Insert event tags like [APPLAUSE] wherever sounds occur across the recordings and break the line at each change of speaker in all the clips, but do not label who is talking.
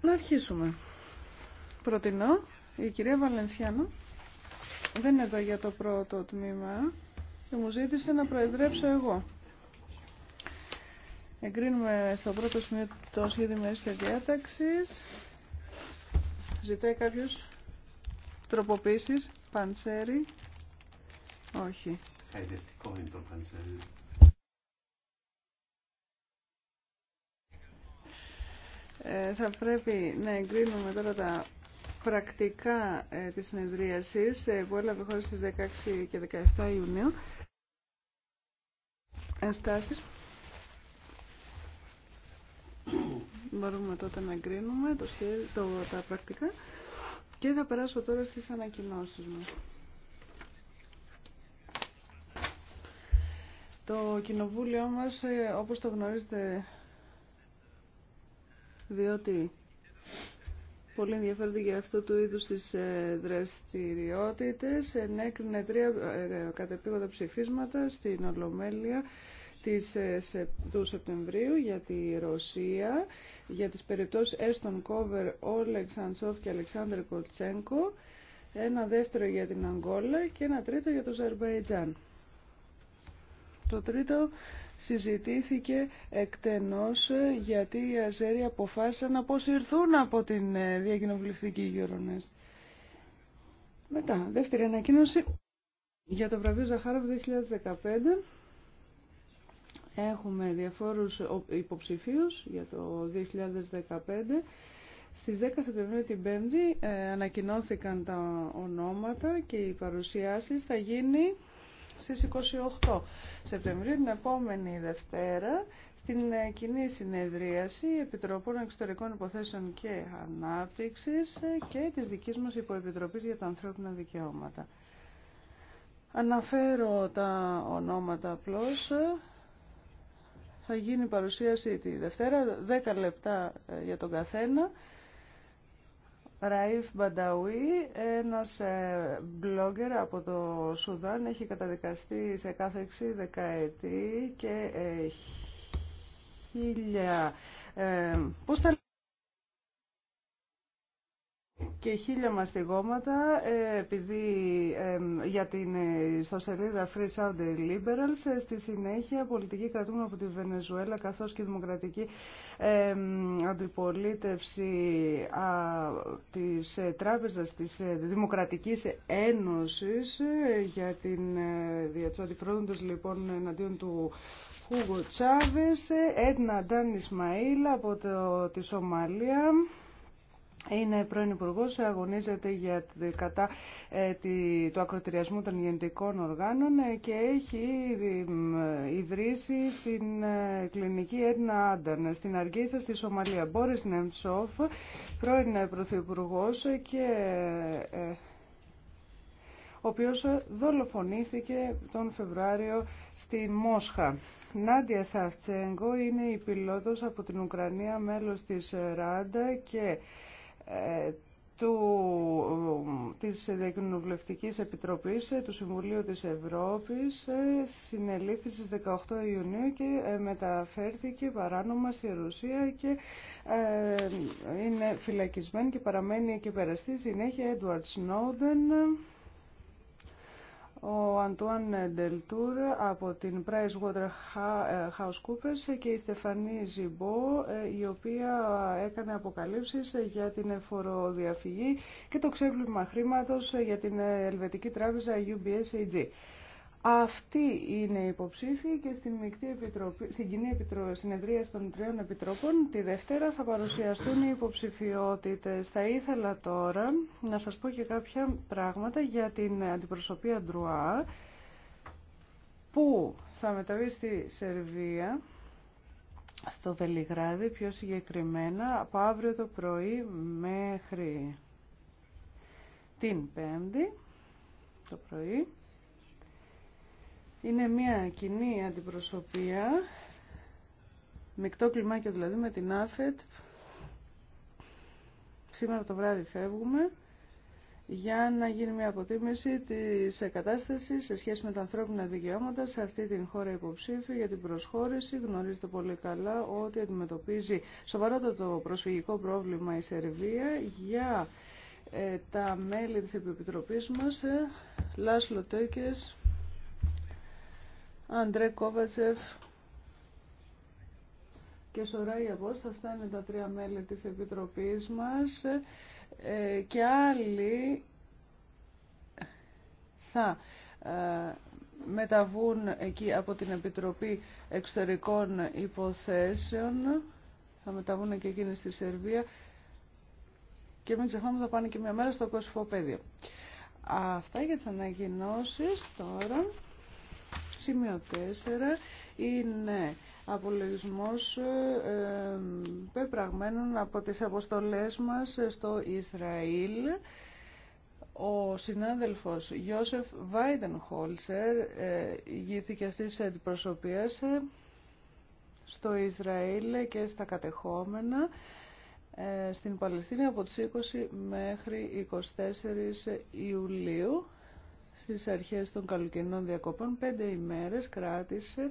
Να αρχίσουμε. Προτείνω η κυρία Βαλενσιάνο δεν είναι εδώ για το πρώτο τμήμα και μου ζήτησε να προεδρεύσω εγώ. Εγκρίνουμε στο πρώτο σημείο το σχέδιο τη διάταξη. Ζητάει κάποιο τροποποίηση. Παντσέρι. Όχι.
Αιδευτικό είναι το παντσέρι.
Ε, θα πρέπει να εγκρίνουμε τώρα τα πρακτικά ε, της συνεδρίασης ε, που έλαβε χώρα στις 16 και 17 Ιουνίου. Ενστάσεις. Μπορούμε τότε να εγκρίνουμε το, το, τα πρακτικά και θα περάσω τώρα στις ανακοινώσεις μας. Το κοινοβούλιο μας, όπως το γνωρίζετε διότι πολύ ενδιαφέρονται για αυτό του είδους τις ε, δραστηριότητε. Ενέκρινε τρία ε, κατεπίγοντα ψηφίσματα στην Ολομέλεια της, ε, του Σεπτεμβρίου για τη Ρωσία, για τις περιπτώσεις Έστον Κόβερ, Όλεξ Αντσόφ και Αλεξάνδρ Κολτσένκο, ένα δεύτερο για την Αγγόλα και ένα τρίτο για το Ζαρμπαϊτζάν. Το τρίτο συζητήθηκε εκτενώς γιατί οι Αζέροι αποφάσισαν να αποσυρθούν από την ε, διακοινοβουλευτική γεωρονέστη. Μετά, δεύτερη ανακοίνωση για το βραβείο Ζαχάροβ 2015. Έχουμε διαφόρους υποψηφίους για το 2015. Στις 10 Σεπτεμβρίου την 5η ε, ανακοινώθηκαν τα ονόματα και οι παρουσιάσεις θα γίνει στις 28 Σεπτεμβρίου, την επόμενη Δευτέρα, στην ε, κοινή συνεδρίαση Επιτροπών Εξωτερικών Υποθέσεων και Ανάπτυξης ε, και της δικής μας Υποεπιτροπής για τα Ανθρώπινα Δικαιώματα. Αναφέρω τα ονόματα απλώς. Θα γίνει παρουσίαση τη Δευτέρα, 10 λεπτά ε, για τον καθένα. Ραΐφ Μπανταουί, ένας ε, blogger από το Σουδάν, έχει καταδικαστεί σε κάθε εξή δεκαετή και ε, χίλια... Ε, και χίλια μαστιγώματα ε, επειδή ε, για την ιστοσελίδα ε, Free Sound Liberals στη συνέχεια πολιτική κρατούν από τη Βενεζουέλα καθώς και δημοκρατική αντιπολίτευση της τράπεζας της Δημοκρατικής Ένωσης για την διατρόντιφρόντος λοιπόν εναντίον του Χούγκο Τσάβες, Έτνα Ντάν Ισμαήλ από τη Σομαλία, είναι πρώην υπουργό, αγωνίζεται για, κατά ε, τη, του ακροτηριασμού των γεννητικών οργάνων ε, και έχει ε, ιδρύσει την κλινική Έτνα Άνταν στην Αργίσα στη Σομαλία. Μπόρις Νεμτσόφ, πρώην πρωθυπουργό και ο οποίος δολοφονήθηκε τον Φεβρουάριο στη Μόσχα. Νάντια Σαφτσέγκο είναι η πιλότος από την Ουκρανία, μέλος της ΡΑΝΤΑ και ε, του, ε, της Διακοινοβουλευτικής Επιτροπής ε, του Συμβουλίου της Ευρώπης συνελήφθη στις 18 Ιουνίου και μεταφέρθηκε παράνομα στη Ρωσία και είναι φυλακισμένη και παραμένει εκεί περαστή συνέχεια Edward Snowden ο Αντουάν Ντελτούρ από την PricewaterhouseCoopers και η Στεφανή Ζιμπό, ε, η οποία έκανε αποκαλύψεις για την εφοροδιαφυγή και το ξέπλυμα χρήματος για την Ελβετική Τράπεζα UBS AG. Αυτή είναι η υποψήφοι και στην, Μικτή Επιτροπή, στην κοινή συνεδρία των τριών επιτροπών τη Δευτέρα θα παρουσιαστούν οι υποψηφιότητες. Θα ήθελα τώρα να σας πω και κάποια πράγματα για την αντιπροσωπεία Ντρουά που θα μεταβεί στη Σερβία στο Βελιγράδι πιο συγκεκριμένα από αύριο το πρωί μέχρι την Πέμπτη το πρωί. Είναι μια κοινή αντιπροσωπεία, μεικτό κλιμάκιο δηλαδή με την ΑΦΕΤ. Σήμερα το βράδυ φεύγουμε για να γίνει μια αποτίμηση της κατάσταση σε σχέση με τα ανθρώπινα δικαιώματα σε αυτή την χώρα υποψήφια για την προσχώρηση. Γνωρίζετε πολύ καλά ότι αντιμετωπίζει σοβαρότατο προσφυγικό πρόβλημα η Σερβία για ε, τα μέλη της Επιτροπής μας, ε, Λάσλο Τέκες, Αντρέ Κόβατσεφ και Σωράη Αγώστα. θα είναι τα τρία μέλη της Επιτροπής μας ε, και άλλοι θα ε, μεταβούν εκεί από την Επιτροπή Εξωτερικών Υποθέσεων θα μεταβούν και εκείνοι στη Σερβία και μην ξεχνάμε θα πάνε και μια μέρα στο κοσφόπεδιο. Αυτά για τις ανακοινώσεις τώρα. Σημείο 4 είναι απολογισμός ε, πεπραγμένων από τις αποστολές μας στο Ισραήλ. Ο συνάδελφος Γιώσεφ Βάιντενχόλσερ ε, ηγήθηκε αυτής της αντιπροσωπείας ε, στο Ισραήλ και στα κατεχόμενα στην Παλαιστίνη από τις 20 μέχρι 24 Ιουλίου στις αρχές των καλοκαιρινών διακοπών. Πέντε ημέρες κράτησε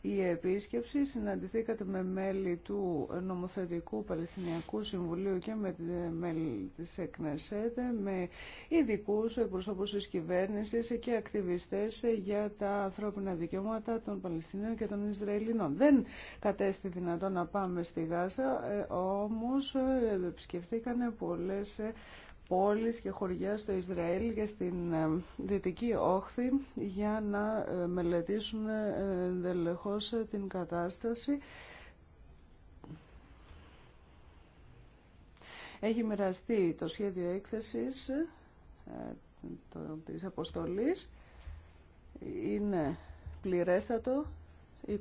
η επίσκεψη. Συναντηθήκατε με μέλη του νομοθετικού Παλαιστινιακού Συμβουλίου και με μέλη της ΕΚΝΕΣΕΤ, με ειδικού εκπροσώπους της κυβέρνησης και ακτιβιστές για τα ανθρώπινα δικαιώματα των Παλαιστινίων και των Ισραηλινών. Δεν κατέστη δυνατόν να πάμε στη Γάζα, ε, όμως ε, επισκεφθήκανε πολλές ε, πόλεις και χωριά στο Ισραήλ και στην ε, Δυτική Όχθη για να ε, μελετήσουν ε, εντελεχώς την κατάσταση. Έχει μοιραστεί το σχέδιο έκθεσης της αποστολής. Είναι πληρέστατο, 27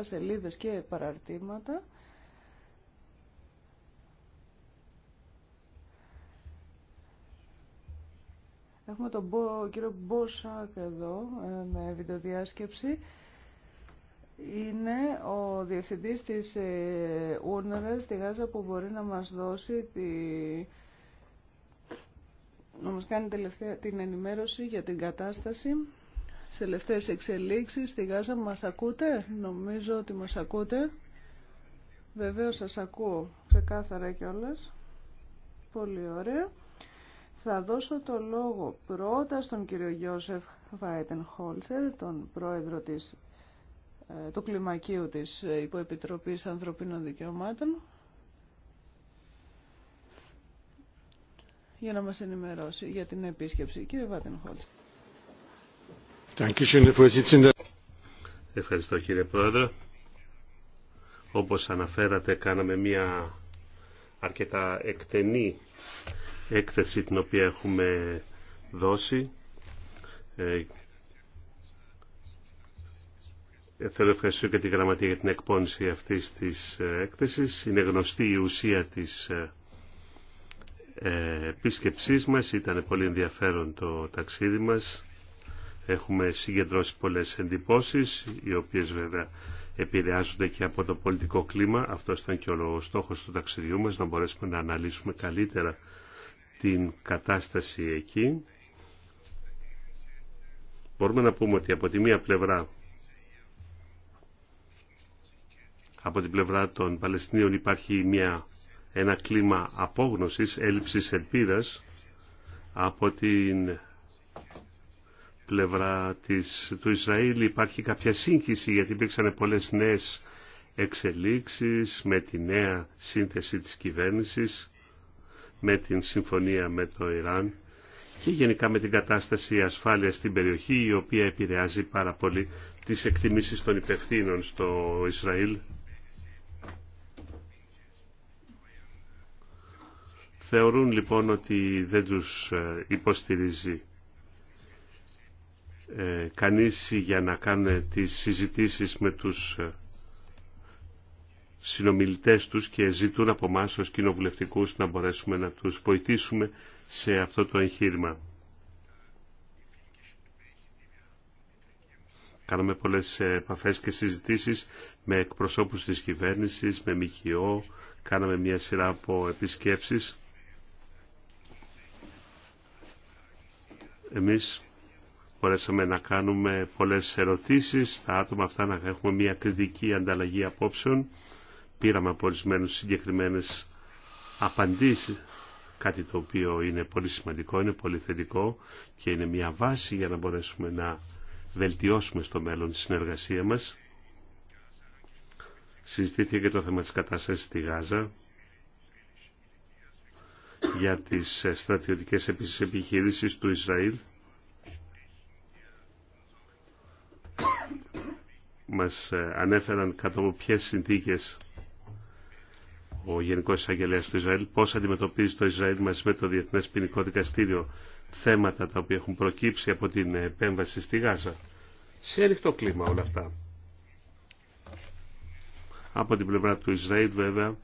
σελίδες και παραρτήματα. Έχουμε τον κύριο Μπόσακ εδώ ε, με βιντεοδιάσκεψη. Είναι ο διευθυντής της ε, Ούρνερα στη Γάζα που μπορεί να μας δώσει τη... να μας κάνει την ενημέρωση για την κατάσταση. Σε τελευταίες εξελίξεις στη Γάζα μας ακούτε. Νομίζω ότι μας ακούτε. Βεβαίως σας ακούω ξεκάθαρα κιόλας. Πολύ ωραία. Θα δώσω το λόγο πρώτα στον κύριο Γιώσεφ Βάιτενχόλσερ, τον πρόεδρο της, ε, του κλιμακίου της Υποεπιτροπής Ανθρωπίνων Δικαιωμάτων, για να μας ενημερώσει για την επίσκεψη. Κύριε Βάιτενχόλσερ.
Ευχαριστώ κύριε Πρόεδρε. Όπως αναφέρατε κάναμε μια αρκετά εκτενή έκθεση την οποία έχουμε δώσει. Ε, θέλω να και τη Γραμματεία για την εκπόνηση αυτής της ε, έκθεσης. Είναι γνωστή η ουσία της ε, ε, επίσκεψής μας. Ήταν πολύ ενδιαφέρον το ταξίδι μας. Έχουμε συγκεντρώσει πολλές εντυπώσεις, οι οποίες βέβαια επηρεάζονται και από το πολιτικό κλίμα. Αυτό ήταν και ο στόχος του ταξιδιού μας, να μπορέσουμε να αναλύσουμε καλύτερα την κατάσταση εκεί. Μπορούμε να πούμε ότι από τη μία πλευρά από την πλευρά των Παλαιστινίων υπάρχει μια, ένα κλίμα απόγνωσης, έλλειψης ελπίδας από την πλευρά της, του Ισραήλ υπάρχει κάποια σύγχυση γιατί υπήρξαν πολλές νέες εξελίξεις με τη νέα σύνθεση της κυβέρνησης με την συμφωνία με το Ιράν και γενικά με την κατάσταση ασφάλειας στην περιοχή η οποία επηρεάζει πάρα πολύ τις εκτιμήσεις των υπευθύνων στο Ισραήλ. Θεωρούν λοιπόν ότι δεν τους ε, υποστηρίζει ε, κανείς για να κάνουν τις συζητήσεις με τους ε, συνομιλητές τους και ζητούν από εμά ως κοινοβουλευτικούς να μπορέσουμε να τους βοηθήσουμε σε αυτό το εγχείρημα. Κάναμε πολλές επαφές και συζητήσεις με εκπροσώπους της κυβέρνησης, με ΜΚΟ, κάναμε μια σειρά από επισκέψεις. Εμείς μπορέσαμε να κάνουμε πολλές ερωτήσεις στα άτομα αυτά, να έχουμε μια κριτική ανταλλαγή απόψεων πήραμε από ορισμένου συγκεκριμένε απαντήσει. Κάτι το οποίο είναι πολύ σημαντικό, είναι πολύ θετικό και είναι μια βάση για να μπορέσουμε να βελτιώσουμε στο μέλλον τη συνεργασία μας. Συζητήθηκε και το θέμα της κατάσταση στη Γάζα για τις στρατιωτικές επίσης του Ισραήλ. Μας ε, ανέφεραν κάτω από ποιες συνθήκες ο Γενικό Εισαγγελέα του Ισραήλ πώ αντιμετωπίζει το Ισραήλ μαζί με το Διεθνέ Ποινικό Δικαστήριο θέματα τα οποία έχουν προκύψει από την επέμβαση στη Γάζα. Σε ανοιχτό κλίμα όλα αυτά. Από την πλευρά του Ισραήλ βέβαια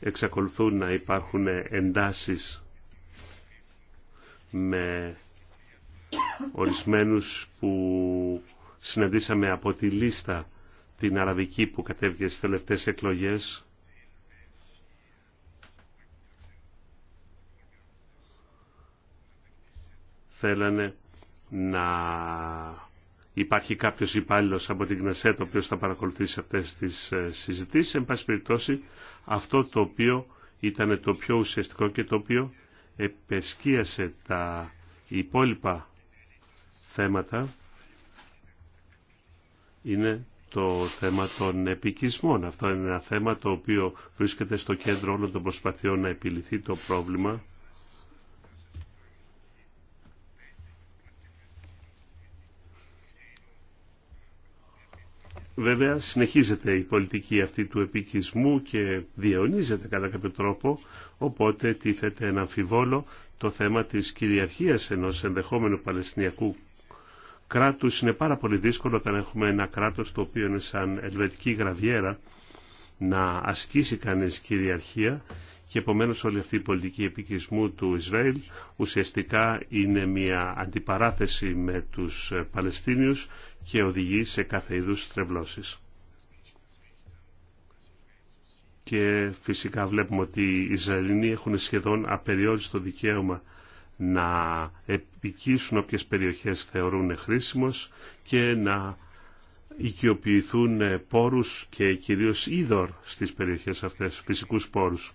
εξακολουθούν να υπάρχουν εντάσεις με ορισμένους που συναντήσαμε από τη λίστα την αραβική που κατέβηκε στις τελευταίες εκλογές θέλανε να υπάρχει κάποιος υπάλληλο από την Κνεσέτ ο οποίος θα παρακολουθήσει αυτές τις ε, συζητήσεις. Εν πάση περιπτώσει αυτό το οποίο ήταν το πιο ουσιαστικό και το οποίο επεσκίασε τα υπόλοιπα θέματα είναι το θέμα των επικισμών. Αυτό είναι ένα θέμα το οποίο βρίσκεται στο κέντρο όλων των προσπαθειών να επιληθεί το πρόβλημα Βέβαια συνεχίζεται η πολιτική αυτή του επικισμού και διαιωνίζεται κατά κάποιο τρόπο, οπότε τίθεται ένα αμφιβόλο το θέμα της κυριαρχίας ενός ενδεχόμενου Παλαιστινιακού κράτους. Είναι πάρα πολύ δύσκολο όταν έχουμε ένα κράτος το οποίο είναι σαν ελβετική γραβιέρα να ασκήσει κανείς κυριαρχία και επομένως όλη αυτή η πολιτική επικισμού του Ισραήλ ουσιαστικά είναι μια αντιπαράθεση με τους Παλαιστίνιους και οδηγεί σε κάθε είδους τρευλώσεις. Και φυσικά βλέπουμε ότι οι Ισραηλοί έχουν σχεδόν απεριόριστο δικαίωμα να επικίσουν όποιες περιοχές θεωρούν χρήσιμος και να οικειοποιηθούν πόρους και κυρίως είδωρ στις περιοχές αυτές, φυσικούς πόρους.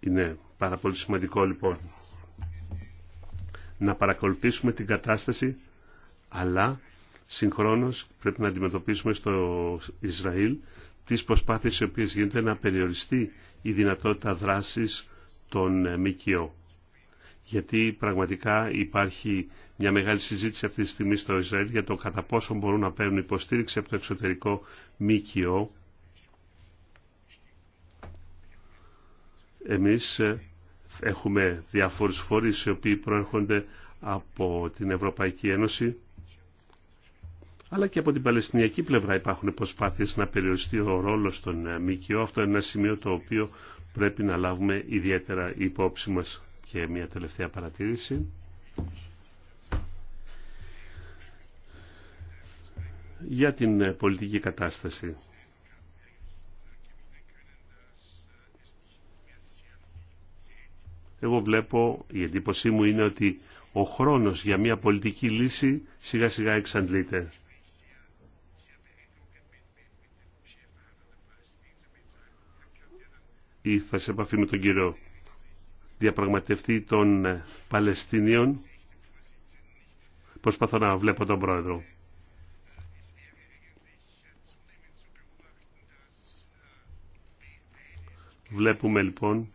Είναι πάρα πολύ σημαντικό λοιπόν να παρακολουθήσουμε την κατάσταση αλλά συγχρόνως πρέπει να αντιμετωπίσουμε στο Ισραήλ τις προσπάθειες οι οποίες γίνονται να περιοριστεί η δυνατότητα δράσης των ε, ΜΚΟ. Γιατί πραγματικά υπάρχει μια μεγάλη συζήτηση αυτή τη στιγμή στο Ισραήλ για το κατά πόσο μπορούν να παίρνουν υποστήριξη από το εξωτερικό ΜΚΟ Εμείς ε, έχουμε διάφορους φορείς οι οποίοι προέρχονται από την Ευρωπαϊκή Ένωση αλλά και από την Παλαιστινιακή πλευρά υπάρχουν προσπάθειες να περιοριστεί ο ρόλος των ε, ΜΚΟ. Αυτό είναι ένα σημείο το οποίο πρέπει να λάβουμε ιδιαίτερα υπόψη μας. Και μια τελευταία παρατήρηση. Για την ε, πολιτική κατάσταση. εγώ βλέπω, η εντύπωσή μου είναι ότι ο χρόνος για μια πολιτική λύση σιγά σιγά εξαντλείται. Ήρθα σε επαφή με τον κύριο διαπραγματευτή των Παλαιστινίων. Προσπαθώ να βλέπω τον πρόεδρο. Βλέπουμε λοιπόν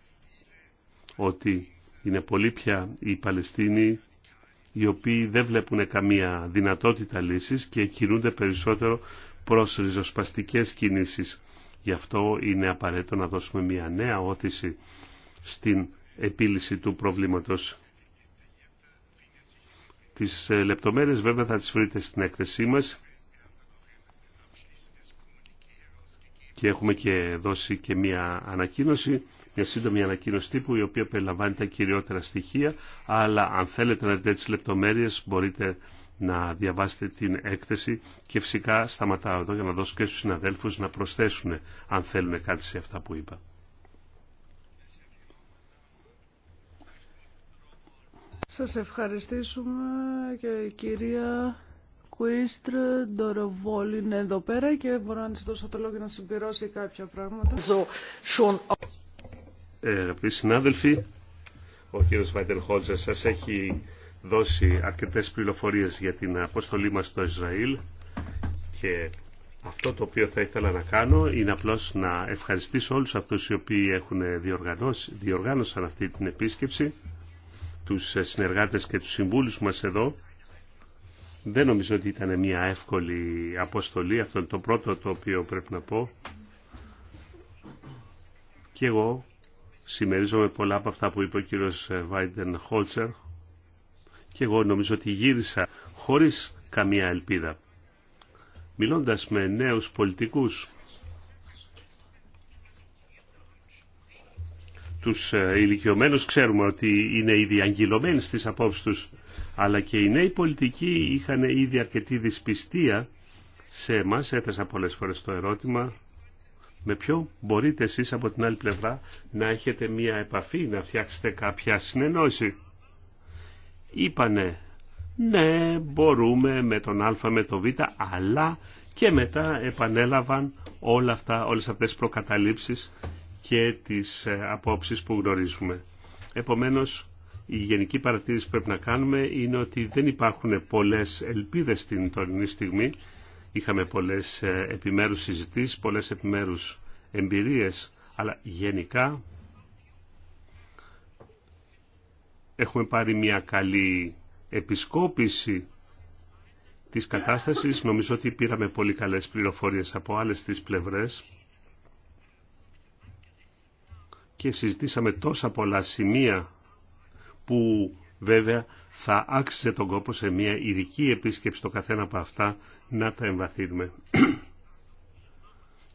ότι είναι πολλοί πια οι Παλαιστίνοι οι οποίοι δεν βλέπουν καμία δυνατότητα λύσης και κινούνται περισσότερο προς ριζοσπαστικές κινήσεις. Γι' αυτό είναι απαραίτητο να δώσουμε μια νέα όθηση στην επίλυση του προβλήματος. Τις ε, λεπτομέρειες βέβαια θα τις βρείτε στην έκθεσή μας και έχουμε και δώσει και μια ανακοίνωση μια σύντομη ανακοίνωση τύπου η οποία περιλαμβάνει τα κυριότερα στοιχεία, αλλά αν θέλετε να δείτε τις λεπτομέρειες μπορείτε να διαβάσετε την έκθεση και φυσικά σταματάω εδώ για να δώσω και στους συναδέλφους να προσθέσουν αν θέλουν κάτι σε αυτά που είπα.
Σας ευχαριστήσουμε και η κυρία Κουίστρ Ντοροβόλη είναι εδώ πέρα και μπορώ να της δώσω το λόγο να συμπληρώσει κάποια πράγματα.
Αγαπητοί συνάδελφοι, ο κύριος Χόλτζα σας έχει δώσει αρκετές πληροφορίες για την αποστολή μας στο Ισραήλ και αυτό το οποίο θα ήθελα να κάνω είναι απλώς να ευχαριστήσω όλους αυτούς οι οποίοι έχουν διοργανώσει, διοργάνωσαν αυτή την επίσκεψη, τους συνεργάτες και τους συμβούλους μας εδώ. Δεν νομίζω ότι ήταν μια εύκολη αποστολή, αυτό είναι το πρώτο το οποίο πρέπει να πω. Και εγώ Συμμερίζομαι πολλά από αυτά που είπε ο κύριος Βάιντεν Χόλτσερ και εγώ νομίζω ότι γύρισα χωρίς καμία ελπίδα. Μιλώντας με νέους πολιτικούς, τους ε, ηλικιωμένους ξέρουμε ότι είναι ήδη αγγυλωμένοι στις απόψεις τους, αλλά και οι νέοι πολιτικοί είχαν ήδη αρκετή δυσπιστία σε εμάς, έθεσα πολλές φορές το ερώτημα, με ποιο μπορείτε εσείς από την άλλη πλευρά να έχετε μία επαφή, να φτιάξετε κάποια συνεννόηση. Είπανε, ναι μπορούμε με τον α με το β, αλλά και μετά επανέλαβαν όλα αυτά, όλες αυτές τις προκαταλήψεις και τις ε, απόψεις που γνωρίζουμε. Επομένως, η γενική παρατήρηση που πρέπει να κάνουμε είναι ότι δεν υπάρχουν πολλές ελπίδες στην τωρινή στιγμή Είχαμε πολλές ε, επιμέρους συζητήσεις, πολλές επιμέρους εμπειρίες, αλλά γενικά έχουμε πάρει μια καλή επισκόπηση της κατάστασης. Νομίζω ότι πήραμε πολύ καλές πληροφορίες από άλλες τις πλευρές και συζητήσαμε τόσα πολλά σημεία που βέβαια θα άξιζε τον κόπο σε μια ειδική επίσκεψη το καθένα από αυτά να τα εμβαθύνουμε.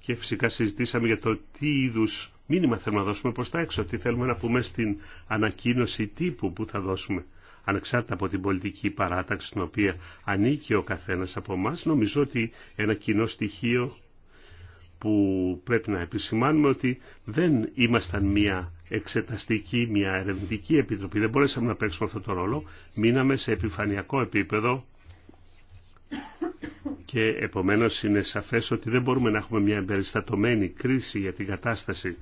Και φυσικά συζητήσαμε για το τι είδου μήνυμα θέλουμε να δώσουμε προς τα έξω, τι θέλουμε να πούμε στην ανακοίνωση τύπου που θα δώσουμε. Ανεξάρτητα από την πολιτική παράταξη στην οποία ανήκει ο καθένα από εμά, νομίζω ότι ένα κοινό στοιχείο που πρέπει να επισημάνουμε ότι δεν ήμασταν μια εξεταστική, μια ερευνητική επιτροπή. Δεν μπορέσαμε να παίξουμε αυτό τον ρόλο. Μείναμε σε επιφανειακό επίπεδο και επομένως είναι σαφές ότι δεν μπορούμε να έχουμε μια εμπεριστατωμένη κρίση για την κατάσταση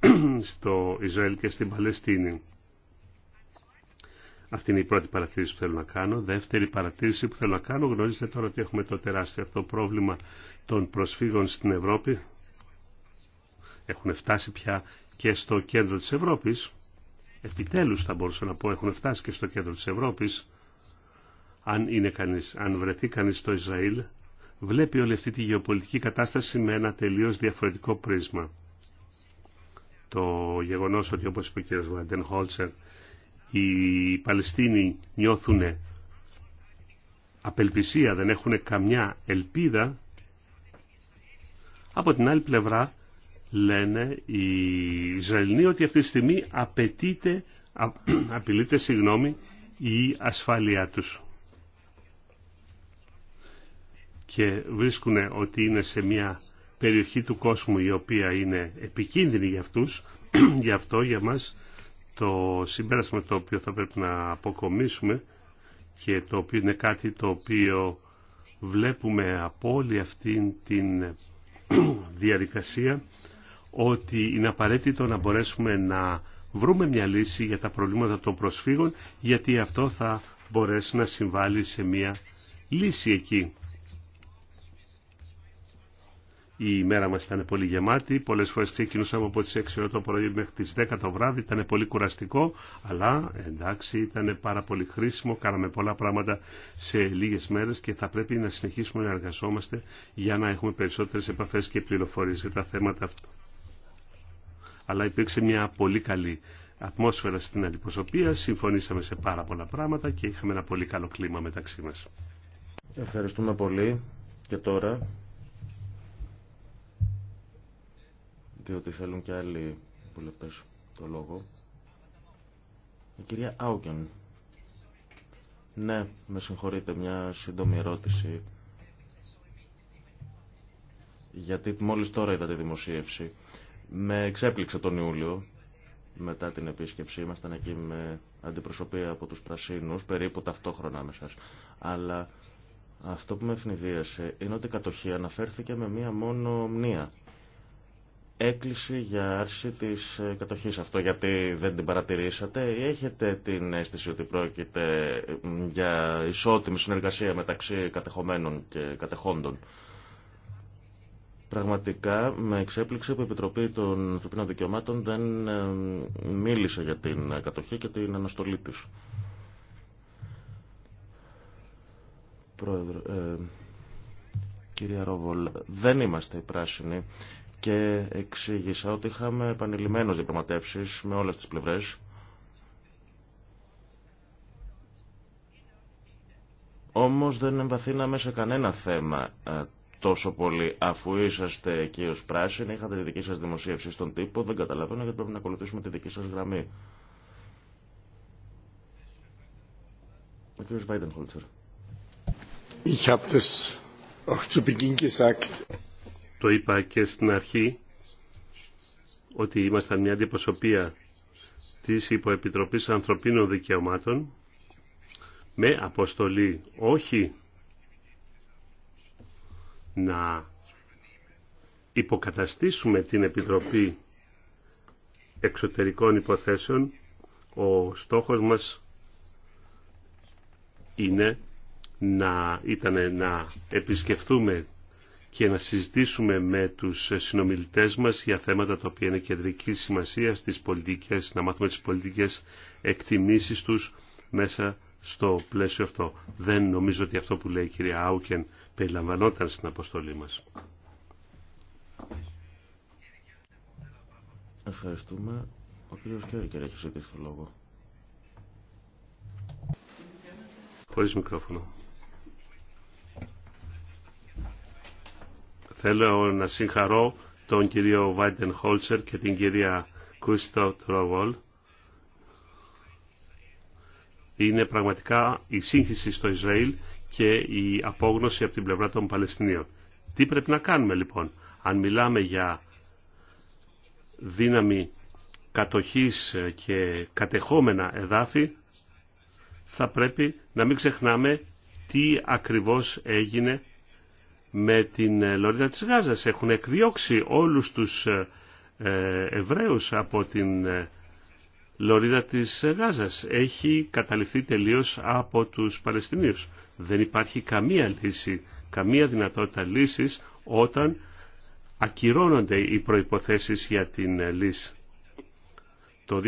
[CLEARS THROAT] στο Ισραήλ και στην Παλαιστίνη. Αυτή είναι η πρώτη παρατήρηση που θέλω να κάνω. Δεύτερη παρατήρηση που θέλω να κάνω. Γνωρίζετε τώρα ότι έχουμε το τεράστιο αυτό πρόβλημα των προσφύγων στην Ευρώπη. Έχουν φτάσει πια και στο κέντρο της Ευρώπης. Επιτέλους θα μπορούσα να πω έχουν φτάσει και στο κέντρο της Ευρώπης. Αν, είναι κανείς, αν βρεθεί κανείς στο Ισραήλ βλέπει όλη αυτή τη γεωπολιτική κατάσταση με ένα τελείως διαφορετικό πρίσμα. Το γεγονός ότι όπως είπε ο κ. Βαντεν Χόλτσερ οι Παλαιστίνοι νιώθουν απελπισία, δεν έχουν καμιά ελπίδα. Από την άλλη πλευρά λένε οι Ισραηλοί ότι αυτή τη στιγμή απαιτείται, απειλείται συγγνώμη, η ασφάλειά τους και βρίσκουν ότι είναι σε μια περιοχή του κόσμου η οποία είναι επικίνδυνη για αυτούς, [CLEARS THROAT] γι' αυτό για μας το συμπέρασμα το οποίο θα πρέπει να αποκομίσουμε και το οποίο είναι κάτι το οποίο βλέπουμε από όλη αυτή την [CLEARS THROAT] διαδικασία ότι είναι απαραίτητο να μπορέσουμε να βρούμε μια λύση για τα προβλήματα των προσφύγων γιατί αυτό θα μπορέσει να συμβάλλει σε μια λύση εκεί. Η ημέρα μας ήταν πολύ γεμάτη, πολλές φορές ξεκινούσαμε από τις 6 το πρωί μέχρι τις 10 το βράδυ, ήταν πολύ κουραστικό, αλλά εντάξει ήταν πάρα πολύ χρήσιμο, κάναμε πολλά πράγματα σε λίγες μέρες και θα πρέπει να συνεχίσουμε να εργαζόμαστε για να έχουμε περισσότερες επαφές και πληροφορίες για τα θέματα αυτά. Αλλά υπήρξε μια πολύ καλή ατμόσφαιρα στην αντιπροσωπεία, συμφωνήσαμε σε πάρα πολλά πράγματα και είχαμε ένα πολύ καλό κλίμα μεταξύ μας. Ευχαριστούμε πολύ και τώρα
διότι θέλουν και άλλοι βουλευτές το λόγο. Η κυρία Άουκεν. Ναι, με συγχωρείτε, μια σύντομη ερώτηση. Γιατί μόλις τώρα είδα τη δημοσίευση. Με εξέπληξε τον Ιούλιο, μετά την επίσκεψη. Ήμασταν εκεί με αντιπροσωπεία από τους Πρασίνους, περίπου ταυτόχρονα με σας. Αλλά αυτό που με ευνηδίασε είναι ότι η κατοχή αναφέρθηκε με μία μόνο μνήα έκκληση για άρση της ε, κατοχής αυτό γιατί δεν την παρατηρήσατε ή έχετε την αίσθηση ότι πρόκειται ε, για ισότιμη συνεργασία μεταξύ κατεχομένων και κατεχόντων. Πραγματικά με εξέπληξε που η Επιτροπή των Ανθρωπίνων Δικαιωμάτων δεν ε, μίλησε για την κατοχή και την αναστολή της. Προέδρε Ρόβολ, δεν είμαστε οι πράσινοι και εξήγησα ότι είχαμε επανειλημμένως διαπραγματεύσεις με όλες τις πλευρές όμως δεν εμβαθύναμε σε κανένα θέμα ε, τόσο πολύ αφού είσαστε εκεί ως πράσινοι, είχατε τη δική σας δημοσίευση στον τύπο, δεν καταλαβαίνω γιατί πρέπει να ακολουθήσουμε τη δική σας γραμμή. Ο κ.
Ich habe das auch zu Beginn gesagt το είπα και στην αρχή ότι ήμασταν μια αντιπροσωπεία της Υποεπιτροπής Ανθρωπίνων Δικαιωμάτων με αποστολή όχι να υποκαταστήσουμε την Επιτροπή Εξωτερικών Υποθέσεων ο στόχος μας είναι να ήταν να επισκεφτούμε και να συζητήσουμε με τους συνομιλητές μας για θέματα τα οποία είναι κεντρική σημασία στις πολιτικές, να μάθουμε τις πολιτικές εκτιμήσεις τους μέσα στο πλαίσιο αυτό. Δεν νομίζω ότι αυτό που λέει η κυρία Άουκεν περιλαμβανόταν στην αποστολή μας.
Ευχαριστούμε. Ο κύριος Κέρκερ έχει ζητήσει το
λόγο. Χωρίς μικρόφωνο. Θέλω να συγχαρώ τον κύριο Βάιντεν Χόλτσερ και την κυρία Κούστο Τροβόλ. Είναι πραγματικά η σύγχυση στο Ισραήλ και η απόγνωση από την πλευρά των Παλαιστινίων. Τι πρέπει να κάνουμε λοιπόν, αν μιλάμε για δύναμη κατοχής και κατεχόμενα εδάφη, θα πρέπει να μην ξεχνάμε τι ακριβώς έγινε με την ε, Λωρίδα της Γάζας. Έχουν εκδιώξει όλους τους ε, ε, Εβραίους από την Λωρίδα της Γάζας. Έχει καταληφθεί τελείως από τους Παλαιστινίους. Δεν υπάρχει καμία λύση, καμία δυνατότητα λύσης όταν ακυρώνονται οι προϋποθέσεις για την λύση. Το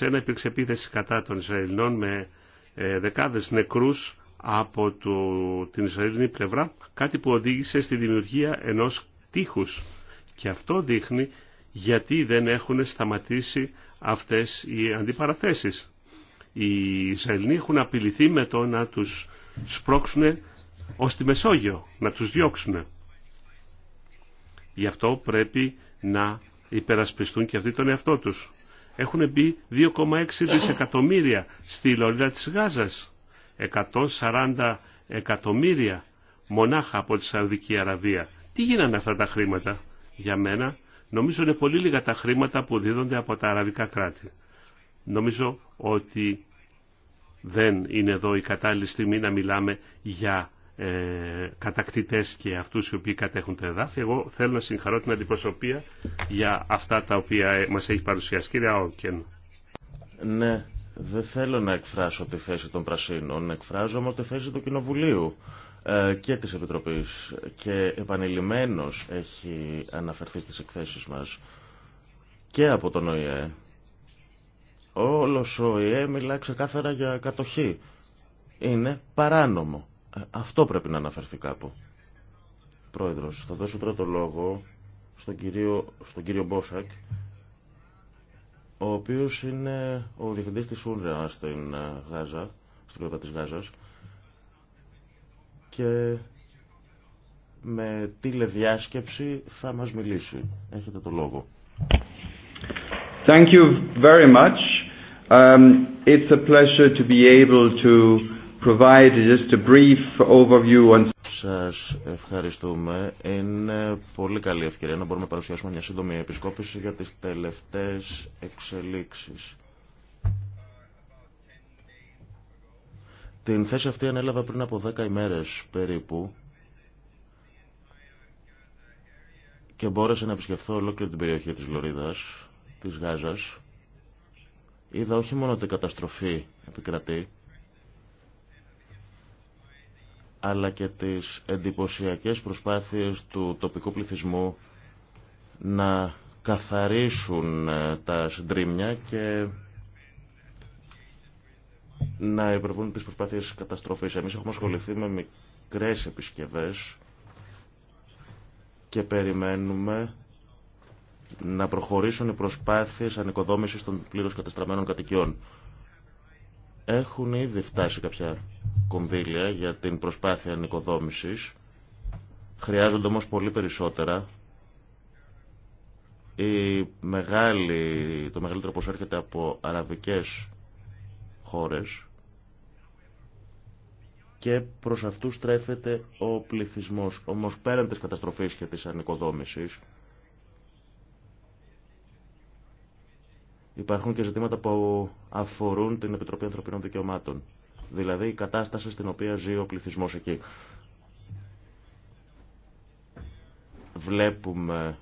2001 υπήρξε επίθεση κατά των Ισραηλινών με δεκάδες νεκρούς από το, την Ισραηλινή πλευρά, κάτι που οδήγησε στη δημιουργία ενός τείχους. Και αυτό δείχνει γιατί δεν έχουν σταματήσει αυτές οι αντιπαραθέσεις. Οι Ισραηλοί έχουν απειληθεί με το να τους σπρώξουν ως τη Μεσόγειο, να τους διώξουν. Γι' αυτό πρέπει να υπερασπιστούν και αυτοί τον εαυτό τους. Έχουν μπει 2,6 δισεκατομμύρια στη λωρίδα της Γάζας 140 εκατομμύρια μονάχα από τη Σαουδική Αραβία. Τι γίνανε αυτά τα χρήματα για μένα. Νομίζω είναι πολύ λίγα τα χρήματα που δίδονται από τα αραβικά κράτη. Νομίζω ότι δεν είναι εδώ η κατάλληλη στιγμή να μιλάμε για ε, κατακτητές και αυτούς οι οποίοι κατέχουν τα εδάφη. Εγώ θέλω να συγχαρώ την αντιπροσωπεία για αυτά τα οποία ε, μας έχει παρουσιάσει. Κύριε Άοκεν. Ναι,
δεν θέλω να εκφράσω τη θέση των πρασίνων, εκφράζω όμως τη θέση του Κοινοβουλίου ε, και της Επιτροπής και επανειλημμένος έχει αναφερθεί στις εκθέσεις μας και από τον ΟΗΕ. Όλος ο ΟΗΕ μιλά ξεκάθαρα για κατοχή. Είναι παράνομο. Ε, αυτό πρέπει να αναφερθεί κάπου. Πρόεδρος, θα δώσω τώρα το λόγο στον κύριο, στον κύριο Μπόσακ ο οποίος είναι ο διευθυντής της Ούνρα στην ε, Γάζα, στην κλωβά της Γάζας και με τηλεδιάσκεψη θα μας μιλήσει. Έχετε το λόγο.
Thank you very much. Um,
it's a pleasure to be able to provide
Σας ευχαριστούμε. Είναι πολύ καλή ευκαιρία να μπορούμε να παρουσιάσουμε μια σύντομη επισκόπηση για τις τελευταίες εξελίξεις. Την θέση αυτή ανέλαβα πριν από 10 ημέρες περίπου και μπόρεσα να επισκεφθώ ολόκληρη την περιοχή της Λωρίδας, της Γάζας. Είδα όχι μόνο την καταστροφή επικρατεί, αλλά και τις εντυπωσιακές προσπάθειες του τοπικού πληθυσμού να καθαρίσουν ε, τα συντρίμια και να υπερβούν τις προσπάθειες καταστροφής. Εμείς έχουμε ασχοληθεί με μικρές επισκευές και περιμένουμε να προχωρήσουν οι προσπάθειες ανοικοδόμησης των πλήρως καταστραμμένων κατοικιών. Έχουν ήδη φτάσει κάποια κονδύλια για την προσπάθεια νοικοδόμησης. Χρειάζονται όμως πολύ περισσότερα. Η μεγάλη, το μεγαλύτερο ποσό έρχεται από αραβικές χώρες και προς αυτούς στρέφεται ο πληθυσμός. Όμως πέραν της καταστροφής και της ανοικοδόμησης υπάρχουν και ζητήματα που αφορούν την Επιτροπή Ανθρωπίνων Δικαιωμάτων δηλαδή η κατάσταση στην οποία ζει ο πληθυσμός εκεί. Βλέπουμε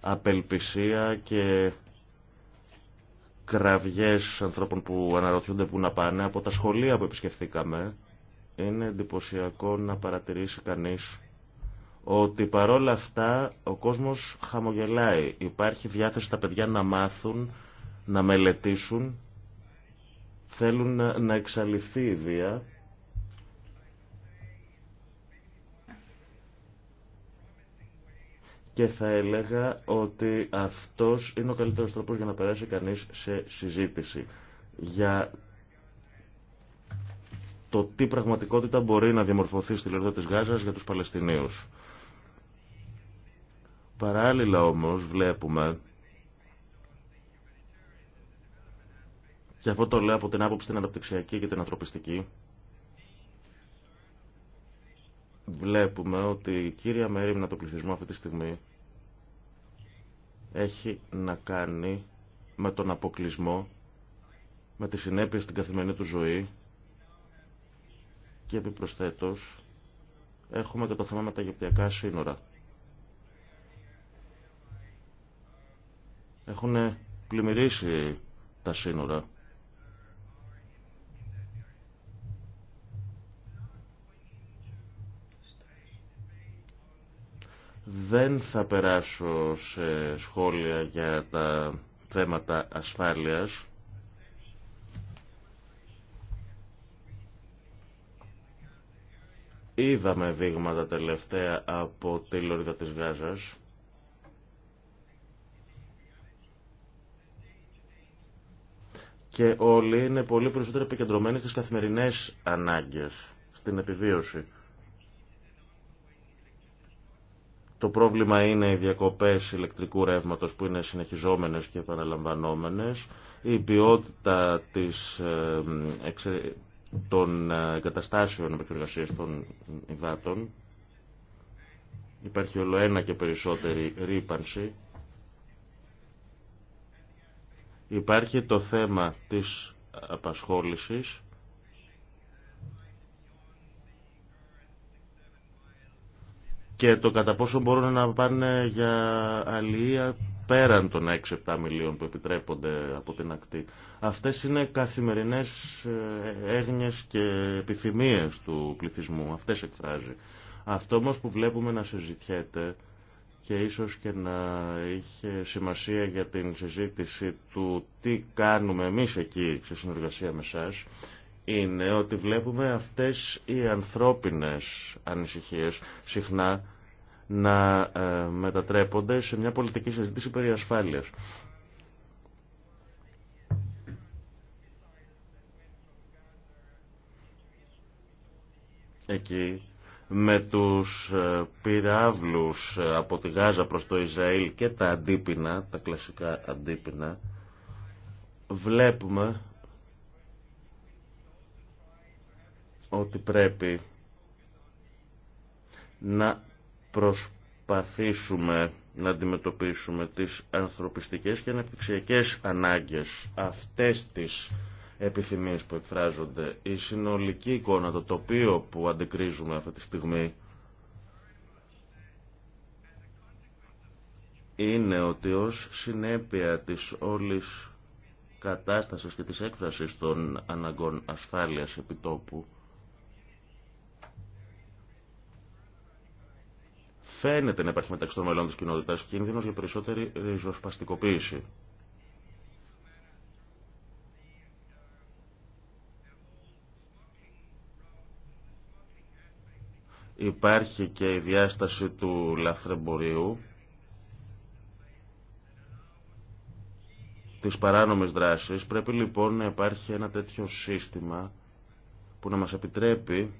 απελπισία και κραυγές ανθρώπων που αναρωτιούνται που να πάνε. Από τα σχολεία που επισκεφθήκαμε είναι εντυπωσιακό να παρατηρήσει κανείς ότι παρόλα αυτά ο κόσμος χαμογελάει. Υπάρχει διάθεση τα παιδιά να μάθουν, να μελετήσουν Θέλουν να εξαλειφθεί η βία και θα έλεγα ότι αυτός είναι ο καλύτερος τρόπος για να περάσει κανείς σε συζήτηση για το τι πραγματικότητα μπορεί να διαμορφωθεί στη Λωρίδα της Γάζας για τους Παλαιστινίους. Παράλληλα όμως βλέπουμε και αυτό το λέω από την άποψη την αναπτυξιακή και την ανθρωπιστική, βλέπουμε ότι η κύρια μερίμνα του πληθυσμού αυτή τη στιγμή έχει να κάνει με τον αποκλεισμό, με τις συνέπειες στην καθημερινή του ζωή και επιπροσθέτως έχουμε και το θέμα με τα Αιγυπτιακά σύνορα. Έχουν πλημμυρίσει τα σύνορα Δεν θα περάσω σε σχόλια για τα θέματα ασφάλειας. Είδαμε δείγματα τελευταία από τη Λόριδα της Γάζας. Και όλοι είναι πολύ περισσότερο επικεντρωμένοι στις καθημερινές ανάγκες, στην επιβίωση. Το πρόβλημα είναι οι διακοπές ηλεκτρικού ρεύματος που είναι συνεχιζόμενες και επαναλαμβανόμενες, η ποιότητα της, ε, των ε, καταστάσεων επεξεργασία των υδάτων, υπάρχει όλο ένα και περισσότερη ρήπανση, υπάρχει το θέμα της απασχόλησης, και το κατά πόσο μπορούν να πάνε για αλληλεία πέραν των 6-7 μιλίων που επιτρέπονται από την ακτή. Αυτές είναι καθημερινές ε, έγνοιες και επιθυμίες του πληθυσμού. Αυτές εκφράζει. Αυτό όμω που βλέπουμε να συζητιέται και ίσως και να είχε σημασία για την συζήτηση του τι κάνουμε εμείς εκεί σε συνεργασία με εσάς, είναι ότι βλέπουμε αυτές οι ανθρώπινες ανησυχίες συχνά να ε, μετατρέπονται σε μια πολιτική συζήτηση περί ασφάλειας. Εκεί με τους ε, πυράβλους ε, από τη Γάζα προς το Ισραήλ και τα αντίπινα τα κλασικά αντίπινα βλέπουμε ότι πρέπει να προσπαθήσουμε να αντιμετωπίσουμε τις ανθρωπιστικές και αναπτυξιακές ανάγκες αυτές τις επιθυμίες που εκφράζονται η συνολική εικόνα, το τοπίο που αντικρίζουμε αυτή τη στιγμή είναι ότι ως συνέπεια της όλης κατάστασης και της έκφρασης των αναγκών ασφάλειας επιτόπου φαίνεται να υπάρχει μεταξύ των μελών της κοινότητας κίνδυνος για περισσότερη ριζοσπαστικοποίηση. Υπάρχει και η διάσταση του λαθρεμπορίου, της παράνομης δράσης. Πρέπει λοιπόν να υπάρχει ένα τέτοιο σύστημα που να μας επιτρέπει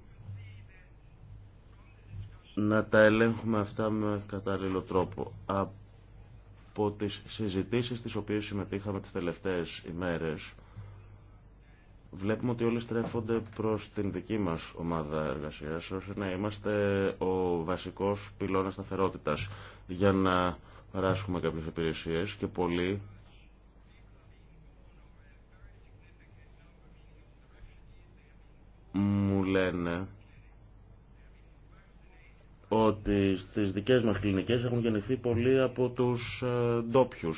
να τα ελέγχουμε αυτά με κατάλληλο τρόπο. Από τις συζητήσεις τις οποίες συμμετείχαμε τις τελευταίες ημέρες, βλέπουμε ότι όλοι στρέφονται προς την δική μας ομάδα εργασίας, ώστε να είμαστε ο βασικός πυλώνας σταθερότητα για να παράσχουμε κάποιες υπηρεσίες και πολύ μου λένε ότι στις δικές μας κλινικές έχουν γεννηθεί πολλοί από τους ε, ντόπιου.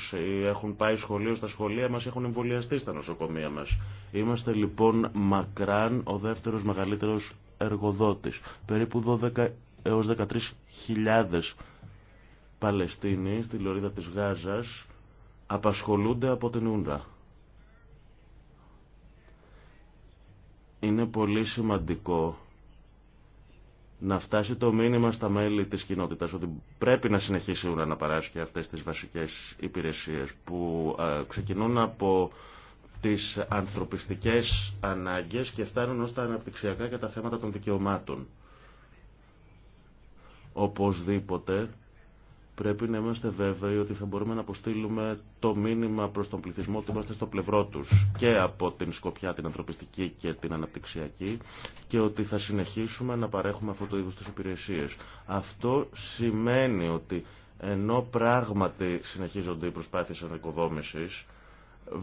Ε, έχουν πάει σχολείο στα σχολεία μας, έχουν εμβολιαστεί στα νοσοκομεία μας. Είμαστε λοιπόν μακράν ο δεύτερος μεγαλύτερος εργοδότης. Περίπου 12 έως 13.000 Παλαιστίνοι στη λωρίδα της Γάζας απασχολούνται από την Ούρα. Είναι πολύ σημαντικό να φτάσει το μήνυμα στα μέλη της κοινότητας ότι πρέπει να συνεχίσουν να παράσχει αυτές τις βασικές υπηρεσίες που ε, ξεκινούν από τις ανθρωπιστικές ανάγκες και φτάνουν ως τα αναπτυξιακά και τα θέματα των δικαιωμάτων. Οπωσδήποτε Πρέπει να είμαστε βέβαιοι ότι θα μπορούμε να αποστείλουμε το μήνυμα προς τον πληθυσμό ότι είμαστε στο πλευρό τους και από την σκοπιά την ανθρωπιστική και την αναπτυξιακή και ότι θα συνεχίσουμε να παρέχουμε αυτό το είδος τις υπηρεσίες. Αυτό σημαίνει ότι ενώ πράγματι συνεχίζονται οι προσπάθειες ανεκοδόμησης,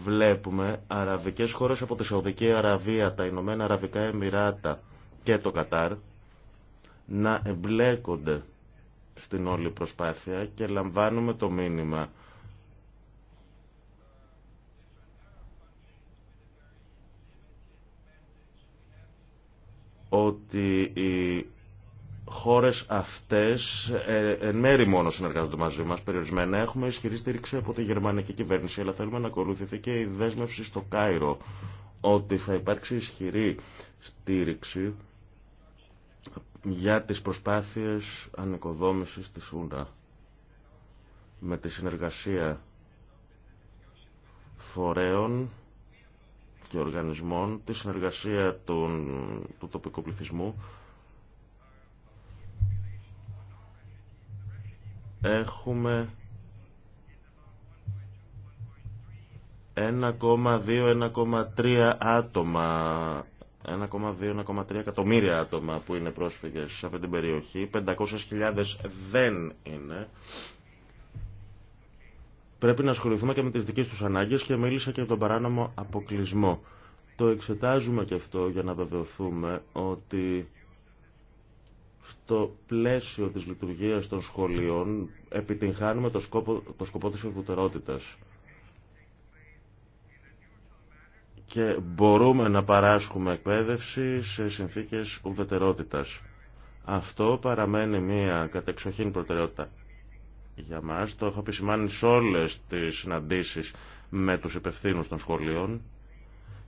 βλέπουμε αραβικές χώρες από τη Σαουδική Αραβία, τα Ηνωμένα Αραβικά Εμμυράτα και το Κατάρ να εμπλέκονται στην όλη προσπάθεια και λαμβάνουμε το μήνυμα ότι οι χώρες αυτές ε, εν μέρη μόνο συνεργάζονται μαζί μας περιορισμένα. Έχουμε ισχυρή στήριξη από τη γερμανική κυβέρνηση αλλά θέλουμε να ακολουθηθεί και η δέσμευση στο Κάιρο ότι θα υπάρξει ισχυρή στήριξη για τις προσπάθειες ανεκοδόμησης της ΟΥΝΡΑ με τη συνεργασία φορέων και οργανισμών, τη συνεργασία του τοπικού πληθυσμού. Έχουμε 1,2-1,3 άτομα 1,2-1,3 εκατομμύρια άτομα που είναι πρόσφυγες σε αυτή την περιοχή. 500.000 δεν είναι. Πρέπει να ασχοληθούμε και με τις δικές τους ανάγκες και μίλησα και για τον παράνομο αποκλεισμό. Το εξετάζουμε και αυτό για να βεβαιωθούμε ότι στο πλαίσιο της λειτουργίας των σχολείων επιτυγχάνουμε το σκοπό, το σκοπό της και μπορούμε να παράσχουμε εκπαίδευση σε συνθήκες ουδετερότητας. Αυτό παραμένει μια κατεξοχήν προτεραιότητα για μας. Το έχω επισημάνει σε όλες τις συναντήσεις με τους υπευθύνους των σχολείων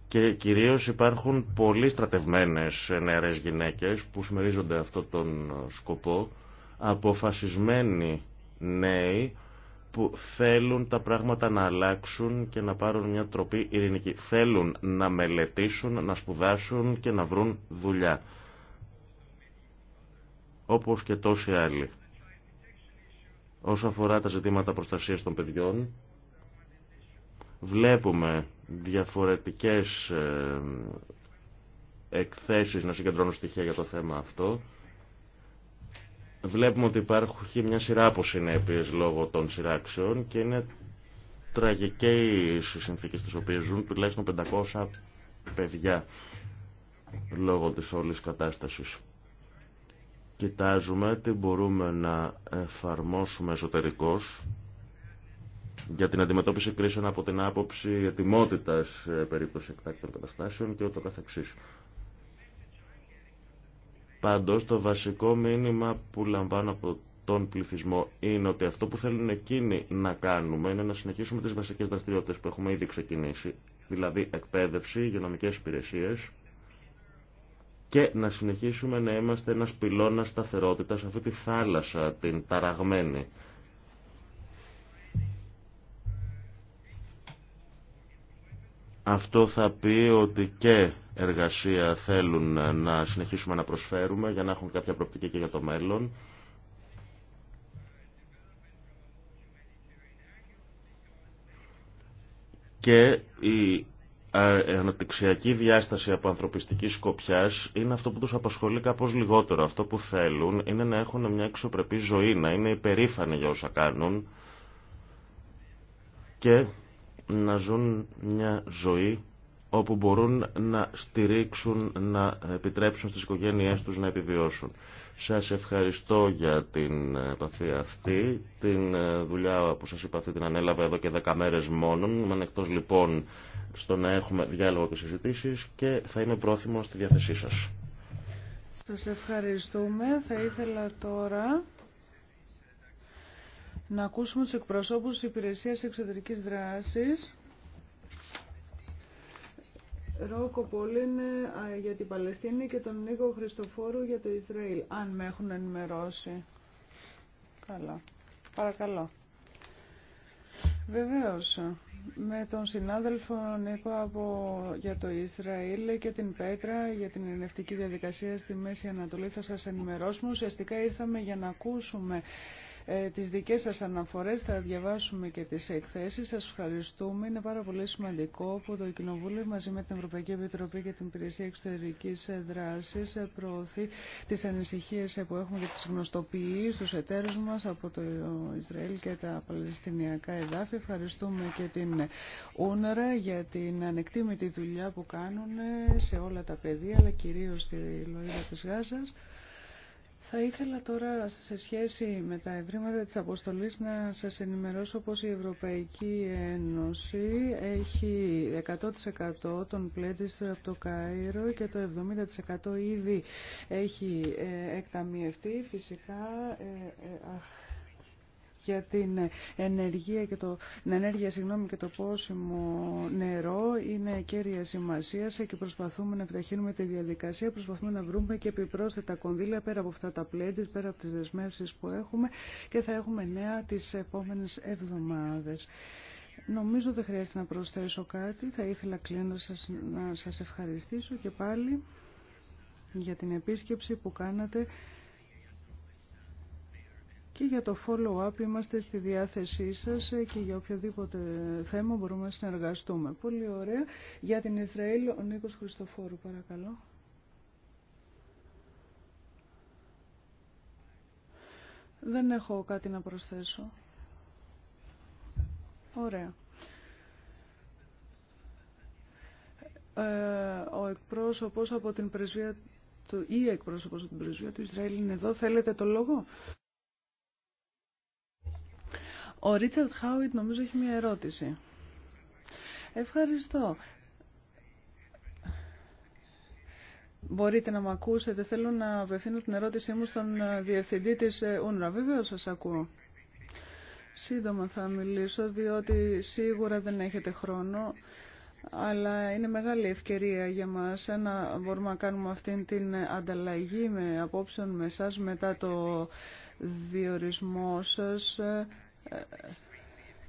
και κυρίως υπάρχουν πολύ στρατευμένες νεαρές γυναίκες που συμμερίζονται αυτό τον σκοπό, αποφασισμένοι νέοι που θέλουν τα πράγματα να αλλάξουν και να πάρουν μια τροπή ειρηνική. Θέλουν να μελετήσουν, να σπουδάσουν και να βρουν δουλειά. Όπως και τόσοι άλλοι. Όσο αφορά τα ζητήματα προστασίας των παιδιών, βλέπουμε διαφορετικές ε, εκθέσεις να συγκεντρώνουν στοιχεία για το θέμα αυτό. Βλέπουμε ότι υπάρχει μια σειρά από συνέπειε λόγω των σειράξεων και είναι τραγικέ οι συνθήκε στις οποίε ζουν τουλάχιστον 500 παιδιά λόγω της όλης κατάστασης. Κοιτάζουμε τι μπορούμε να εφαρμόσουμε εσωτερικώς για την αντιμετώπιση κρίσεων από την άποψη ετοιμότητας περίπτωση εκτάκτων καταστάσεων και ούτω καθεξής. Πάντως το βασικό μήνυμα που λαμβάνω από τον πληθυσμό είναι ότι αυτό που θέλουν εκείνοι να κάνουμε είναι να συνεχίσουμε τις βασικές δραστηριότητες που έχουμε ήδη ξεκινήσει, δηλαδή εκπαίδευση, υγειονομικές υπηρεσίες και να συνεχίσουμε να είμαστε ένας πυλώνας σταθερότητας σε αυτή τη θάλασσα, την ταραγμένη. Αυτό θα πει ότι και εργασία θέλουν να συνεχίσουμε να προσφέρουμε για να έχουν κάποια προοπτική και για το μέλλον. Και η αναπτυξιακή διάσταση από ανθρωπιστική σκοπιά είναι αυτό που τους απασχολεί κάπως λιγότερο. Αυτό που θέλουν είναι να έχουν μια εξωπρεπή ζωή, να είναι υπερήφανοι για όσα κάνουν και να ζουν μια ζωή όπου μπορούν να στηρίξουν, να επιτρέψουν στις οικογένειές τους να επιβιώσουν. Σας ευχαριστώ για την επαφή αυτή, την ε, δουλειά που σας είπα αυτή την ανέλαβα εδώ και δέκα μέρες μόνον. Είμαι λοιπόν στο να έχουμε διάλογο και συζητήσεις και θα είμαι πρόθυμος στη διάθεσή σας.
Σας ευχαριστούμε. Θα ήθελα τώρα να ακούσουμε τους εκπροσώπους της Υπηρεσίας Εξωτερικής Δράσης. Ρόκο Πολίν για την Παλαιστίνη και τον Νίκο Χριστοφόρου για το Ισραήλ, αν με έχουν ενημερώσει. Καλά. Παρακαλώ. Βεβαίως, με τον συνάδελφο Νίκο από, για το Ισραήλ και την Πέτρα για την ενευτική διαδικασία στη Μέση Ανατολή θα σας ενημερώσουμε. Ουσιαστικά ήρθαμε για να ακούσουμε ε, τις δικές σας αναφορές, θα διαβάσουμε και τις εκθέσεις. Σας ευχαριστούμε. Είναι πάρα πολύ σημαντικό που το Κοινοβούλιο μαζί με την Ευρωπαϊκή Επιτροπή και την Υπηρεσία Εξωτερικής Δράσης προωθεί τις ανησυχίες που έχουμε και τις γνωστοποιεί στους εταίρους μας από το Ισραήλ και τα Παλαιστινιακά εδάφη. Ευχαριστούμε και την Ούνερα για την ανεκτήμητη δουλειά που κάνουν σε όλα τα πεδία, αλλά κυρίως στη Λοίδα της Γάζας. Θα ήθελα τώρα σε σχέση με τα ευρήματα της αποστολής να σας ενημερώσω πως η Ευρωπαϊκή Ένωση έχει 100% των πλέντιστρων από το Κάιρο και το 70% ήδη έχει ε, εκταμιευτεί. Φυσικά ε, ε, για την ενέργεια και το, την ενέργεια συγγνώμη, και το πόσιμο νερό είναι κέρια σημασία και προσπαθούμε να επιταχύνουμε τη διαδικασία. Προσπαθούμε να βρούμε και επιπρόσθετα κονδύλια πέρα από αυτά τα πλέντε, πέρα από τις δεσμεύσει που έχουμε και θα έχουμε νέα τις επόμενες εβδομάδες. Νομίζω δεν χρειάζεται να προσθέσω κάτι. Θα ήθελα κλείνοντας να σας ευχαριστήσω και πάλι για την επίσκεψη που κάνατε και για το follow-up είμαστε στη διάθεσή σας ε, και για οποιοδήποτε θέμα μπορούμε να συνεργαστούμε. Πολύ ωραία. Για την Ισραήλ, ο Νίκος Χριστοφόρου, παρακαλώ. Δεν έχω κάτι να προσθέσω. Ωραία. Ε, ο εκπρόσωπος από την πρεσβεία του ή εκπρόσωπος από την πρεσβεία του Ισραήλ είναι εδώ. Θέλετε το λόγο. Ο Ρίτσαρτ Χάουιτ νομίζω έχει μια ερώτηση. Ευχαριστώ. Μπορείτε να με ακούσετε. Θέλω να απευθύνω την ερώτησή μου στον ε, διευθυντή της Ούνρα. Ε, Βέβαια σας ακούω. Σύντομα θα μιλήσω, διότι σίγουρα δεν έχετε χρόνο, αλλά είναι μεγάλη ευκαιρία για μας ε, να μπορούμε να κάνουμε αυτήν την ανταλλαγή με απόψεων με εσάς μετά το διορισμό σας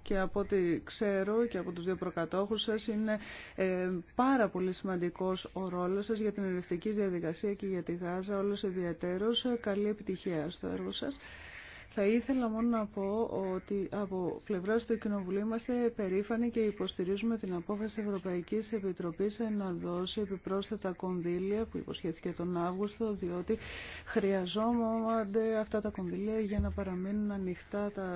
και από ό,τι ξέρω και από τους δύο προκατόχους σας είναι ε, πάρα πολύ σημαντικός ο ρόλος σας για την ελευθερική διαδικασία και για τη Γάζα όλος ιδιαίτερος. Καλή επιτυχία στο έργο σας. Θα ήθελα μόνο να πω ότι από πλευρά του Κοινοβουλίου είμαστε περήφανοι και υποστηρίζουμε την απόφαση Ευρωπαϊκής Επιτροπής να δώσει επιπρόσθετα κονδύλια που υποσχέθηκε τον Αύγουστο, διότι χρειαζόμαστε αυτά τα κονδύλια για να παραμείνουν ανοιχτά τα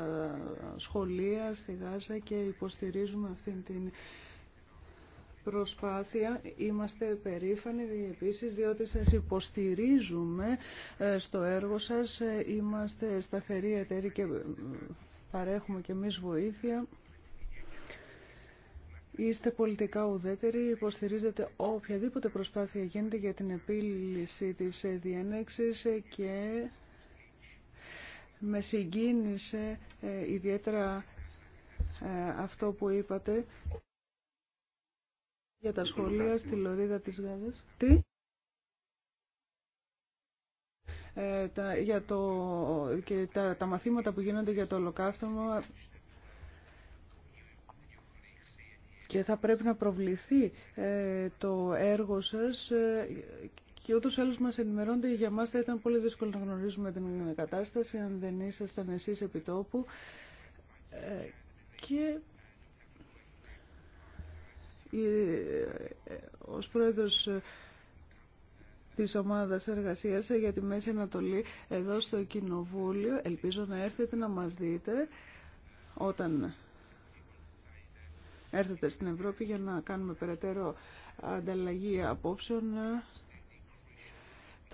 σχολεία στη Γάζα και υποστηρίζουμε αυτήν την προσπάθεια. Είμαστε περήφανοι επίσης διότι σας υποστηρίζουμε ε, στο έργο σας. Ε, είμαστε σταθεροί εταίροι και ε, παρέχουμε και εμείς βοήθεια. Είστε πολιτικά ουδέτεροι, υποστηρίζετε οποιαδήποτε προσπάθεια γίνεται για την επίλυση της διένεξης και με συγκίνησε ιδιαίτερα αυτό που είπατε για τα σχολεία στη Λωρίδα της Γάζας. Τι? Ε, τα, για το, και τα, τα μαθήματα που γίνονται για το ολοκαύτωμα και θα πρέπει να προβληθεί ε, το έργο σας ε, και ούτω άλλω μα ενημερώνετε για μας θα ήταν πολύ δύσκολο να γνωρίζουμε την κατάσταση αν δεν ήσασταν εσεί επιτόπου. Ε, και ε, ως πρόεδρος ε, της ομάδας εργασίας για τη Μέση Ανατολή εδώ στο Κοινοβούλιο. Ελπίζω να έρθετε να μας δείτε όταν έρθετε στην Ευρώπη για να κάνουμε περαιτέρω ανταλλαγή απόψεων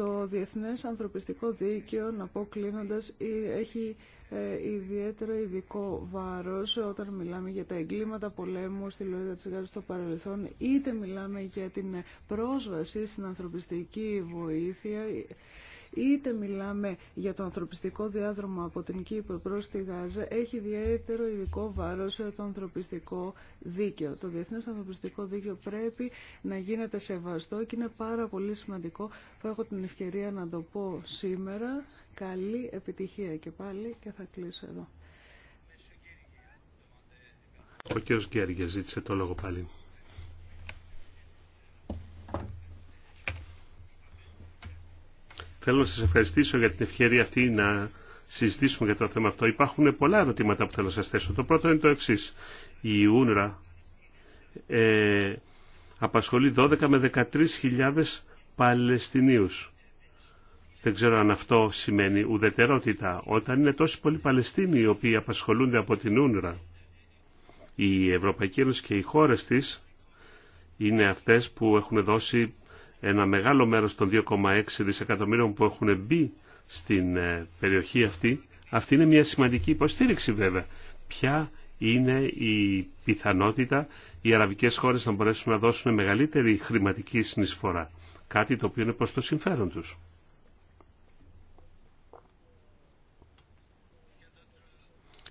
το Διεθνές Ανθρωπιστικό Δίκαιο, να πω κλείνοντας, ε, έχει ε, ιδιαίτερο ειδικό βάρος όταν μιλάμε για τα εγκλήματα πολέμου στη Λόριδα της Γάλλης στο παρελθόν, είτε μιλάμε για την πρόσβαση στην ανθρωπιστική βοήθεια, είτε μιλάμε για το ανθρωπιστικό διάδρομο από την Κύπρο προς τη Γάζα, έχει ιδιαίτερο ειδικό βάρος το ανθρωπιστικό δίκαιο. Το διεθνές ανθρωπιστικό δίκαιο πρέπει να γίνεται σεβαστό και είναι πάρα πολύ σημαντικό που έχω την ευκαιρία να το πω σήμερα. Καλή επιτυχία και πάλι και θα κλείσω εδώ.
Ο Θέλω να σας ευχαριστήσω για την ευκαιρία αυτή να συζητήσουμε για το θέμα αυτό. Υπάρχουν πολλά ερωτήματα που θέλω να σας θέσω. Το πρώτο είναι το εξή. Η Ούνρα ε, απασχολεί 12 με 13.000 Παλαιστινίους. Δεν ξέρω αν αυτό σημαίνει ουδετερότητα. Όταν είναι τόσοι πολλοί Παλαιστίνοι οι οποίοι απασχολούνται από την Ούνρα, η Ευρωπαϊκή Ένωση και οι χώρες της είναι αυτές που έχουν δώσει ένα μεγάλο μέρος των 2,6 δισεκατομμύριων που έχουν μπει στην ε, περιοχή αυτή. Αυτή είναι μια σημαντική υποστήριξη βέβαια. Ποια είναι η πιθανότητα οι αραβικές χώρες να μπορέσουν να δώσουν μεγαλύτερη χρηματική συνεισφορά. Κάτι το οποίο είναι προς το συμφέρον τους.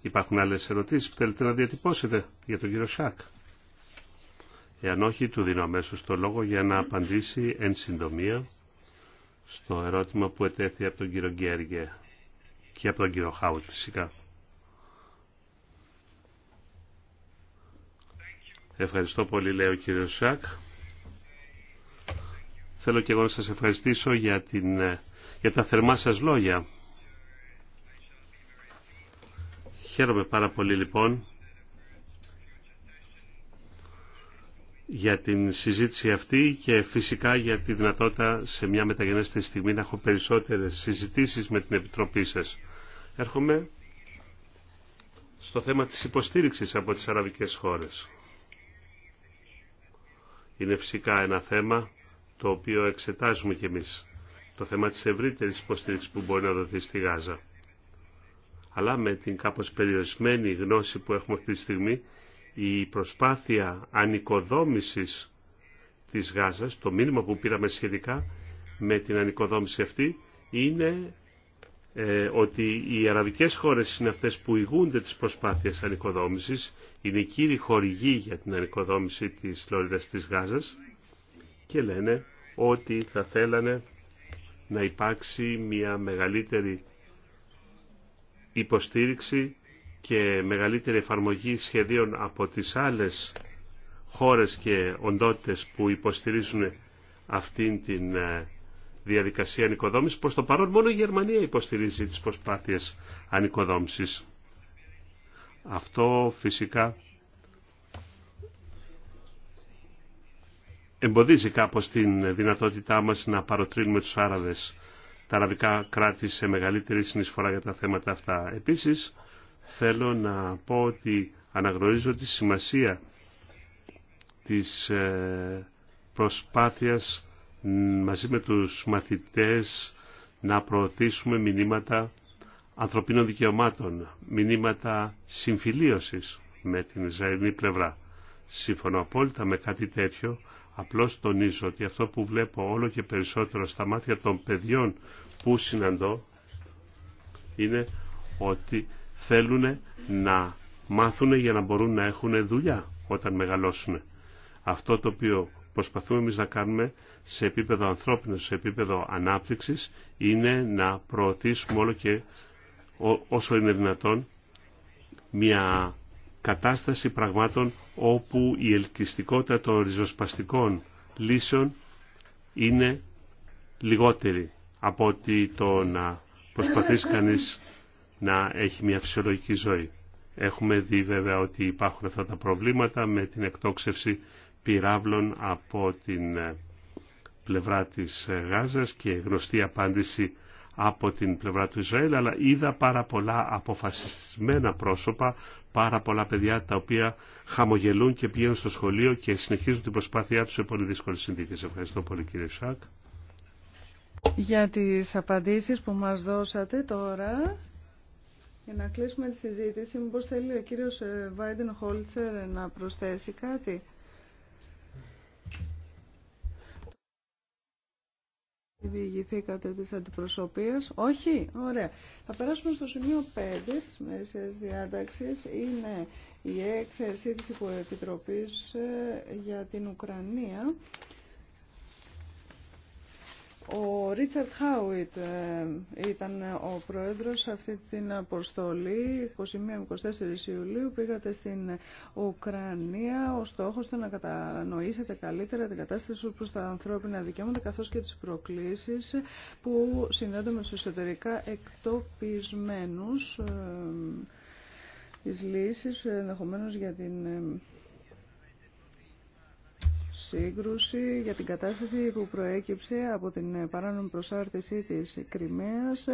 Υπάρχουν άλλες ερωτήσεις που θέλετε να διατυπώσετε για τον κύριο Σάκ. Εάν όχι, του δίνω αμέσω το λόγο για να απαντήσει εν συντομία στο ερώτημα που ετέθη από τον κύριο Γκέργε και από τον κύριο Χάουτ φυσικά. Ευχαριστώ πολύ, λέει ο κύριο Σάκ. Θέλω και εγώ να σας ευχαριστήσω για, την, για τα θερμά σας λόγια. Χαίρομαι πάρα πολύ λοιπόν για την συζήτηση αυτή και φυσικά για τη δυνατότητα σε μια μεταγενέστερη στιγμή να έχω περισσότερες συζητήσεις με την Επιτροπή σας. Έρχομαι στο θέμα της υποστήριξης από τις αραβικές χώρες. Είναι φυσικά ένα θέμα το οποίο εξετάζουμε κι εμείς. Το θέμα της ευρύτερης υποστήριξης που μπορεί να δοθεί στη Γάζα. Αλλά με την κάπως περιορισμένη γνώση που έχουμε αυτή τη στιγμή η προσπάθεια ανοικοδόμησης της Γάζας, το μήνυμα που πήραμε σχετικά με την ανοικοδόμηση αυτή, είναι ε, ότι οι αραβικές χώρες είναι αυτές που ηγούνται τις προσπάθειες ανοικοδόμησης, είναι οι κύριοι χορηγοί για την ανοικοδόμηση της Λόριδας της Γάζας και λένε ότι θα θέλανε να υπάρξει μια μεγαλύτερη υποστήριξη και μεγαλύτερη εφαρμογή σχεδίων από τις άλλες χώρες και οντότητες που υποστηρίζουν αυτήν την ε, διαδικασία ανοικοδόμησης. Προς το παρόν μόνο η Γερμανία υποστηρίζει τις προσπάθειες ανοικοδόμησης. Αυτό φυσικά εμποδίζει κάπως την δυνατότητά μας να παροτρύνουμε τους Άραβες τα αραβικά κράτη σε μεγαλύτερη συνεισφορά για τα θέματα αυτά. Επίσης, θέλω να πω ότι αναγνωρίζω τη σημασία της ε, προσπάθειας μαζί με τους μαθητές να προωθήσουμε μηνύματα ανθρωπίνων δικαιωμάτων, μηνύματα συμφιλίωσης με την Ισραηλινή πλευρά. Συμφωνώ απόλυτα με κάτι τέτοιο, απλώς τονίζω ότι αυτό που βλέπω όλο και περισσότερο στα μάτια των παιδιών που συναντώ είναι ότι θέλουν να μάθουν για να μπορούν να έχουν δουλειά όταν μεγαλώσουν. Αυτό το οποίο προσπαθούμε εμείς να κάνουμε σε επίπεδο ανθρώπινο, σε επίπεδο ανάπτυξης, είναι να προωθήσουμε όλο και όσο είναι δυνατόν μια κατάσταση πραγμάτων όπου η ελκυστικότητα των ριζοσπαστικών λύσεων είναι λιγότερη από ότι το να προσπαθήσει κανείς να έχει μια φυσιολογική ζωή. Έχουμε δει βέβαια ότι υπάρχουν αυτά τα προβλήματα με την εκτόξευση πυράβλων από την ε, πλευρά της ε, Γάζας και γνωστή απάντηση από την πλευρά του Ισραήλ, αλλά είδα πάρα πολλά αποφασισμένα πρόσωπα, πάρα πολλά παιδιά τα οποία χαμογελούν και πηγαίνουν στο σχολείο και συνεχίζουν την προσπάθειά τους σε πολύ δύσκολες συνθήκες. Ευχαριστώ πολύ κύριε Σάκ.
Για τις απαντήσεις που μας δώσατε τώρα για να κλείσουμε τη συζήτηση, μήπως θέλει ο κύριος Βάιντεν Χόλτσερ να προσθέσει κάτι. Διηγηθήκατε της αντιπροσωπείας. Όχι, ωραία. Θα περάσουμε στο σημείο 5 της μέσης διάταξης. Είναι η έκθεση της Υποεπιτροπής ε, για την Ουκρανία. Ο Ρίτσαρτ Χάουιτ ε, ήταν ο πρόεδρος σε αυτή την αποστολή. 21-24 Ιουλίου πήγατε στην Ουκρανία. Ο στόχος ήταν να κατανοήσετε καλύτερα την κατάσταση προς τα ανθρώπινα δικαιώματα καθώς και τις προκλήσεις που συνδέονται με εσωτερικά εκτοπισμένους ε, τις λύσεις ενδεχομένως για την ε, σύγκρουση για την κατάσταση που προέκυψε από την παράνομη προσάρτησή της Κρυμαίας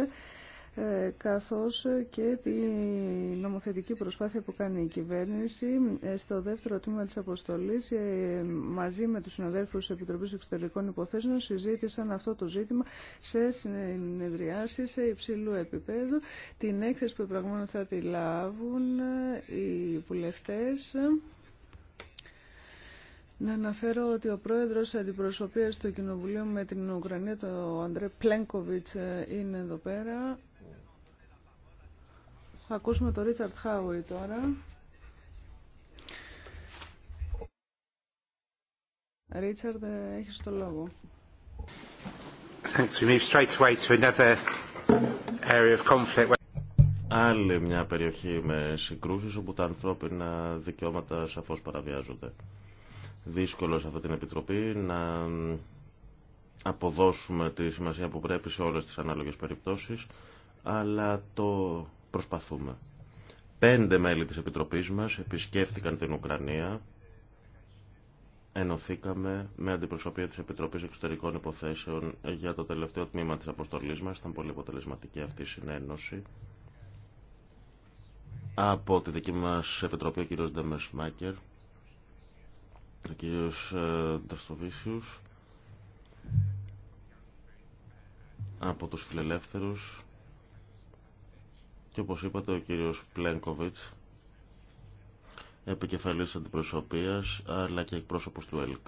ε, καθώς και τη νομοθετική προσπάθεια που κάνει η κυβέρνηση ε, στο δεύτερο τμήμα της αποστολής ε, μαζί με τους συναδέλφους της Επιτροπής Εξωτερικών Υποθέσεων συζήτησαν αυτό το ζήτημα σε συνεδριάσεις σε υψηλού επίπεδου την έκθεση που πραγματικά θα τη λάβουν οι βουλευτές να αναφέρω ότι ο πρόεδρος αντιπροσωπείας του Κοινοβουλίου με την Ουκρανία, το Αντρέ Πλένκοβιτς, ε, είναι εδώ πέρα. Θα ακούσουμε τον Ρίτσαρτ Χάουι τώρα. Ρίτσαρτ, ε, έχεις το λόγο.
Άλλη μια περιοχή με συγκρούσεις όπου τα ανθρώπινα δικαιώματα σαφώς παραβιάζονται δύσκολο σε αυτή την Επιτροπή να αποδώσουμε τη σημασία που πρέπει σε όλες τις ανάλογες περιπτώσεις, αλλά το προσπαθούμε. Πέντε μέλη της Επιτροπής μας επισκέφθηκαν την Ουκρανία, ενωθήκαμε με αντιπροσωπεία της Επιτροπής Εξωτερικών Υποθέσεων για το τελευταίο τμήμα της αποστολής μας. Ήταν πολύ αποτελεσματική αυτή η συνένωση. Από τη δική μας Επιτροπή ο κ. Ντεμεσμάκερ, ο κύριος ε, από τους φιλελεύθερους και όπως είπατε ο κύριος Πλένκοβιτς επικεφαλής αντιπροσωπείας αλλά και εκπρόσωπος του ΕΛΚ.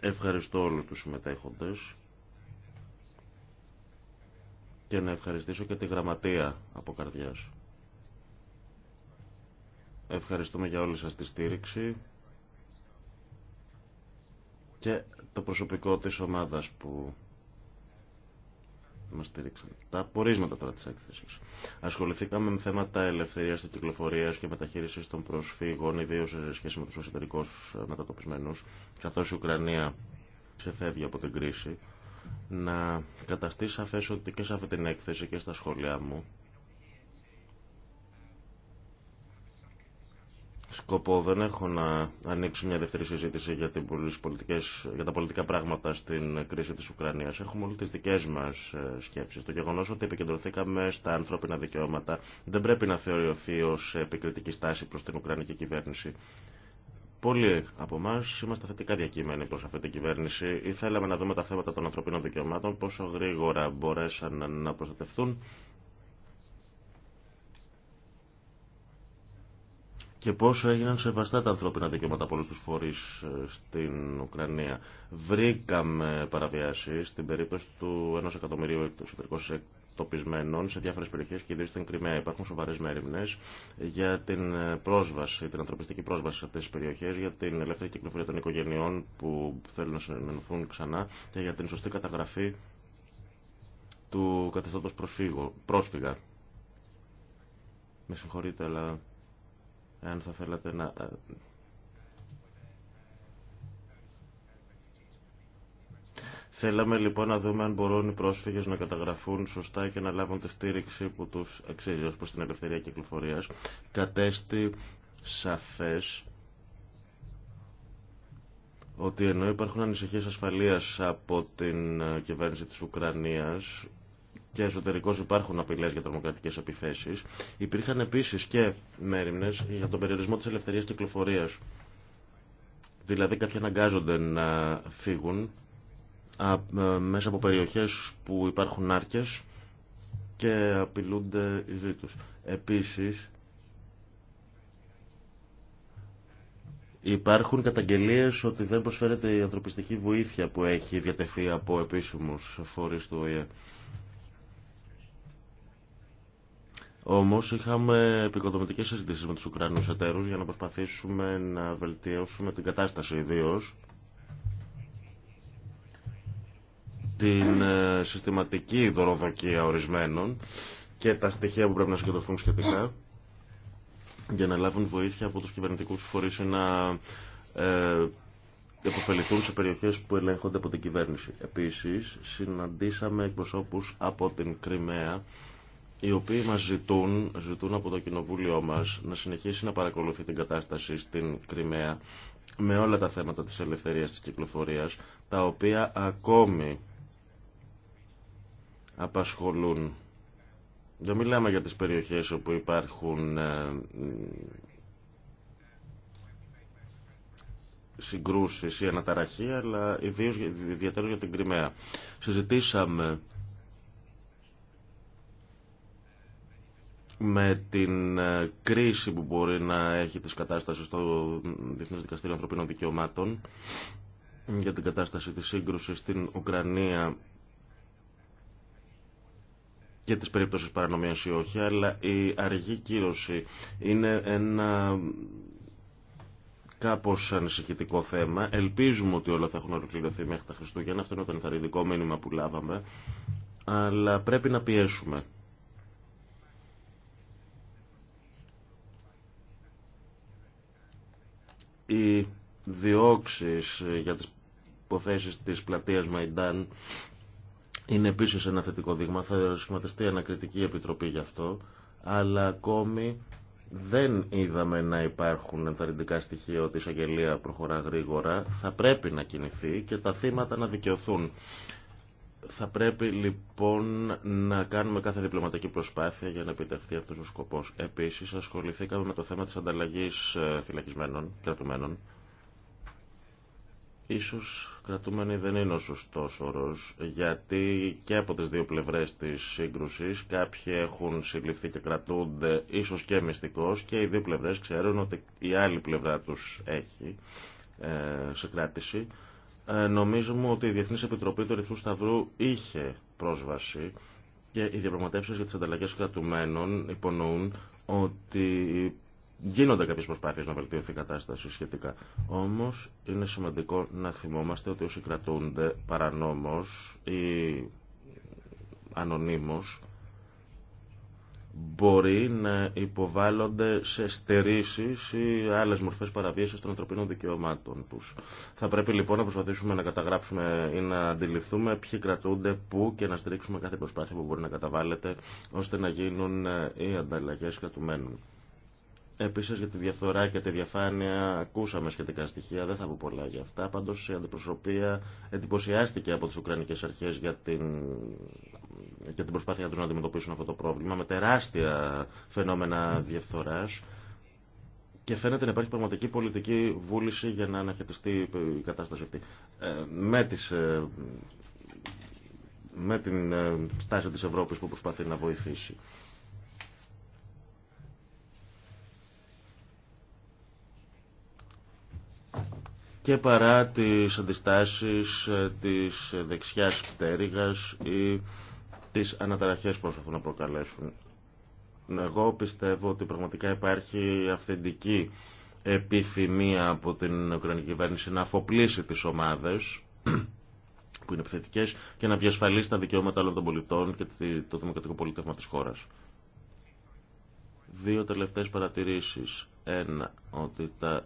Ευχαριστώ όλους τους συμμετέχοντες και να ευχαριστήσω και τη γραμματεία από καρδιάς. Ευχαριστούμε για όλη σας τη στήριξη και το προσωπικό της ομάδας που μας στήριξαν. Τα απορίσματα τώρα της έκθεσης. Ασχοληθήκαμε με θέματα ελευθερίας της κυκλοφορίας και μεταχείρισης των προσφύγων, ιδίως σε σχέση με τους εσωτερικούς μετατοπισμένους, καθώς η Ουκρανία ξεφεύγει από την κρίση. Να καταστήσω σαφές ότι και σε αυτή την έκθεση και στα σχόλιά μου Σκοπό δεν έχω να ανοίξω μια δεύτερη συζήτηση για, την πολιτικές, για τα πολιτικά πράγματα στην κρίση της Ουκρανίας. Έχουμε όλες τις δικές μας ε, σκέψεις. Το γεγονός ότι επικεντρωθήκαμε στα ανθρώπινα δικαιώματα δεν πρέπει να θεωρηθεί ως επικριτική στάση προς την Ουκρανική κυβέρνηση. Πολλοί από εμά είμαστε θετικά διακείμενοι προ αυτή την κυβέρνηση Ήθελαμε να δούμε τα θέματα των ανθρωπίνων δικαιωμάτων πόσο γρήγορα μπορέσαν να προστατευτούν και πόσο έγιναν σεβαστά τα ανθρώπινα δικαιώματα από όλου του φορεί ε, στην Ουκρανία. Βρήκαμε παραβιάσεις στην περίπτωση του 1 εκατομμυρίου εξωτερικών εκτοπισμένων σε διάφορε περιοχέ και ιδίω στην Κρυμαία. Υπάρχουν σοβαρέ μέρημνε για την ε, πρόσβαση, την ανθρωπιστική πρόσβαση σε αυτές τις περιοχές, για την ελεύθερη κυκλοφορία των οικογενειών που θέλουν να συνενωθούν ξανά και για την σωστή καταγραφή του καθεστώτος πρόσφυγα. Με συγχωρείτε, αλλά αν θα θέλατε να ε, Θέλαμε λοιπόν να δούμε αν μπορούν οι πρόσφυγε να καταγραφούν σωστά και να λάβουν τη στήριξη που του αξίζει ω προ την ελευθερία κυκλοφορία. Κατέστη σαφέ ότι ενώ υπάρχουν ανησυχίε ασφαλεία από την ε, κυβέρνηση της Ουκρανίας και εσωτερικώ υπάρχουν απειλέ για τρομοκρατικέ επιθέσει. Υπήρχαν επίση και μέρημνε για τον περιορισμό τη ελευθερία κυκλοφορία. Δηλαδή κάποιοι αναγκάζονται να φύγουν ε, μέσα από περιοχές που υπάρχουν άρκες και απειλούνται οι ζήτους. Επίσης, Υπάρχουν καταγγελίες ότι δεν προσφέρεται η ανθρωπιστική βοήθεια που έχει διατεθεί από επίσημους φορεί του ΟΗΕ. Όμω είχαμε επικοδομητικέ συζητήσει με του Ουκρανού εταίρου για να προσπαθήσουμε να βελτιώσουμε την κατάσταση ιδίω. την ε, συστηματική δωροδοκία ορισμένων και τα στοιχεία που πρέπει να συγκεντρωθούν σχετικά για να λάβουν βοήθεια από τους κυβερνητικούς φορείς να ε, σε περιοχές που ελέγχονται από την κυβέρνηση. Επίσης, συναντήσαμε εκπροσώπους από την Κρυμαία οι οποίοι μας ζητούν, ζητούν από το κοινοβούλιο μας να συνεχίσει να παρακολουθεί την κατάσταση στην Κρυμαία με όλα τα θέματα της ελευθερίας της κυκλοφορίας, τα οποία ακόμη απασχολούν. Δεν μιλάμε για τις περιοχές όπου υπάρχουν ε, συγκρούσεις ή αναταραχή, αλλά ιδιαίτερα για την Κρυμαία. Συζητήσαμε με την ε, κρίση που μπορεί να έχει της κατάστασης στο Διεθνές Δικαστήριο Ανθρωπίνων Δικαιωμάτων για την κατάσταση της σύγκρουσης στην Ουκρανία και τις περίπτωσες παρανομίας ή όχι, αλλά η αργή κύρωση είναι ένα κάπως ανησυχητικό θέμα. Ελπίζουμε ότι όλα θα έχουν ολοκληρωθεί μέχρι τα Χριστούγεννα. Αυτό είναι το ενθαρρυντικό μήνυμα που λάβαμε. Αλλά πρέπει να πιέσουμε οι διώξεις για τις υποθέσεις της πλατείας Μαϊντάν είναι επίσης ένα θετικό δείγμα. Θα σχηματιστεί ανακριτική επιτροπή γι' αυτό, αλλά ακόμη δεν είδαμε να υπάρχουν ενθαρρυντικά στοιχεία ότι η εισαγγελία προχωρά γρήγορα. Θα πρέπει να κινηθεί και τα θύματα να δικαιωθούν. Θα πρέπει λοιπόν να κάνουμε κάθε διπλωματική προσπάθεια για να επιτευχθεί αυτός ο σκοπός. Επίσης ασχοληθήκαμε με το θέμα της ανταλλαγής ε, φυλακισμένων, κρατουμένων. Ίσως κρατούμενοι δεν είναι ο σωστός όρος, γιατί και από τις δύο πλευρές της σύγκρουσης κάποιοι έχουν συλληφθεί και κρατούνται ίσως και μυστικός και οι δύο πλευρές ξέρουν ότι η άλλη πλευρά τους έχει ε, σε κράτηση ε, νομίζουμε ότι η Διεθνής Επιτροπή του Ρυθμού Σταυρού είχε πρόσβαση και οι διαπραγματεύσεις για τις ανταλλαγές κρατουμένων υπονοούν ότι γίνονται κάποιες προσπάθειες να βελτιωθεί η κατάσταση σχετικά. Όμως είναι σημαντικό να θυμόμαστε ότι όσοι κρατούνται παρανόμως ή ανωνύμως μπορεί να υποβάλλονται σε στερήσεις ή άλλες μορφές παραβίασης των ανθρωπίνων δικαιωμάτων τους. Θα πρέπει λοιπόν να προσπαθήσουμε να καταγράψουμε ή να αντιληφθούμε ποιοι κρατούνται, πού και να στηρίξουμε κάθε προσπάθεια που μπορεί να καταβάλλεται ώστε να γίνουν ε, οι ανταλλαγές κρατουμένων. Επίσης για τη διαφθορά και τη διαφάνεια ακούσαμε σχετικά στοιχεία, δεν θα πω πολλά για αυτά. Πάντως η αντιπροσωπεία εντυπωσιάστηκε από τις Ουκρανικές αρχές για την, για την προσπάθεια τους να αντιμετωπίσουν αυτό το πρόβλημα με τεράστια φαινόμενα διαφθοράς και φαίνεται να υπάρχει πραγματική πολιτική βούληση για να αναχαιτιστεί η κατάσταση αυτή. Ε, με τις ε, με την ε, στάση της Ευρώπης που προσπαθεί να βοηθήσει. και παρά τις αντιστάσεις ε, της δεξιάς πτέρυγας ή τις αναταραχές που προσπαθούν να προκαλέσουν. Εγώ πιστεύω ότι πραγματικά υπάρχει αυθεντική επιθυμία από την Ουκρανική κυβέρνηση να αφοπλίσει τις ομάδες που είναι επιθετικές και να διασφαλίσει τα δικαιώματα όλων των πολιτών και το δημοκρατικό πολιτεύμα της χώρας. Δύο τελευταίες παρατηρήσεις. Ένα, ότι τα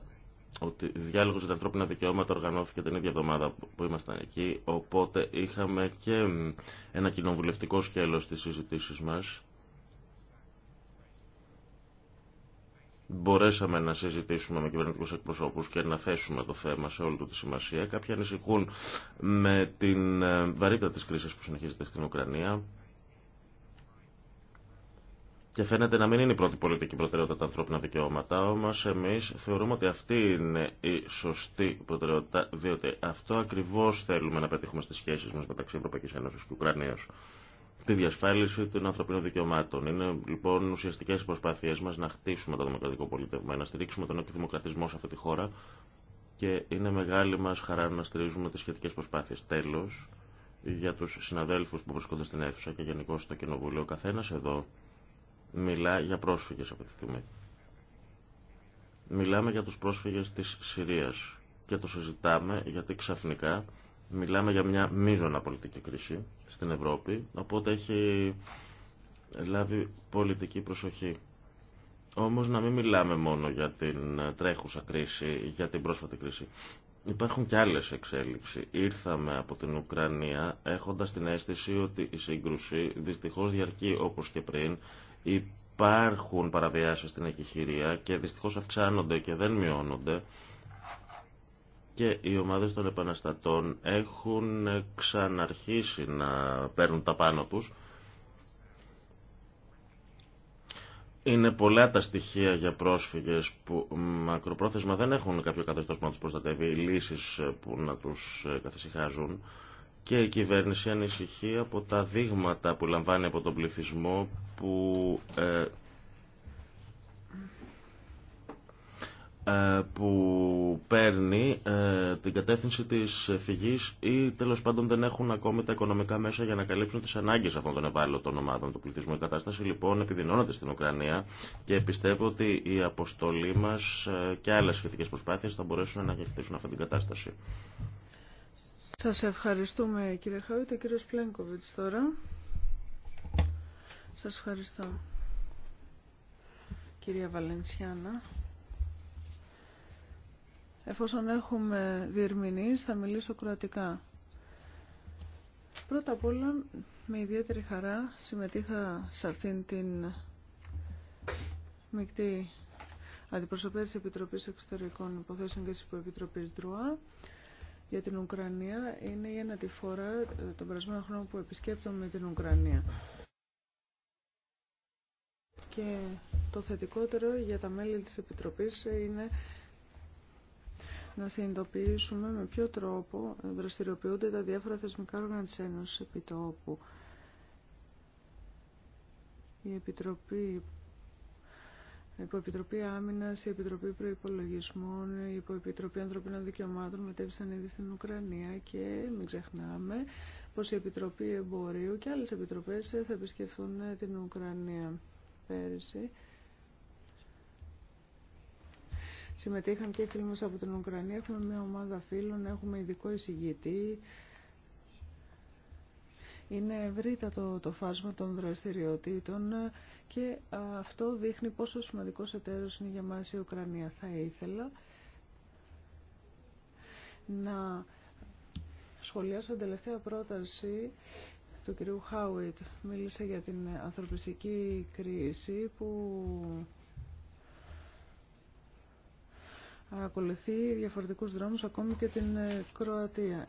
ότι διάλογος για τα ανθρώπινα δικαιώματα οργανώθηκε την ίδια εβδομάδα που ήμασταν εκεί, οπότε είχαμε και ένα κοινοβουλευτικό σκέλος στις συζητήσεις μας. μπορέσαμε να συζητήσουμε με κυβερνητικούς εκπροσώπους και να θέσουμε το θέμα σε όλη του τη σημασία. Κάποιοι ανησυχούν με την ε, βαρύτητα της κρίσης που συνεχίζεται στην Ουκρανία. Και φαίνεται να μην είναι η πρώτη πολιτική προτεραιότητα τα ανθρώπινα δικαιώματα, όμω εμεί θεωρούμε ότι αυτή είναι η σωστή προτεραιότητα, διότι αυτό ακριβώ θέλουμε να πετύχουμε στι σχέσει μα μεταξύ Ευρωπαϊκή Ένωση και Ουκρανία. Τη διασφάλιση των ανθρωπίνων δικαιωμάτων. Είναι λοιπόν ουσιαστικέ οι προσπάθειέ μα να χτίσουμε το δημοκρατικό πολιτεύμα, να στηρίξουμε τον δημοκρατισμό σε αυτή τη χώρα και είναι μεγάλη μα χαρά να στηρίζουμε τι σχετικέ προσπάθειε. Τέλο, για του συναδέλφου που βρίσκονται στην αίθουσα και γενικώ στο κοινοβούλιο, καθένα εδώ μιλά για πρόσφυγες αυτή τη στιγμή. Μιλάμε για τους πρόσφυγες της Συρίας και το συζητάμε γιατί ξαφνικά μιλάμε για μια μείζωνα πολιτική κρίση στην Ευρώπη, οπότε έχει λάβει πολιτική προσοχή. Όμως να μην μιλάμε μόνο για την τρέχουσα κρίση, για την πρόσφατη κρίση. Υπάρχουν και άλλες εξέλιξεις Ήρθαμε από την Ουκρανία έχοντας την αίσθηση ότι η σύγκρουση δυστυχώς διαρκεί όπως και πριν υπάρχουν παραβιάσεις στην εκεχηρία και δυστυχώς αυξάνονται και δεν μειώνονται και οι ομάδες των επαναστατών έχουν ξαναρχίσει να παίρνουν τα πάνω τους. Είναι πολλά τα στοιχεία για πρόσφυγες που μακροπρόθεσμα δεν έχουν κάποιο καθεστώς που να τους προστατεύει, λύσεις που να τους ε, καθησυχάζουν και η κυβέρνηση ανησυχεί από τα δείγματα που λαμβάνει από τον πληθυσμό που ε, ε που παίρνει ε, την κατεύθυνση της φυγής ή τέλος πάντων δεν έχουν ακόμη τα οικονομικά μέσα για να καλύψουν τις ανάγκες αυτών των ευάλωτων ομάδων του πληθυσμού. Η κατάσταση λοιπόν επιδεινώνεται στην Ουκρανία και πιστεύω ότι η αποστολή μας ε, και άλλες σχετικές προσπάθειες θα μπορέσουν να ανακαιχθήσουν αυτή την κατάσταση.
Σας ευχαριστούμε κύριε Χαούτε, Κύριος Πλένκοβιτς τώρα. Σας ευχαριστώ. Κυρία Βαλενσιάνα. Εφόσον έχουμε διερμηνείς θα μιλήσω κροατικά. Πρώτα απ' όλα με ιδιαίτερη χαρά συμμετείχα σε αυτήν την μεικτή αντιπροσωπεία της Επιτροπής Εξωτερικών Υποθέσεων και της Επιτροπής ΔΡΟΑ για την Ουκρανία. Είναι η ένατη φορά ε, τον περασμένο χρόνο που επισκέπτομαι την Ουκρανία. Και το θετικότερο για τα μέλη της Επιτροπής είναι να συνειδητοποιήσουμε με ποιο τρόπο δραστηριοποιούνται τα διάφορα θεσμικά όργανα της Ένωσης επί τόπου. Η Επιτροπή Επιτροπή Άμυνα, η Επιτροπή Προπολογισμών, η Επιτροπή Ανθρωπίνων Δικαιωμάτων μετέβησαν ήδη στην Ουκρανία και μην ξεχνάμε πω η Επιτροπή Εμπορίου και άλλε επιτροπέ θα επισκεφθούν την Ουκρανία πέρυσι. Συμμετείχαν και οι φίλοι μας από την Ουκρανία, έχουμε μια ομάδα φίλων, έχουμε ειδικό εισηγητή, είναι ευρύτατο το φάσμα των δραστηριοτήτων και αυτό δείχνει πόσο σημαντικός εταίρος είναι για μας η Ουκρανία. Θα ήθελα να σχολιάσω την τελευταία πρόταση του κυρίου Χάουιτ. Μίλησε για την ανθρωπιστική κρίση που ακολουθεί διαφορετικούς δρόμους ακόμη και την Κροατία.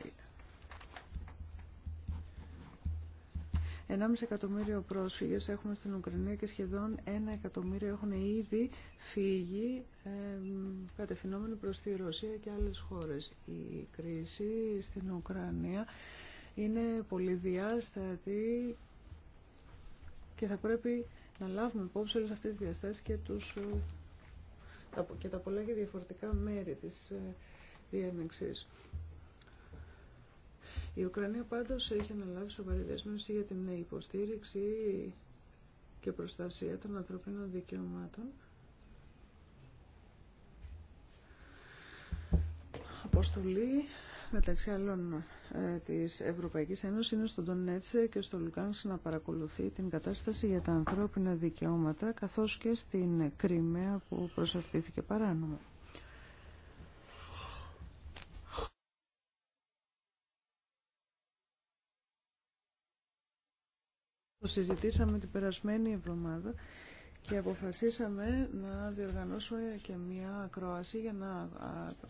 1,5 εκατομμύριο πρόσφυγες έχουμε στην Ουκρανία και σχεδόν 1 εκατομμύριο έχουν ήδη φύγει ε, κατευθυνόμενοι προς τη Ρωσία και άλλες χώρες. Η κρίση στην Ουκρανία είναι πολύ διάστατη και θα πρέπει να λάβουμε υπόψη όλες αυτές τις διαστάσεις και, τους, ε, και τα πολλά και διαφορετικά μέρη της ε, διένεξης. Η Ουκρανία πάντως έχει αναλάβει σοβαρή δέσμευση για την υποστήριξη και προστασία των ανθρωπίνων δικαιωμάτων. Αποστολή μεταξύ άλλων ε, της Ευρωπαϊκής Ένωσης είναι στον Τονέτσε και στο Λουκάνς να παρακολουθεί την κατάσταση για τα ανθρώπινα δικαιώματα καθώς και στην Κρυμαία που προσαρτήθηκε παράνομα. συζητήσαμε την περασμένη εβδομάδα και αποφασίσαμε να διοργανώσουμε και μια ακρόαση για να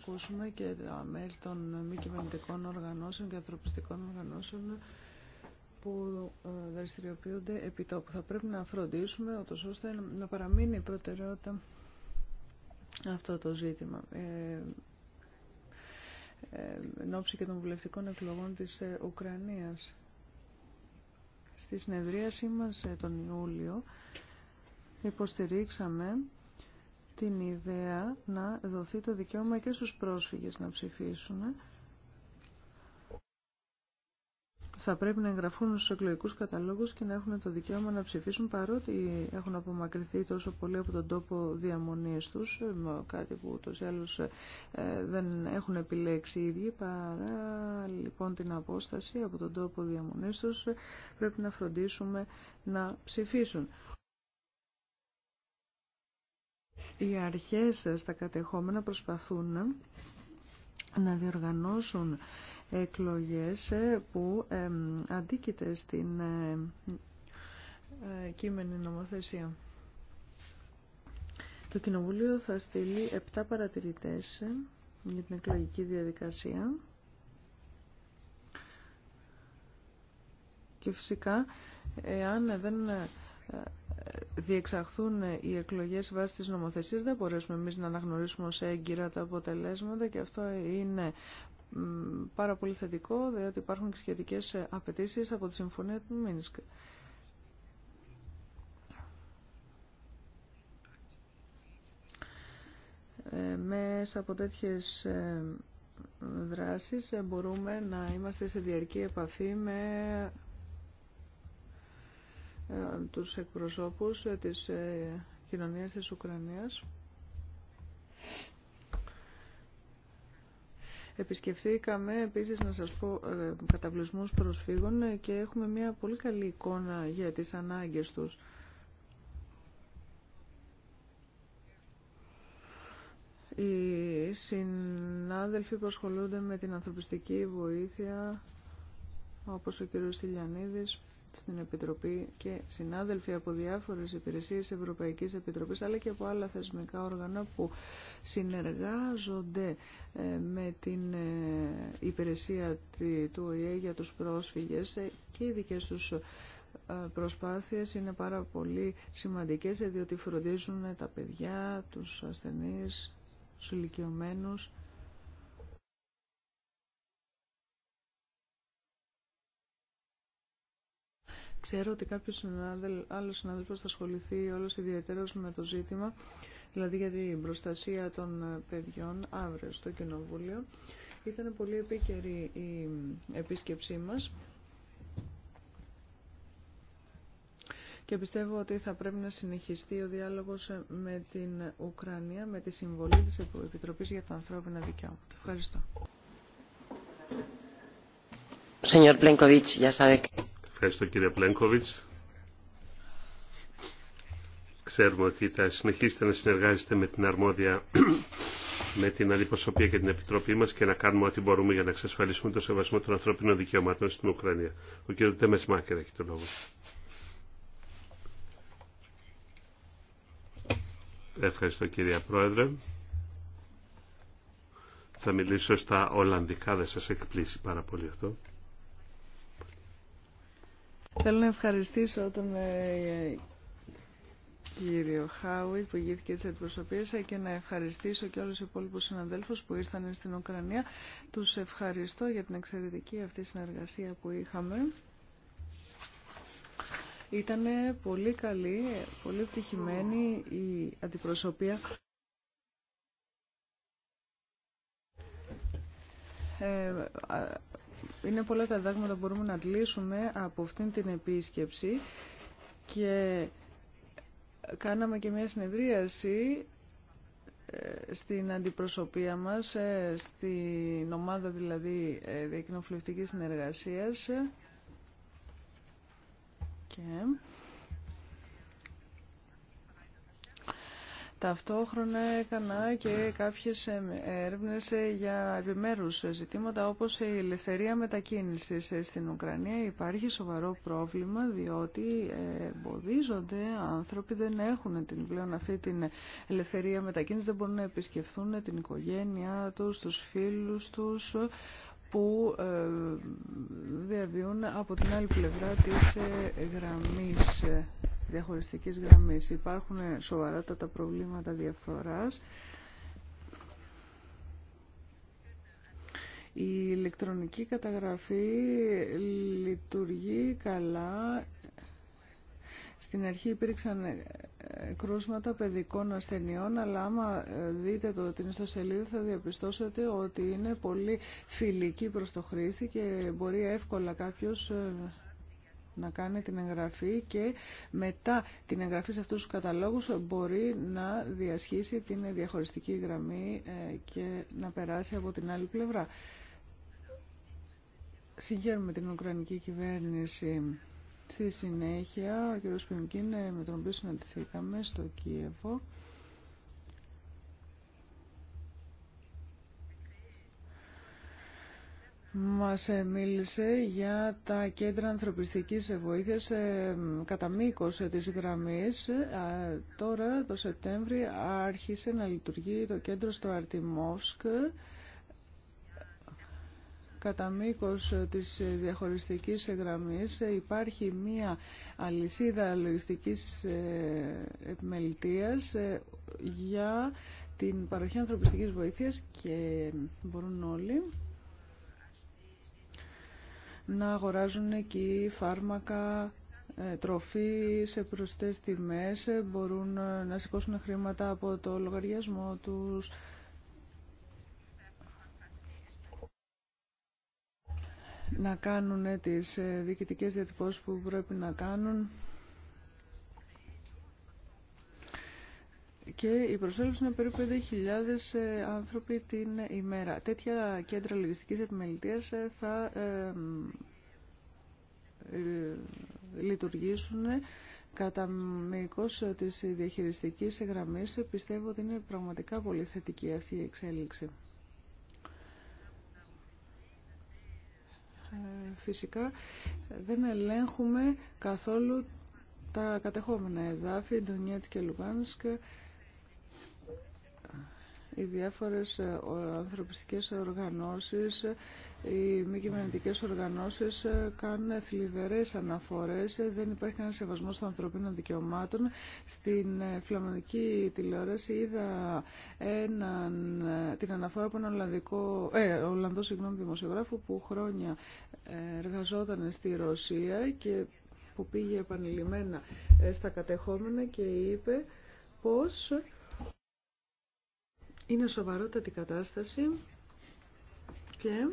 ακούσουμε και τα μέλη των μη κυβερνητικών οργανώσεων και ανθρωπιστικών οργανώσεων που ε, δραστηριοποιούνται επί τόπου. Θα πρέπει να φροντίσουμε ώστε να παραμείνει η προτεραιότητα αυτό το ζήτημα. Ε, ε εν ώψη και των βουλευτικών εκλογών της ε, Ουκρανίας. Στη συνεδρίασή μας ε, τον Ιούλιο υποστηρίξαμε την ιδέα να δοθεί το δικαίωμα και στους πρόσφυγες να ψηφίσουν θα πρέπει να εγγραφούν στους εκλογικούς καταλόγους και να έχουν το δικαίωμα να ψηφίσουν παρότι έχουν απομακρυνθεί τόσο πολύ από τον τόπο διαμονής τους, ε, κάτι που ούτως ή ε, δεν έχουν επιλέξει οι ίδιοι, παρά λοιπόν την απόσταση από τον τόπο διαμονής τους ε, πρέπει να φροντίσουμε να ψηφίσουν. Οι αρχές στα κατεχόμενα προσπαθούν να διοργανώσουν εκλογές ε, που αντίκειται στην ε, ε, κείμενη νομοθεσία. Το Κοινοβούλιο θα στείλει 7 παρατηρητές για την εκλογική διαδικασία και φυσικά εάν δεν διεξαχθούν οι εκλογές βάσει της νομοθεσίας δεν μπορέσουμε εμείς να αναγνωρίσουμε ως έγκυρα τα αποτελέσματα και αυτό είναι πάρα πολύ θετικό, διότι υπάρχουν και σχετικές ε, απαιτήσει από τη Συμφωνία του Μίνσκ. Ε, μέσα από τέτοιες ε, δράσεις μπορούμε να είμαστε σε διαρκή επαφή με τους εκπροσώπους της κοινωνίας της Ουκρανίας. Επισκεφθήκαμε επίσης να σας πω ε, καταβλισμούς προσφύγων ε, και έχουμε μια πολύ καλή εικόνα για τις ανάγκες τους. Οι συνάδελφοι που ασχολούνται με την ανθρωπιστική βοήθεια, όπως ο κύριος Στυλιανίδης, στην Επιτροπή και συνάδελφοι από διάφορες υπηρεσίες Ευρωπαϊκής Επιτροπής αλλά και από άλλα θεσμικά όργανα που συνεργάζονται ε, με την ε, υπηρεσία του ΟΗΕ για τους πρόσφυγες ε, και οι δικές τους προσπάθειες είναι πάρα πολύ σημαντικές διότι φροντίζουν τα παιδιά, τους ασθενείς, τους ηλικιωμένους Ξέρω ότι κάποιος άλλος συνάδελφος θα ασχοληθεί όλος ιδιαίτερος με το ζήτημα, δηλαδή για την προστασία των ε, παιδιών αύριο στο Κοινοβούλιο. Ήταν πολύ επίκαιρη η επίσκεψή μας και πιστεύω ότι θα πρέπει να συνεχιστεί ο διάλογος ε, με την Ουκρανία με τη συμβολή της Επιτροπής για τα Ανθρώπινα Δικαιώματα. Ευχαριστώ.
Ευχαριστώ κύριε Πλένκοβιτς. Ξέρουμε ότι θα συνεχίσετε να συνεργάζεστε με την αρμόδια, με την αντιπροσωπεία και την Επιτροπή μας και να κάνουμε ό,τι μπορούμε για να εξασφαλίσουμε το σεβασμό των ανθρώπινων δικαιωμάτων στην Ουκρανία. Ο κύριος Τέμες Μάκερ έχει το λόγο. Ευχαριστώ κυρία Πρόεδρε. Θα μιλήσω στα Ολλανδικά, δεν σας εκπλήσει πάρα πολύ αυτό.
Θέλω να ευχαριστήσω τον ε, κύριο Χάουιτ που ηγήθηκε τη αντιπροσωπία ε, και να ευχαριστήσω και όλους τους υπόλοιπου συναδέλφους που ήρθαν στην Ουκρανία. Τους ευχαριστώ για την εξαιρετική αυτή συνεργασία που είχαμε. Ήταν πολύ καλή, πολύ επιτυχημένη η αντιπροσωπεία. Ε, είναι πολλά τα δάγματα που μπορούμε να αντλήσουμε από αυτήν την επίσκεψη και κάναμε και μια συνεδρίαση ε, στην αντιπροσωπεία μας, ε, στην ομάδα δηλαδή ε, διακοινοβουλευτικής συνεργασίας και Ταυτόχρονα έκανα και κάποιες ε, έρευνες ε, για επιμέρους ζητήματα όπως η ελευθερία μετακίνησης ε, στην Ουκρανία. Υπάρχει σοβαρό πρόβλημα διότι εμποδίζονται άνθρωποι, δεν έχουν την, πλέον αυτή την ελευθερία μετακίνησης, δεν μπορούν να επισκεφθούν την οικογένειά τους, τους φίλους τους που διαβιούν από την άλλη πλευρά της γραμμής διαχωριστικής γραμμής. Υπάρχουν τα προβλήματα διαφθοράς. Η ηλεκτρονική καταγραφή λειτουργεί καλά. Στην αρχή υπήρξαν κρούσματα παιδικών ασθενειών, αλλά άμα δείτε το, την ιστοσελίδα θα διαπιστώσετε ότι είναι πολύ φιλική προς το χρήστη και μπορεί εύκολα κάποιος ε, να κάνει την εγγραφή και μετά την εγγραφή σε αυτούς τους καταλόγους μπορεί να διασχίσει την διαχωριστική γραμμή ε, και να περάσει από την άλλη πλευρά. Συγχαίρουμε την Ουκρανική κυβέρνηση. Στη συνέχεια, ο κ. Πιμκίν, ε, με τον οποίο συναντηθήκαμε στο Κίεβο, μας ε, μίλησε για τα κέντρα ανθρωπιστικής βοήθειας ε, κατά μήκο ε, της γραμμής. Τώρα το Σεπτέμβριο άρχισε να λειτουργεί το κέντρο στο Αρτιμόσκ κατά μήκο της διαχωριστικής γραμμής υπάρχει μία αλυσίδα λογιστικής επιμελητίας για την παροχή ανθρωπιστικής βοήθειας και μπορούν όλοι να αγοράζουν εκεί φάρμακα, ε, τροφή σε προσιτές τιμές, ε, μπορούν ε, να σηκώσουν χρήματα από το λογαριασμό τους. να κάνουν τις διοικητικές διατυπώσεις που πρέπει να κάνουν. και η προσέλευση είναι περίπου 5.000 ε, άνθρωποι την ε, ημέρα. Τέτοια κέντρα λογιστικής επιμελητίας ε, θα λειτουργήσουν κατά μήκο της διαχειριστικής γραμμής. Πιστεύω ότι είναι πραγματικά πολύ θετική αυτή η εξέλιξη. Φυσικά δεν ελέγχουμε καθόλου τα κατεχόμενα εδάφη, Ντονιέτς και Λουγάνσκ, οι διάφορες ε, ανθρωπιστικές οργανώσεις, οι μη κυβερνητικέ οργανώσεις ε, κάνουν θλιβερές αναφορές, ε, δεν υπάρχει κανένα σεβασμό των ανθρωπίνων δικαιωμάτων. Στην φλαμανική τηλεόραση είδα έναν, την αναφορά από έναν Ολλανδικό, ε, Ολλανδό συγγνώμη, δημοσιογράφο που χρόνια εργαζόταν στη Ρωσία και που πήγε επανειλημμένα στα κατεχόμενα και είπε πως είναι σοβαρότατη κατάσταση και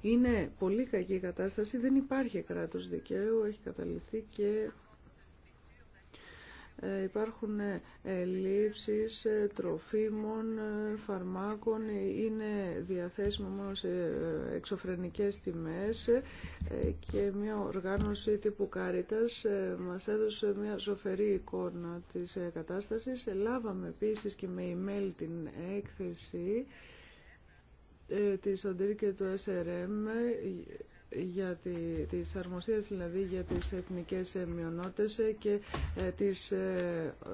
είναι πολύ κακή η κατάσταση. Δεν υπάρχει κράτος δικαίου, έχει καταληθεί και ε, υπάρχουν ε, λήψεις ε, τροφίμων, φαρμάκων, είναι διαθέσιμο μόνο σε εξωφρενικές τιμές και μια οργάνωση τύπου Κάριτας μας έδωσε μια ζωφερή εικόνα της κατάστασης. Λάβαμε επίσης και με email την έκθεση της ΟΝΤΡΙ του SRM για τη, τις αρμοσίες δηλαδή για τις εθνικές μειονότητες και ε, της ε, ε,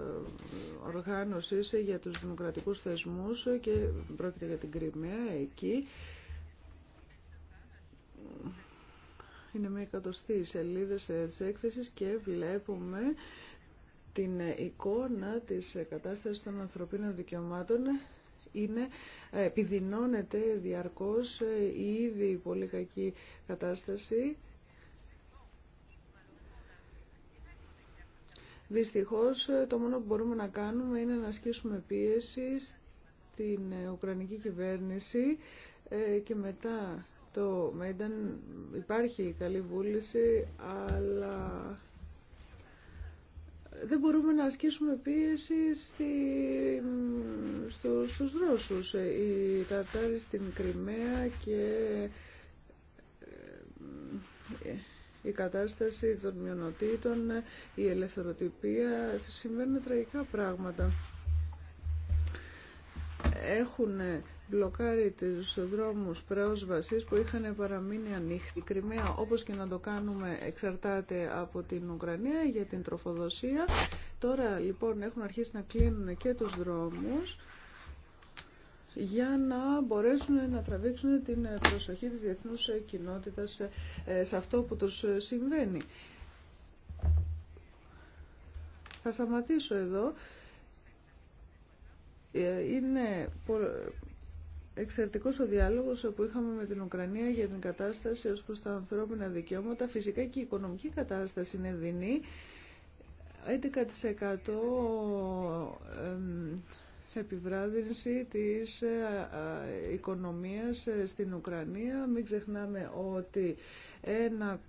οργάνωσης για τους δημοκρατικούς θεσμούς και πρόκειται για την Κρυμαία εκεί. Είναι μια εκατοστή σελίδες τη έκθεσης και βλέπουμε την εικόνα της κατάστασης των ανθρωπίνων δικαιωμάτων είναι, ε, επιδεινώνεται διαρκώς ε, η ήδη πολύ κακή κατάσταση. Δυστυχώς ε, το μόνο που μπορούμε να κάνουμε είναι να ασκήσουμε πίεση στην Ουκρανική κυβέρνηση και μετά το Μέντεν υπάρχει καλή βούληση αλλά δεν μπορούμε να ασκήσουμε πίεση στη, στο, στους Ρώσους. Οι Ταρτάροι στην Κρυμαία και ε, η κατάσταση των μειονοτήτων, η ελευθεροτυπία, συμβαίνουν τραγικά πράγματα. Έχουν μπλοκάρει τους δρόμους πρόσβασης που είχαν παραμείνει ανοιχτοί, Η Κρυμαία, όπως και να το κάνουμε, εξαρτάται από την Ουκρανία για την τροφοδοσία. Τώρα λοιπόν έχουν αρχίσει να κλείνουν και τους δρόμους για να μπορέσουν να τραβήξουν την προσοχή της διεθνούς κοινότητας ε, σε αυτό που τους συμβαίνει. Θα σταματήσω εδώ. Ε, είναι εξαιρετικός ο διάλογος που είχαμε με την Ουκρανία για την κατάσταση ως προς τα ανθρώπινα δικαιώματα. Φυσικά και η οικονομική κατάσταση είναι δεινή. 11% επιβράδυνση της ε, οικονομίας ε, στην Ουκρανία. Μην ξεχνάμε ότι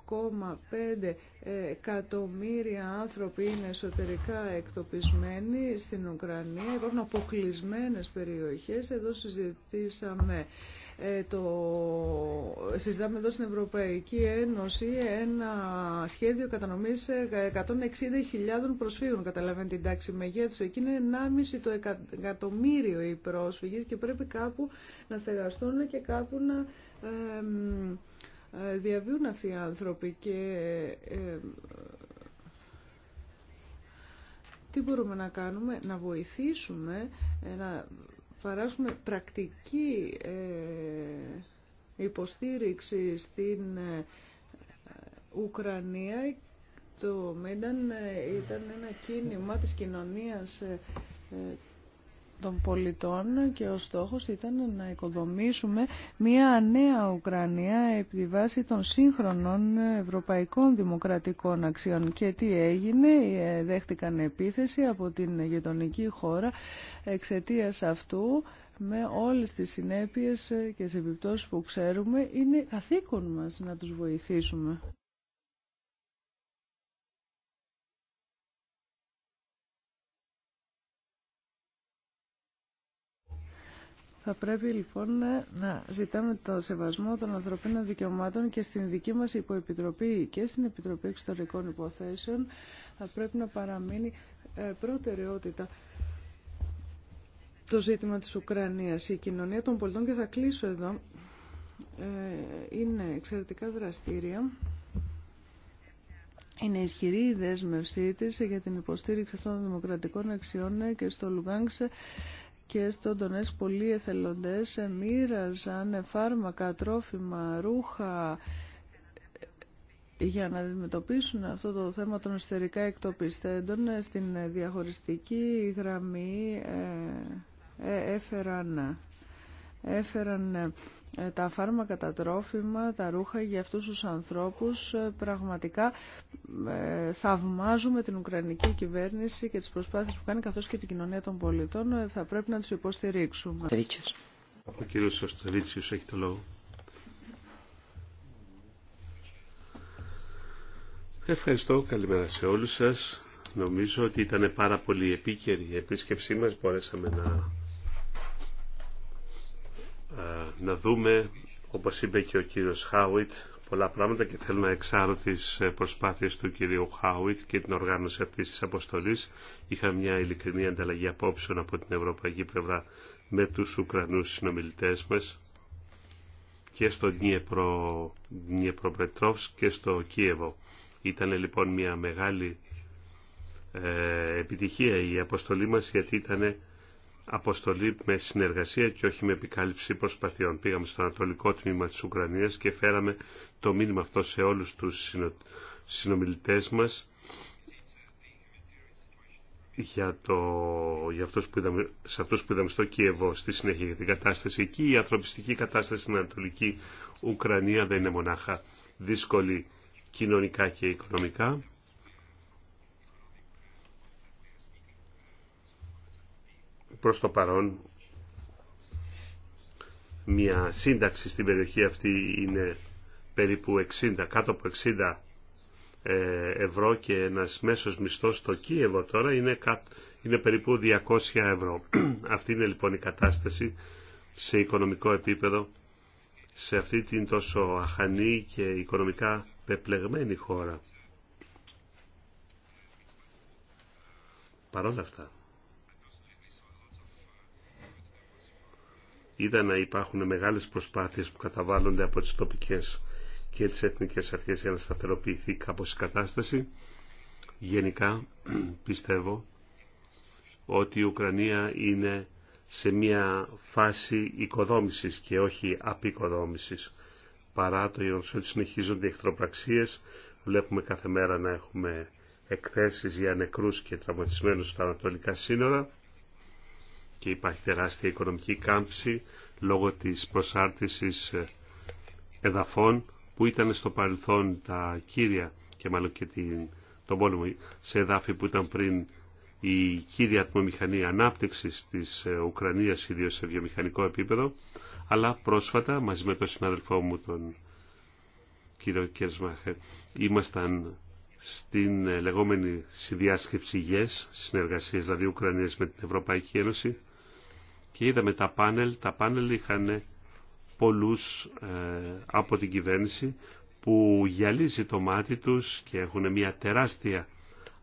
1,5 ε, εκατομμύρια άνθρωποι είναι εσωτερικά εκτοπισμένοι στην Ουκρανία. Υπάρχουν αποκλεισμένες περιοχές. Εδώ συζητήσαμε ε, συζητάμε εδώ στην Ευρωπαϊκή Ένωση ένα σχέδιο κατανομής 160.000 ε, προσφύγων. Καταλαβαίνετε την τάξη μεγέθους. Εκεί είναι 1,5 το εκατομμύριο οι πρόσφυγες και πρέπει κάπου να στεγαστούν και κάπου να... Ε, διαβιούν αυτοί οι άνθρωποι και ε, τι μπορούμε να κάνουμε, να βοηθήσουμε, να παράσουμε πρακτική ε, υποστήριξη στην ε, Ουκρανία. Το ΜΕΝΤΑΝ ε, ήταν ένα κίνημα της κοινωνίας των πολιτών και ο στόχος ήταν να οικοδομήσουμε μια νέα Ουκρανία επί βάση των σύγχρονων ευρωπαϊκών δημοκρατικών αξιών. Και τι έγινε, δέχτηκαν επίθεση από την γειτονική χώρα εξαιτία αυτού με όλες τις συνέπειες και σε επιπτώσεις που ξέρουμε είναι καθήκον μας να τους βοηθήσουμε. Θα πρέπει λοιπόν ε, να ζητάμε το σεβασμό των ανθρωπίνων δικαιωμάτων και στην δική μας υποεπιτροπή και στην Επιτροπή Εξωτερικών Υποθέσεων θα πρέπει να παραμείνει ε, προτεραιότητα το ζήτημα της Ουκρανίας. Η κοινωνία των πολιτών, και θα κλείσω εδώ, ε, είναι εξαιρετικά δραστήρια. Είναι ισχυρή η δέσμευσή της για την υποστήριξη των δημοκρατικών αξιών και στο Λουγάνξε και στον Τονές πολλοί εθελοντές μοίραζαν φάρμακα, τρόφιμα, ρούχα για να αντιμετωπίσουν αυτό το θέμα των εσωτερικά εκτοπιστέντων στην διαχωριστική γραμμή ε, ε, έφεραν, ε, έφεραν ε, τα φάρμακα, τα τρόφιμα, τα ρούχα για αυτούς τους ανθρώπους. Ε, πραγματικά ε, θαυμάζουμε την Ουκρανική κυβέρνηση και τις προσπάθειες που κάνει καθώς και την κοινωνία των πολιτών. Θα πρέπει να τους υποστηρίξουμε.
Ο κύριος Σωστορίτσιος έχει το λόγο. Ευχαριστώ. Καλημέρα σε όλους σας. Νομίζω ότι ήταν πάρα πολύ επίκαιρη η επίσκεψή μας. Μπορέσαμε να ε, να δούμε, όπως είπε και ο κύριος Χάουιτ, πολλά πράγματα και θέλω να εξάρω τις ε, προσπάθειες του κυρίου Χάουιτ και την οργάνωση αυτής της αποστολής. Είχα μια ειλικρινή ανταλλαγή απόψεων από την ευρωπαϊκή πλευρά με τους Ουκρανούς συνομιλητές μας και στο Νιεπρο, και στο Κίεβο. Ήταν λοιπόν μια μεγάλη ε, επιτυχία η αποστολή μας γιατί ήταν αποστολή με συνεργασία και όχι με επικάλυψη προσπαθειών. Πήγαμε στο ανατολικό τμήμα της Ουκρανίας και φέραμε το μήνυμα αυτό σε όλους τους συνομιλητές μας για, το, για αυτούς που είδαμε, σε αυτούς που είδαμε στο Κίεβο στη συνέχεια για την κατάσταση εκεί. Η ανθρωπιστική κατάσταση στην Ανατολική Ουκρανία δεν είναι μονάχα δύσκολη κοινωνικά και οικονομικά. προς το παρόν μια σύνταξη στην περιοχή αυτή είναι περίπου 60, κάτω από 60 ε, ευρώ και ένας μέσος μισθός στο Κίεβο τώρα είναι, είναι περίπου 200 ευρώ. [CLEARS THROAT] αυτή είναι λοιπόν η κατάσταση σε οικονομικό επίπεδο σε αυτή την τόσο αχανή και οικονομικά πεπλεγμένη χώρα. Παρόλα αυτά. είδα να υπάρχουν μεγάλες προσπάθειες που καταβάλλονται από τις τοπικές και τις εθνικές αρχές για να σταθεροποιηθεί κάπως η κατάσταση. Γενικά [CLEARS THROAT] πιστεύω ότι η Ουκρανία είναι σε μια φάση οικοδόμησης και όχι απεικοδόμησης. Παρά το γεγονός ότι συνεχίζονται οι εχθροπραξίες, βλέπουμε κάθε μέρα να έχουμε εκθέσεις για νεκρούς και τραυματισμένους στα ανατολικά σύνορα και υπάρχει τεράστια οικονομική κάμψη λόγω της προσάρτησης ε, εδαφών που ήταν στο παρελθόν τα κύρια και μάλλον και την, τον πόλεμο σε εδάφη που ήταν πριν η κύρια ατμομηχανή ανάπτυξης της ε, Ουκρανίας ιδίως σε βιομηχανικό επίπεδο αλλά πρόσφατα μαζί με τον συνάδελφό μου τον κύριο Κέρσμαχερ ήμασταν στην ε, λεγόμενη συνδιάσκεψη ΓΕΣ, συνεργασίες δηλαδή Ουκρανίας με την Ευρωπαϊκή Ένωση και είδαμε τα πάνελ. Τα πάνελ είχαν πολλούς ε, από την κυβέρνηση που γυαλίζει το μάτι τους και έχουν μια τεράστια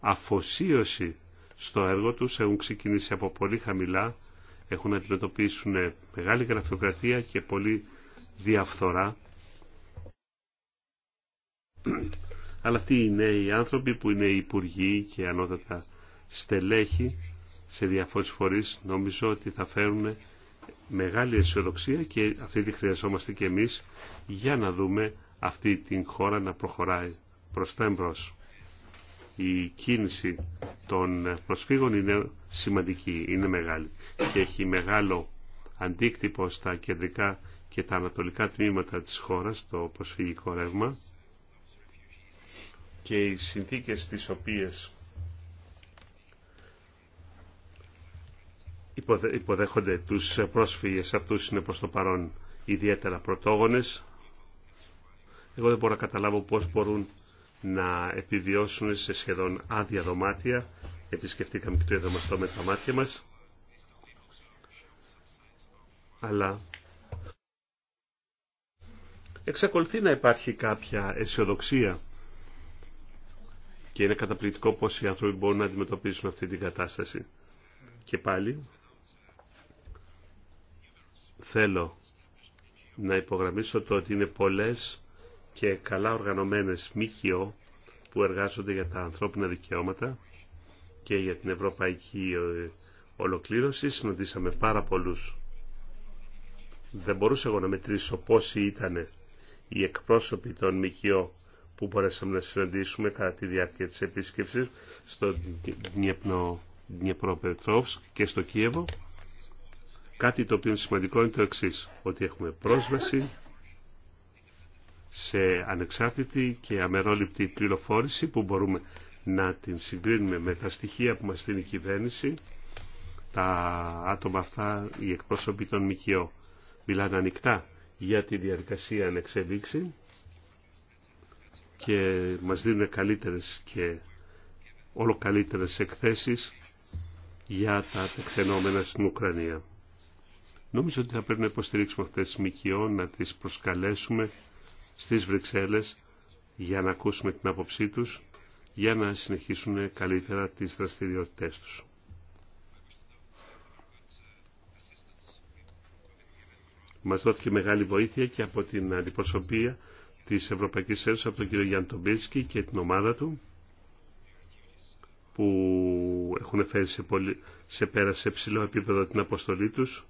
αφοσίωση στο έργο τους. Έχουν ξεκινήσει από πολύ χαμηλά, έχουν να αντιμετωπίσουν μεγάλη γραφειοκρατία και πολύ διαφθορά. Αλλά αυτοί είναι οι νέοι άνθρωποι που είναι οι υπουργοί και ανώτατα στελέχη σε διάφορους φορείς νομίζω ότι θα φέρουν μεγάλη αισιοδοξία και αυτή τη χρειαζόμαστε και εμείς για να δούμε αυτή την χώρα να προχωράει προς τα εμπρός. Η κίνηση των προσφύγων είναι σημαντική, είναι μεγάλη και έχει μεγάλο αντίκτυπο στα κεντρικά και τα ανατολικά τμήματα της χώρας, το προσφυγικό ρεύμα και οι συνθήκες τις οποίες υποδέχονται τους πρόσφυγες αυτούς είναι προς το παρόν ιδιαίτερα πρωτόγονες. Εγώ δεν μπορώ να καταλάβω πώς μπορούν να επιβιώσουν σε σχεδόν άδεια δωμάτια. Επισκεφτήκαμε και το είδαμε με τα μάτια μας. Αλλά εξακολουθεί να υπάρχει κάποια αισιοδοξία και είναι καταπληκτικό πως οι άνθρωποι μπορούν να αντιμετωπίσουν αυτή την κατάσταση. Και πάλι θέλω να υπογραμμίσω το ότι είναι πολλές και καλά οργανωμένες ΜΚΟ που εργάζονται για τα ανθρώπινα δικαιώματα και για την ευρωπαϊκή ολοκλήρωση. Συναντήσαμε πάρα πολλούς. Δεν μπορούσα εγώ να μετρήσω πόσοι ήταν οι εκπρόσωποι των ΜΚΟ που μπορέσαμε να συναντήσουμε κατά τη διάρκεια της επίσκεψης στο και στο Κίεβο. Κάτι το οποίο είναι σημαντικό είναι το εξή ότι έχουμε πρόσβαση σε ανεξάρτητη και αμερόληπτη πληροφόρηση που μπορούμε να την συγκρίνουμε με τα στοιχεία που μας δίνει η κυβέρνηση. Τα άτομα αυτά, οι εκπρόσωποι των ΜΚΟ, μιλάνε ανοιχτά για τη διαδικασία ανεξελίξη και μας δίνουν καλύτερες και όλο καλύτερες εκθέσεις για τα τεκτενόμενα στην Ουκρανία. Νομίζω ότι θα πρέπει να υποστηρίξουμε αυτές τις ΜΚΟ, να τις προσκαλέσουμε στις Βρυξέλλες για να ακούσουμε την άποψή τους, για να συνεχίσουν καλύτερα τις δραστηριότητές τους. Μας δόθηκε μεγάλη βοήθεια και από την αντιπροσωπεία της Ευρωπαϊκής Ένωσης από τον κύριο Γιάννη και την ομάδα του που έχουν φέρει σε, πολύ, σε πέρα σε ψηλό επίπεδο την αποστολή τους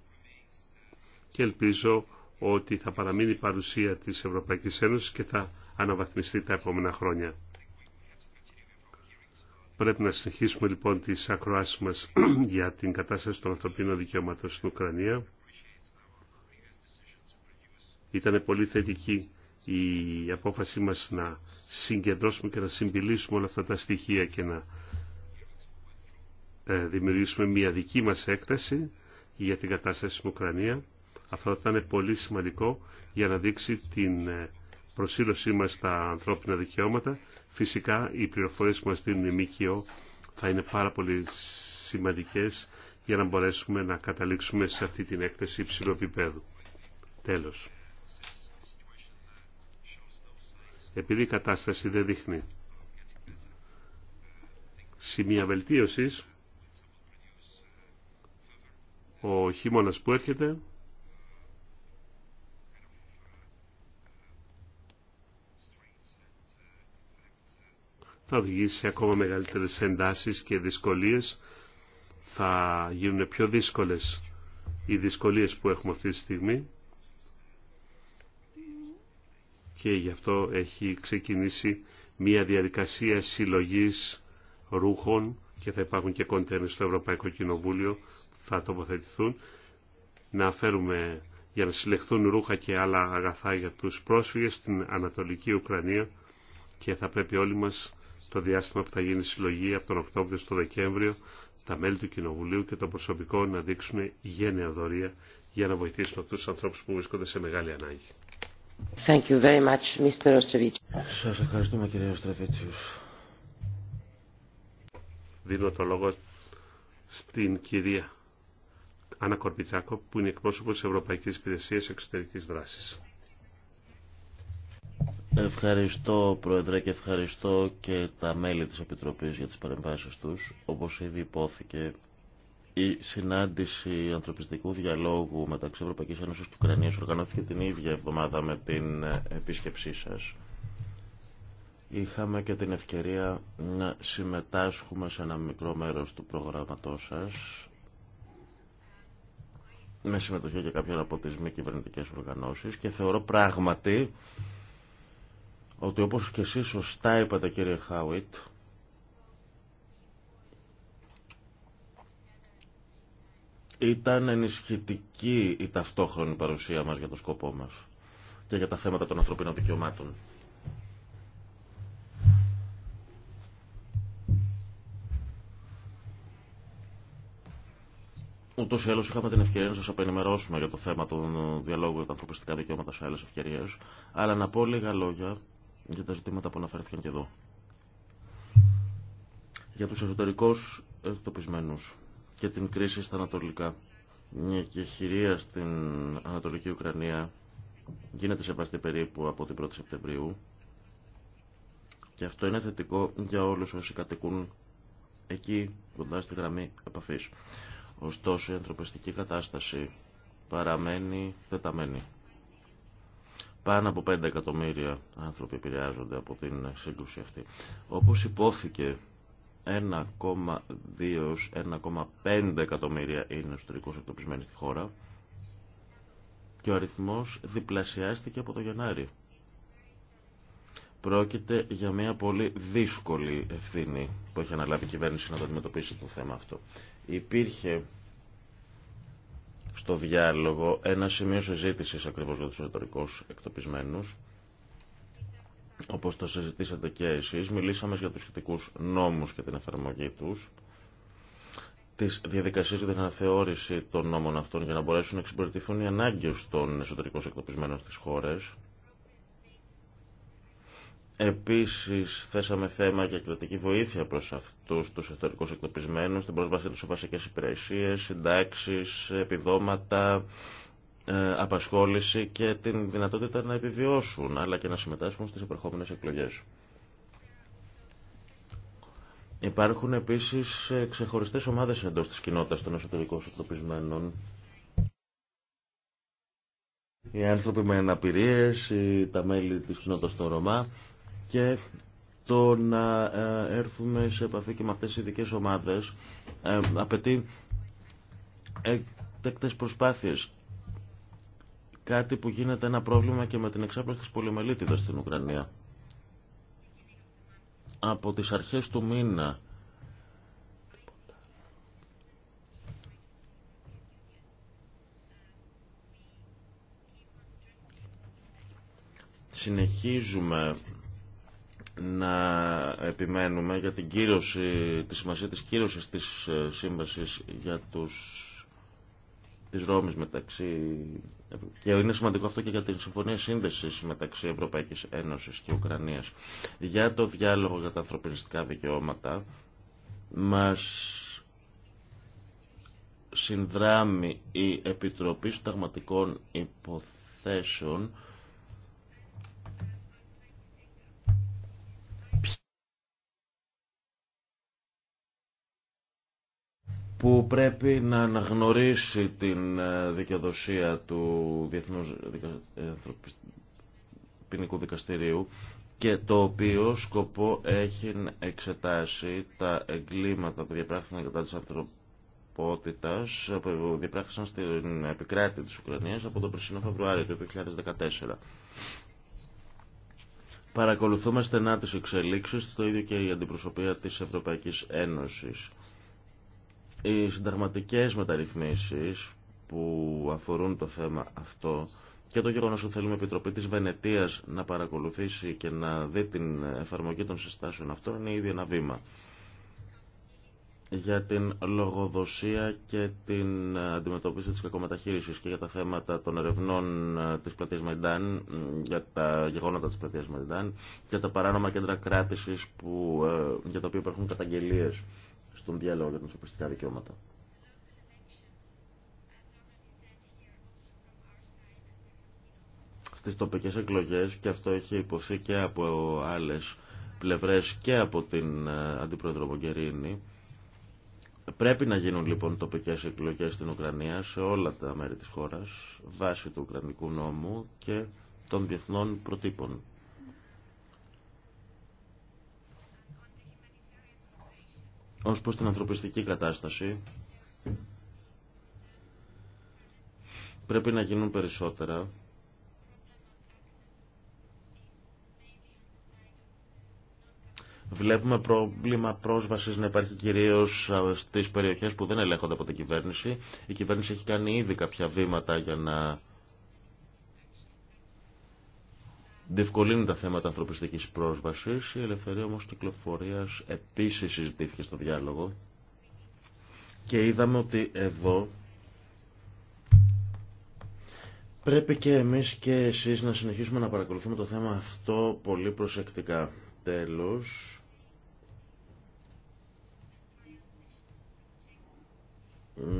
και ελπίζω ότι θα παραμείνει η παρουσία της Ευρωπαϊκής Ένωσης και θα αναβαθμιστεί τα επόμενα χρόνια. Πρέπει να συνεχίσουμε λοιπόν τις ακροάσεις μας [CLEARS THROAT] για την κατάσταση των ανθρωπίνων δικαιωμάτων στην Ουκρανία. Ήταν πολύ θετική η απόφασή μας να συγκεντρώσουμε και να συμπηλήσουμε όλα αυτά τα στοιχεία και να ε, δημιουργήσουμε μια δική μας έκταση για την κατάσταση στην Ουκρανία. Αυτό θα είναι πολύ σημαντικό για να δείξει την ε, προσήλωσή μας στα ανθρώπινα δικαιώματα. Φυσικά οι πληροφορίες που μας δίνουν οι ΜΚΟ θα είναι πάρα πολύ σημαντικές για να μπορέσουμε να καταλήξουμε σε αυτή την έκθεση υψηλού επίπεδου. Τέλος. Επειδή η κατάσταση δεν δείχνει σημεία βελτίωσης, ο χειμώνας που έρχεται θα οδηγήσει σε ακόμα μεγαλύτερες εντάσεις και δυσκολίες. Θα γίνουν πιο δύσκολες οι δυσκολίες που έχουμε αυτή τη στιγμή και γι' αυτό έχει ξεκινήσει μια διαδικασία συλλογής ρούχων και θα υπάρχουν και κοντέρνες στο Ευρωπαϊκό Κοινοβούλιο που θα τοποθετηθούν να φέρουμε για να συλλεχθούν ρούχα και άλλα αγαθά για τους πρόσφυγες στην Ανατολική Ουκρανία και θα πρέπει όλοι μας το διάστημα που θα γίνει η συλλογή από τον Οκτώβριο στο Δεκέμβριο, τα μέλη του Κοινοβουλίου και το προσωπικό να δείξουν δωρεία για να βοηθήσουν αυτού τους ανθρώπους που βρίσκονται σε μεγάλη ανάγκη.
Thank you ευχαριστούμε κύριε
Δίνω το λόγο στην κυρία Άννα Κορπιτσάκο που είναι εκπρόσωπο της Ευρωπαϊκής Υπηρεσίας Εξωτερικής Δράσης.
Ευχαριστώ Πρόεδρε και ευχαριστώ και τα μέλη της Επιτροπής για τις παρεμβάσεις τους. Όπως ήδη υπόθηκε, η συνάντηση ανθρωπιστικού διαλόγου μεταξύ Ευρωπαϊκής Ένωσης και Ουκρανίας οργανώθηκε την ίδια εβδομάδα με την επίσκεψή σας. Είχαμε και την ευκαιρία να συμμετάσχουμε σε ένα μικρό μέρος του προγραμματός σας με συμμετοχή και κάποιων από τις μη κυβερνητικές οργανώσεις και θεωρώ πράγματι ότι όπως και εσείς σωστά είπατε κύριε Χάουιτ, ήταν ενισχυτική η ταυτόχρονη παρουσία μας για το σκοπό μας και για τα θέματα των ανθρωπίνων δικαιωμάτων. Ούτως ή άλλως είχαμε την ευκαιρία να σας απενημερώσουμε για το θέμα των διαλόγων για τα ανθρωπιστικά δικαιώματα σε άλλες ευκαιρίες, αλλά να πω λίγα λόγια για τα ζητήματα που αναφέρθηκαν και εδώ. Για τους εσωτερικούς εκτοπισμένους και την κρίση στα ανατολικά. Μια κεχηρία στην Ανατολική Ουκρανία γίνεται σε σεβαστή περίπου από την 1η Σεπτεμβρίου και αυτό είναι θετικό για όλους όσοι κατοικούν εκεί κοντά στη γραμμή επαφής. Ωστόσο η ανθρωπιστική κατάσταση παραμένει τεταμένη. Πάνω από 5 εκατομμύρια άνθρωποι επηρεάζονται από την σύγκρουση αυτή. Όπως υπόθηκε 1,2-1,5 εκατομμύρια είναι εσωτερικώς εκτοπισμένοι στη χώρα και ο αριθμός διπλασιάστηκε από το Γενάρη. Πρόκειται για μια πολύ δύσκολη ευθύνη που έχει αναλάβει η κυβέρνηση να το αντιμετωπίσει το θέμα αυτό. Υπήρχε στο διάλογο ένα σημείο συζήτηση ακριβώ για του εσωτερικού εκτοπισμένου, Όπως το συζητήσατε και εσείς, μιλήσαμε για τους σχετικού νόμους και την εφαρμογή τους τις διαδικασίες για την αναθεώρηση των νόμων αυτών για να μπορέσουν να εξυπηρετηθούν οι ανάγκε των εσωτερικών εκτοπισμένων στι χώρε. Επίσης θέσαμε θέμα για κρατική βοήθεια προς αυτούς τους ιστορικούς εκτοπισμένους, την πρόσβασή τους σε βασικές υπηρεσίες, συντάξεις, επιδόματα, ε, απασχόληση και την δυνατότητα να επιβιώσουν, αλλά και να συμμετάσχουν στις επερχόμενες εκλογές. Υπάρχουν επίσης ε, ξεχωριστές ομάδες εντός της κοινότητας των εσωτερικών εκτοπισμένων, οι άνθρωποι με αναπηρίες, τα μέλη της κοινότητας των Ρωμά και το να ε, έρθουμε σε επαφή και με αυτές τις ειδικές ομάδες ε, απαιτεί εκτεκτές προσπάθειες. Κάτι που γίνεται ένα πρόβλημα και με την εξάπλωση της πολυμελίτιδας στην Ουκρανία. Από τις αρχές του μήνα συνεχίζουμε να επιμένουμε για την κύρωση, τη σημασία της κύρωσης της ε, σύμβασης για τους της Ρώμης μεταξύ και είναι σημαντικό αυτό και για την συμφωνία σύνδεσης μεταξύ Ευρωπαϊκής Ένωσης και Ουκρανίας για το διάλογο για τα ανθρωπινιστικά δικαιώματα μας συνδράμει η Επιτροπή Σταγματικών Υποθέσεων που πρέπει να αναγνωρίσει την ε, δικαιοδοσία του Διεθνού Ποινικού Δικαστηρίου και το οποίο σκοπό έχει εξετάσει τα εγκλήματα που διαπράχθηκαν κατά της ανθρωπότητας που διαπράχθησαν στην επικράτη της Ουκρανίας από τον περσινό Φεβρουάριο του 2014. Παρακολουθούμε στενά τις εξελίξεις, το ίδιο και η αντιπροσωπεία της Ευρωπαϊκής Ένωσης οι συνταγματικές μεταρρυθμίσεις που αφορούν το θέμα αυτό και το γεγονός ότι θέλουμε η Επιτροπή της Βενετίας να παρακολουθήσει και να δει την εφαρμογή των συστάσεων αυτών είναι ήδη ένα βήμα για την λογοδοσία και την αντιμετώπιση της κακομεταχείρισης και για τα θέματα των ερευνών ε, της πλατείας Μαϊντάν, για τα γεγονότα της πλατείας Μαϊντάν, για τα παράνομα κέντρα κράτησης που, ε, για τα οποία υπάρχουν καταγγελίες στον διάλογο για τα ανθρωπιστικά δικαιώματα. Στις τοπικές εκλογές, και αυτό έχει υποθεί και από άλλε πλευρές και από την ε, Αντιπρόεδρο Μογκερίνη, Πρέπει να γίνουν λοιπόν τοπικές εκλογές στην Ουκρανία, σε όλα τα μέρη της χώρας, βάσει του Ουκρανικού νόμου και των διεθνών προτύπων. ως προς την ανθρωπιστική κατάσταση πρέπει να γίνουν περισσότερα Βλέπουμε πρόβλημα πρόσβαση να υπάρχει κυρίω στι περιοχέ που δεν ελέγχονται από την κυβέρνηση. Η κυβέρνηση έχει κάνει ήδη κάποια βήματα για να Διευκολύνουν τα θέματα ανθρωπιστική πρόσβαση. Η ελευθερία όμω κυκλοφορίας επίση συζητήθηκε στο διάλογο και είδαμε ότι εδώ πρέπει και εμεί και εσεί να συνεχίσουμε να παρακολουθούμε το θέμα αυτό πολύ προσεκτικά. Τέλο.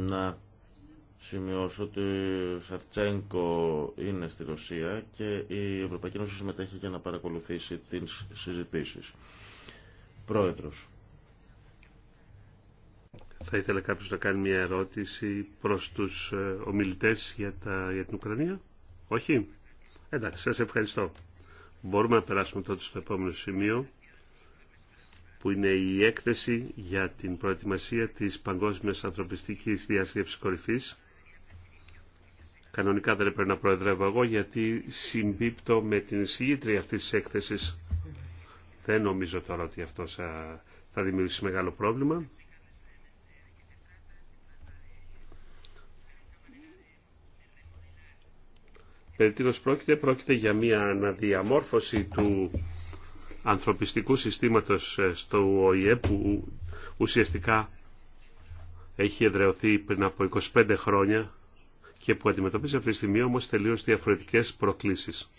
να σημειώσω ότι ο Σαρτσένκο είναι στη Ρωσία και η Ευρωπαϊκή Ένωση συμμετέχει για να παρακολουθήσει τις συζητήσεις.
Πρόεδρος. Θα ήθελα κάποιος να κάνει μια ερώτηση προς τους ε, ομιλητές για, τα, για την Ουκρανία. Όχι. Εντάξει, σας ευχαριστώ. Μπορούμε να περάσουμε τότε στο επόμενο σημείο που είναι η έκθεση για την προετοιμασία της Παγκόσμιας Ανθρωπιστικής Διάσκεψης Κορυφής Κανονικά δεν έπρεπε να προεδρεύω εγώ γιατί συμπίπτω με την εισηγήτρια αυτής της έκθεσης. Δεν νομίζω τώρα ότι αυτό θα δημιουργήσει μεγάλο πρόβλημα. Περί πρόκειται, πρόκειται για μια αναδιαμόρφωση του ανθρωπιστικού συστήματος ε, στο ΟΗΕ που ουσιαστικά έχει εδρεωθεί πριν από 25 χρόνια και που αντιμετωπίζει αυτή τη στιγμή όμως τελείως διαφορετικές προκλήσεις.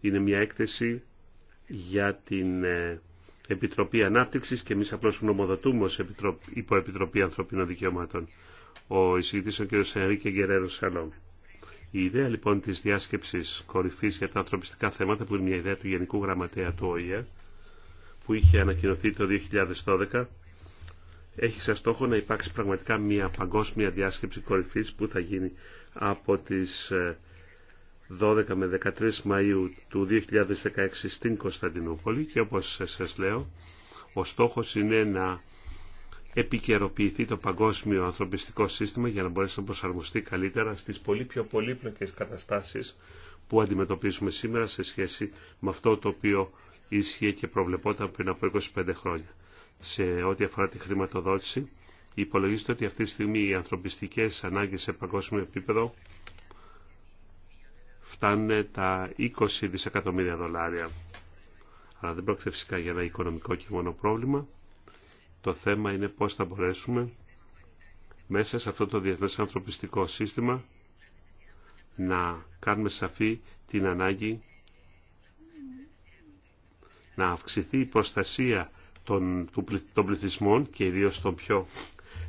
Είναι μια έκθεση για την ε, Επιτροπή Ανάπτυξης και εμείς απλώς γνωμοδοτούμε ως Υποεπιτροπή Ανθρωπίνων Δικαιωμάτων. Ο εισηγητής ο κ. Ενρίκε Γκερέρο Σαλόμ. Η ιδέα λοιπόν της διάσκεψης κορυφής για τα ανθρωπιστικά θέματα που είναι μια ιδέα του Γενικού Γραμματέα του ΟΗΕ που είχε ανακοινωθεί το 2012 έχει σαν στόχο να υπάρξει πραγματικά μια παγκόσμια διάσκεψη κορυφής που θα γίνει από τις 12 ε, με 13 Μαΐου του 2016 στην Κωνσταντινούπολη και όπως σας λέω ο στόχος είναι να επικαιροποιηθεί το παγκόσμιο ανθρωπιστικό σύστημα για να μπορέσει να προσαρμοστεί καλύτερα στις πολύ πιο πολύπλοκες καταστάσεις που αντιμετωπίζουμε σήμερα σε σχέση με αυτό το οποίο ίσχυε και προβλεπόταν πριν από 25 χρόνια σε ό,τι αφορά τη χρηματοδότηση. Υπολογίζεται ότι αυτή τη στιγμή οι ανθρωπιστικές ανάγκες σε παγκόσμιο επίπεδο φτάνουν τα 20 δισεκατομμύρια δολάρια. Αλλά δεν πρόκειται φυσικά για ένα οικονομικό και μόνο πρόβλημα. Το θέμα είναι πώς θα μπορέσουμε μέσα σε αυτό το διεθνές ανθρωπιστικό σύστημα να κάνουμε σαφή την ανάγκη να αυξηθεί η προστασία των, των πληθυσμών και ιδίω των πιο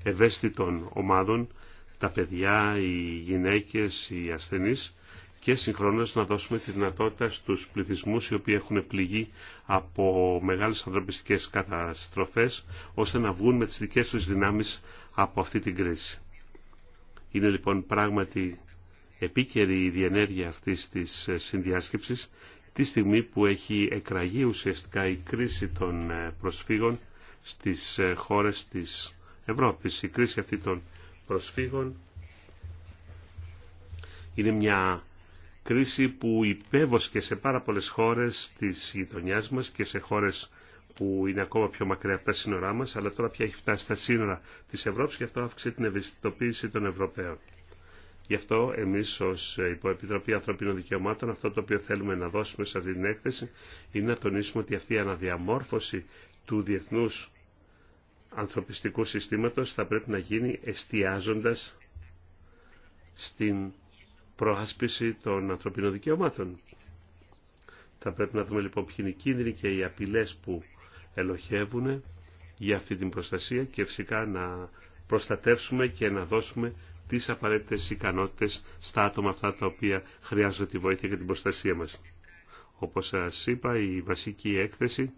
ευαίσθητων ομάδων, τα παιδιά, οι γυναίκες, οι ασθενείς και συγχρόνως να δώσουμε τη δυνατότητα στους πληθυσμούς οι οποίοι έχουν πληγεί από μεγάλες ανθρωπιστικές καταστροφές ώστε να βγουν με τις δικές τους δυνάμεις από αυτή την κρίση. Είναι λοιπόν πράγματι επίκαιρη η διενέργεια αυτής της συνδιάσκεψης τη στιγμή που έχει εκραγεί ουσιαστικά η κρίση των ε, προσφύγων στις ε, χώρες της Ευρώπης. Η κρίση αυτή των προσφύγων είναι μια κρίση που υπέβοσκε σε πάρα πολλές χώρες της γειτονιά μας και σε χώρες που είναι ακόμα πιο μακριά από τα σύνορά μας, αλλά τώρα πια έχει φτάσει στα σύνορα της Ευρώπης και αυτό αύξησε την ευαισθητοποίηση των Ευρωπαίων. Γι' αυτό εμείς ως Υποεπιτροπή Ανθρωπίνων Δικαιωμάτων αυτό το οποίο θέλουμε να δώσουμε σε αυτή την έκθεση είναι να τονίσουμε ότι αυτή η αναδιαμόρφωση του διεθνούς ανθρωπιστικού συστήματος θα πρέπει να γίνει εστιάζοντας στην προάσπιση των ανθρωπίνων δικαιωμάτων. Θα πρέπει να δούμε λοιπόν ποιοι είναι οι κίνδυνοι και οι απειλέ που ελοχεύουν για αυτή την προστασία και φυσικά να προστατεύσουμε και να δώσουμε τις απαραίτητες ικανότητες στα άτομα αυτά τα οποία χρειάζονται τη βοήθεια και την προστασία μας. Όπως σας είπα, η βασική έκθεση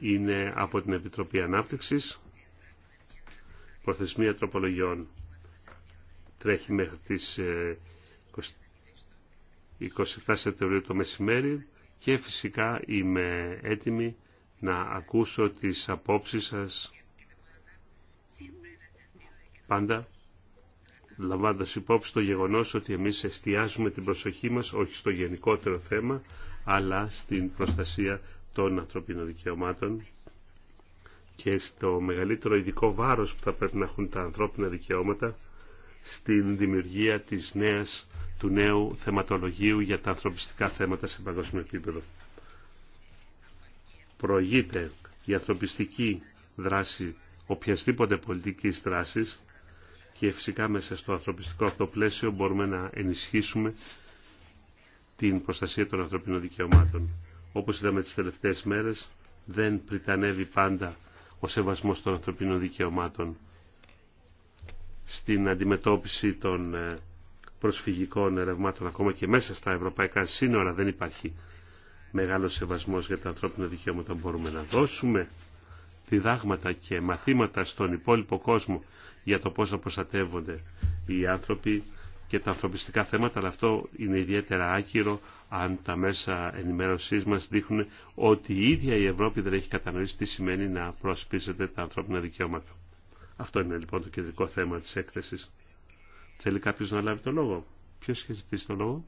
είναι από την Επιτροπή Ανάπτυξης. Προθεσμία τροπολογιών τρέχει μέχρι τις 27 ε, Σεπτεμβρίου το μεσημέρι και φυσικά είμαι έτοιμη να ακούσω τις απόψεις σας πάντα λαμβάνοντας υπόψη το γεγονός ότι εμείς εστιάζουμε την προσοχή μας όχι στο γενικότερο θέμα, αλλά στην προστασία των ανθρωπίνων δικαιωμάτων και στο μεγαλύτερο ειδικό βάρος που θα πρέπει να έχουν τα ανθρώπινα δικαιώματα στην δημιουργία της νέας, του νέου θεματολογίου για τα ανθρωπιστικά θέματα σε παγκόσμιο επίπεδο. Προηγείται η ανθρωπιστική δράση οποιασδήποτε πολιτικής δράσης και φυσικά μέσα στο ανθρωπιστικό αυτό πλαίσιο μπορούμε να ενισχύσουμε την προστασία των ανθρωπινών δικαιωμάτων. Όπως είδαμε τις τελευταίες μέρες, δεν πριτανεύει πάντα ο σεβασμός των ανθρωπινών δικαιωμάτων στην αντιμετώπιση των ε, προσφυγικών ρευμάτων ακόμα και μέσα στα ευρωπαϊκά σύνορα δεν υπάρχει μεγάλο σεβασμός για τα ανθρώπινα δικαιώματα μπορούμε να δώσουμε διδάγματα και μαθήματα στον υπόλοιπο κόσμο για το πώς να προστατεύονται οι άνθρωποι και τα ανθρωπιστικά θέματα, αλλά αυτό είναι ιδιαίτερα άκυρο αν τα μέσα ενημέρωσής μας δείχνουν ότι η ίδια η Ευρώπη δεν έχει κατανοήσει τι σημαίνει να προσπίζεται τα ανθρώπινα δικαιώματα. Αυτό είναι λοιπόν το κεντρικό θέμα της έκθεσης. Θέλει κάποιος να λάβει το λόγο. Ποιος έχει ζητήσει το λόγο.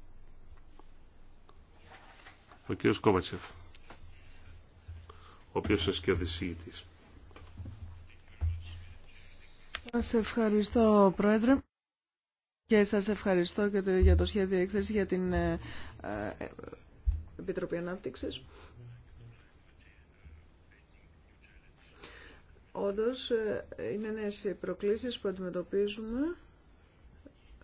Ο κύριος Κόβατσεφ. Ο οποίος είναι
σας ευχαριστώ, Πρόεδρε. Και σας ευχαριστώ και για το σχέδιο έκθεση για την ε, ε, Επιτροπή Ανάπτυξης. Όντως, ε, είναι νέες οι προκλήσεις που αντιμετωπίζουμε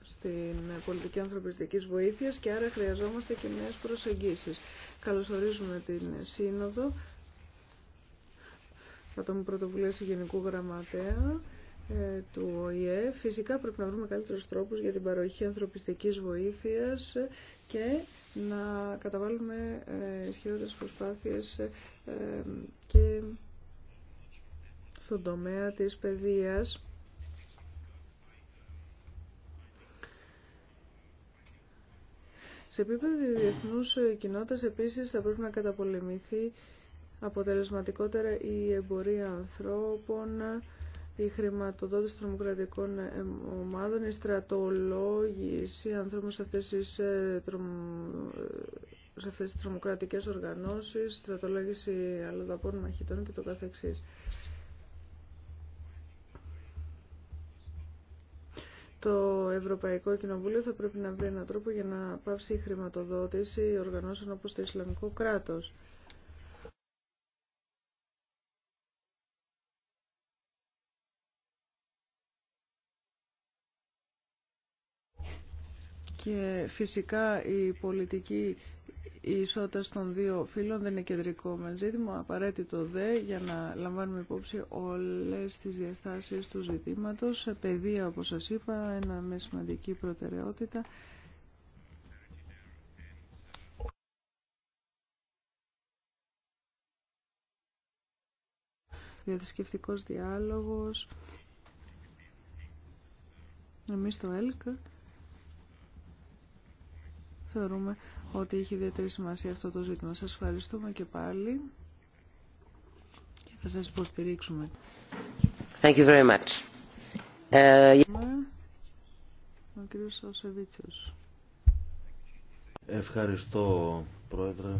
στην πολιτική ανθρωπιστικής βοήθειας και άρα χρειαζόμαστε και νέες προσεγγίσεις. Καλωσορίζουμε την Σύνοδο, θα τον πρωτοβουλία Γενικού Γραμματέα ε, του ΟΗΕ. Φυσικά πρέπει να βρούμε καλύτερους τρόπους για την παροχή ανθρωπιστικής βοήθειας και να καταβάλουμε ε, ισχυρότερες προσπάθειες ε, και στον τομέα της παιδείας. Σε επίπεδο διεθνούς κοινότητα επίσης θα πρέπει να καταπολεμηθεί αποτελεσματικότερα η εμπορία ανθρώπων, η χρηματοδότηση τρομοκρατικών ε, ε, ομάδων, η στρατολόγηση ανθρώπων σε αυτές τις, ε, σε αυτές τις τρομοκρατικές οργανώσεις, στρατολόγηση αλλοδαπών μαχητών και το καθεξής. Το Ευρωπαϊκό Κοινοβούλιο θα πρέπει να βρει έναν τρόπο για να πάψει η χρηματοδότηση οργανώσεων όπως το Ισλαμικό κράτος. Και φυσικά η πολιτική η ισότητα των δύο φύλων δεν είναι κεντρικό μεν ζήτημα, απαραίτητο δε για να λαμβάνουμε υπόψη όλες τις διαστάσεις του ζητήματος. Σε παιδεία, όπως σας είπα, ένα με σημαντική προτεραιότητα. Διαθεσκευτικός διάλογος. Εμείς το ΕΛΚΑ θεωρούμε ότι έχει ιδιαίτερη σημασία αυτό το ζήτημα. Σας ευχαριστούμε και πάλι και θα σας υποστηρίξουμε.
Thank you very much. Ε, Ευχαριστώ, Πρόεδρε.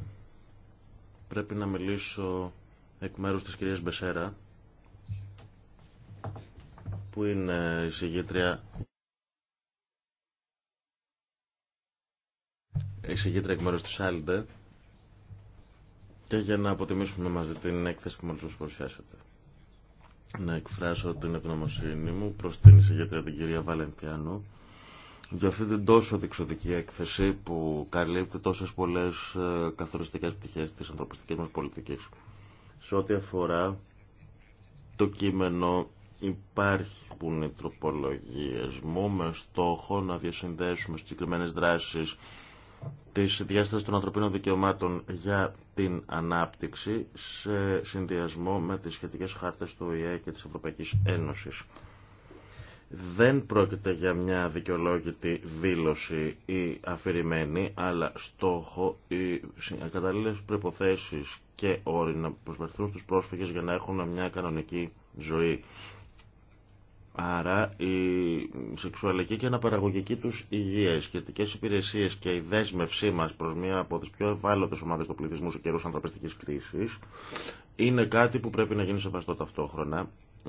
Πρέπει να μιλήσω εκ μέρους της κυρίας Μπεσέρα, που είναι η συγγήτρια εισηγήτρια εκ μέρου του Σάλντε και για να αποτιμήσουμε μαζί την έκθεση που μόλις μας παρουσιάσατε. Να εκφράσω την ευγνωμοσύνη μου προς την εισηγήτρια την κυρία Βαλεντιάνου για αυτή την τόσο διεξοδική έκθεση που καλύπτει τόσες πολλές ε, καθοριστικές πτυχές της ανθρωπιστικής μας πολιτικής. Σε ό,τι αφορά το κείμενο υπάρχουν οι τροπολογίες μου με στόχο να διασυνδέσουμε συγκεκριμένε δράσεις της διάστασης των ανθρωπίνων δικαιωμάτων για την ανάπτυξη σε συνδυασμό με τις σχετικές χάρτες του ΟΗΕ και της Ευρωπαϊκής Ένωσης. Δεν πρόκειται για μια δικαιολόγητη δήλωση ή αφηρημένη, αλλά στόχο οι καταλληλές προϋποθέσεις και όροι να προσπαθούν στους πρόσφυγες για να έχουν μια κανονική ζωή Άρα η σεξουαλική και αναπαραγωγική τους υγεία, σχετικές υπηρεσίες και η δέσμευσή μας προς μία από τις πιο ευάλωτες ομάδες του πληθυσμού σε καιρούς ανθρωπιστικής κρίσης είναι κάτι που πρέπει να γίνει σεβαστό ταυτόχρονα.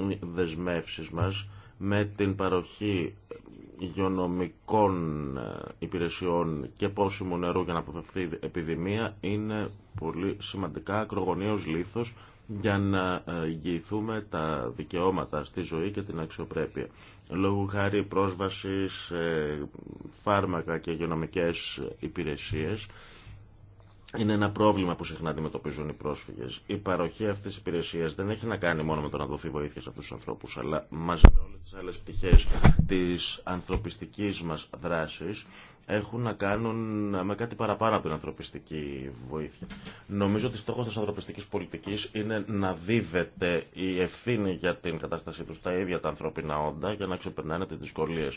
Οι δεσμεύσεις μας με την παροχή υγειονομικών ε, υπηρεσιών και πόσιμου νερού για να αποφευθεί επιδημία είναι πολύ σημαντικά ακρογωνίως λήθος για να εγγυηθούμε τα δικαιώματα στη ζωή και την αξιοπρέπεια. Λόγω χάρη πρόσβαση σε φάρμακα και υγειονομικές υπηρεσίες είναι ένα πρόβλημα που συχνά αντιμετωπίζουν οι πρόσφυγες. Η παροχή αυτής της υπηρεσίας δεν έχει να κάνει μόνο με το να δοθεί βοήθεια σε αυτούς τους ανθρώπους, αλλά μαζί με όλες τις άλλες πτυχές της ανθρωπιστικής μας δράσης έχουν να κάνουν με κάτι παραπάνω από την ανθρωπιστική βοήθεια. Νομίζω ότι στόχος της ανθρωπιστικής πολιτικής είναι να δίδεται η ευθύνη για την κατάστασή τους στα ίδια τα ανθρώπινα όντα για να ξεπερνάνε τις δυσκολίε.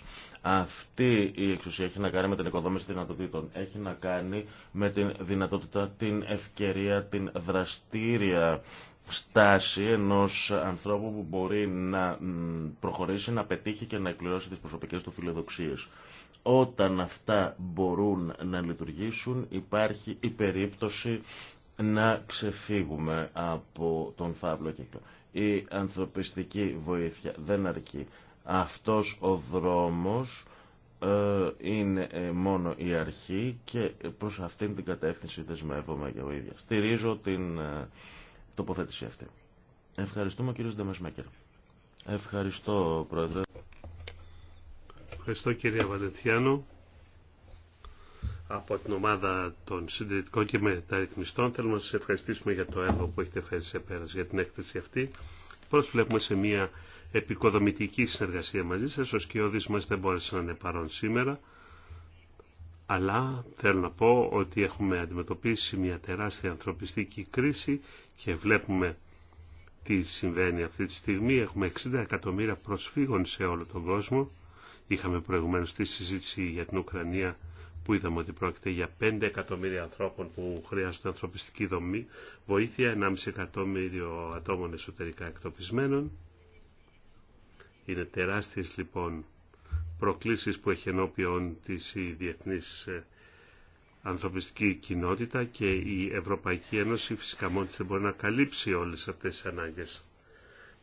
Αυτή η εξουσία έχει να κάνει με την οικοδόμηση δυνατοτήτων. Έχει να κάνει με την δυνατότητα, την ευκαιρία, την δραστήρια στάση ενός ανθρώπου που μπορεί να προχωρήσει, να πετύχει και να εκπληρώσει τις προσωπικές του φιλοδοξίες. Όταν αυτά μπορούν να λειτουργήσουν υπάρχει η περίπτωση να ξεφύγουμε από τον φαύλο κύκλο. Η ανθρωπιστική βοήθεια δεν αρκεί. Αυτός ο δρόμος ε, είναι ε, μόνο η αρχή και προς αυτήν την κατεύθυνση δεσμεύομαι και ο ίδια. Στηρίζω την ε, τοποθέτηση αυτή. Ευχαριστούμε κύριο Ντεμεσμέκερ. Ευχαριστώ πρόεδρε.
Ευχαριστώ κυρία Βαλεντιάνο. Από την ομάδα των συντηρητικών και μεταρρυθμιστών θέλουμε να σας ευχαριστήσουμε για το έργο που έχετε φέρει σε πέρας για την έκθεση αυτή. βλέπουμε σε μια επικοδομητική συνεργασία μαζί σας. Ο σκιώδης μας δεν μπόρεσε να είναι παρόν σήμερα. Αλλά θέλω να πω ότι έχουμε αντιμετωπίσει μια τεράστια ανθρωπιστική κρίση και βλέπουμε τι συμβαίνει αυτή τη στιγμή. Έχουμε 60 εκατομμύρια προσφύγων σε όλο τον κόσμο Είχαμε προηγουμένως τη συζήτηση για την Ουκρανία που είδαμε ότι πρόκειται για 5 εκατομμύρια ανθρώπων που χρειάζονται ανθρωπιστική δομή, βοήθεια 1,5 εκατομμύριο ατόμων εσωτερικά εκτοπισμένων. Είναι τεράστιες λοιπόν προκλήσεις που έχει ενώπιον της η διεθνής ε, ανθρωπιστική κοινότητα και η Ευρωπαϊκή Ένωση φυσικά μόνη δεν μπορεί να καλύψει όλες αυτές τις ανάγκες.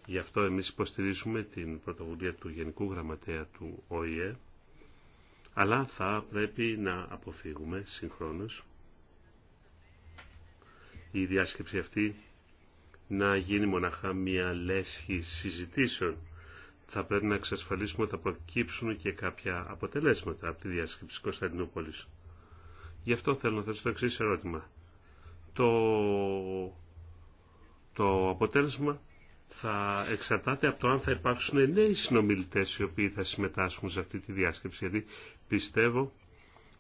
Γι' αυτό εμείς υποστηρίζουμε την πρωτοβουλία του Γενικού Γραμματέα του ΟΗΕ, αλλά θα πρέπει να αποφύγουμε συγχρόνως η διάσκεψη αυτή να γίνει μοναχά μια λέσχη συζητήσεων. Θα πρέπει να εξασφαλίσουμε ότι θα προκύψουν και κάποια αποτελέσματα από τη διάσκεψη Κωνσταντινούπολης. Γι' αυτό θέλω να θέσω το εξή ερώτημα. Το, το αποτέλεσμα θα εξαρτάται από το αν θα υπάρξουν νέοι συνομιλητές οι οποίοι θα συμμετάσχουν σε αυτή τη διάσκεψη. Γιατί πιστεύω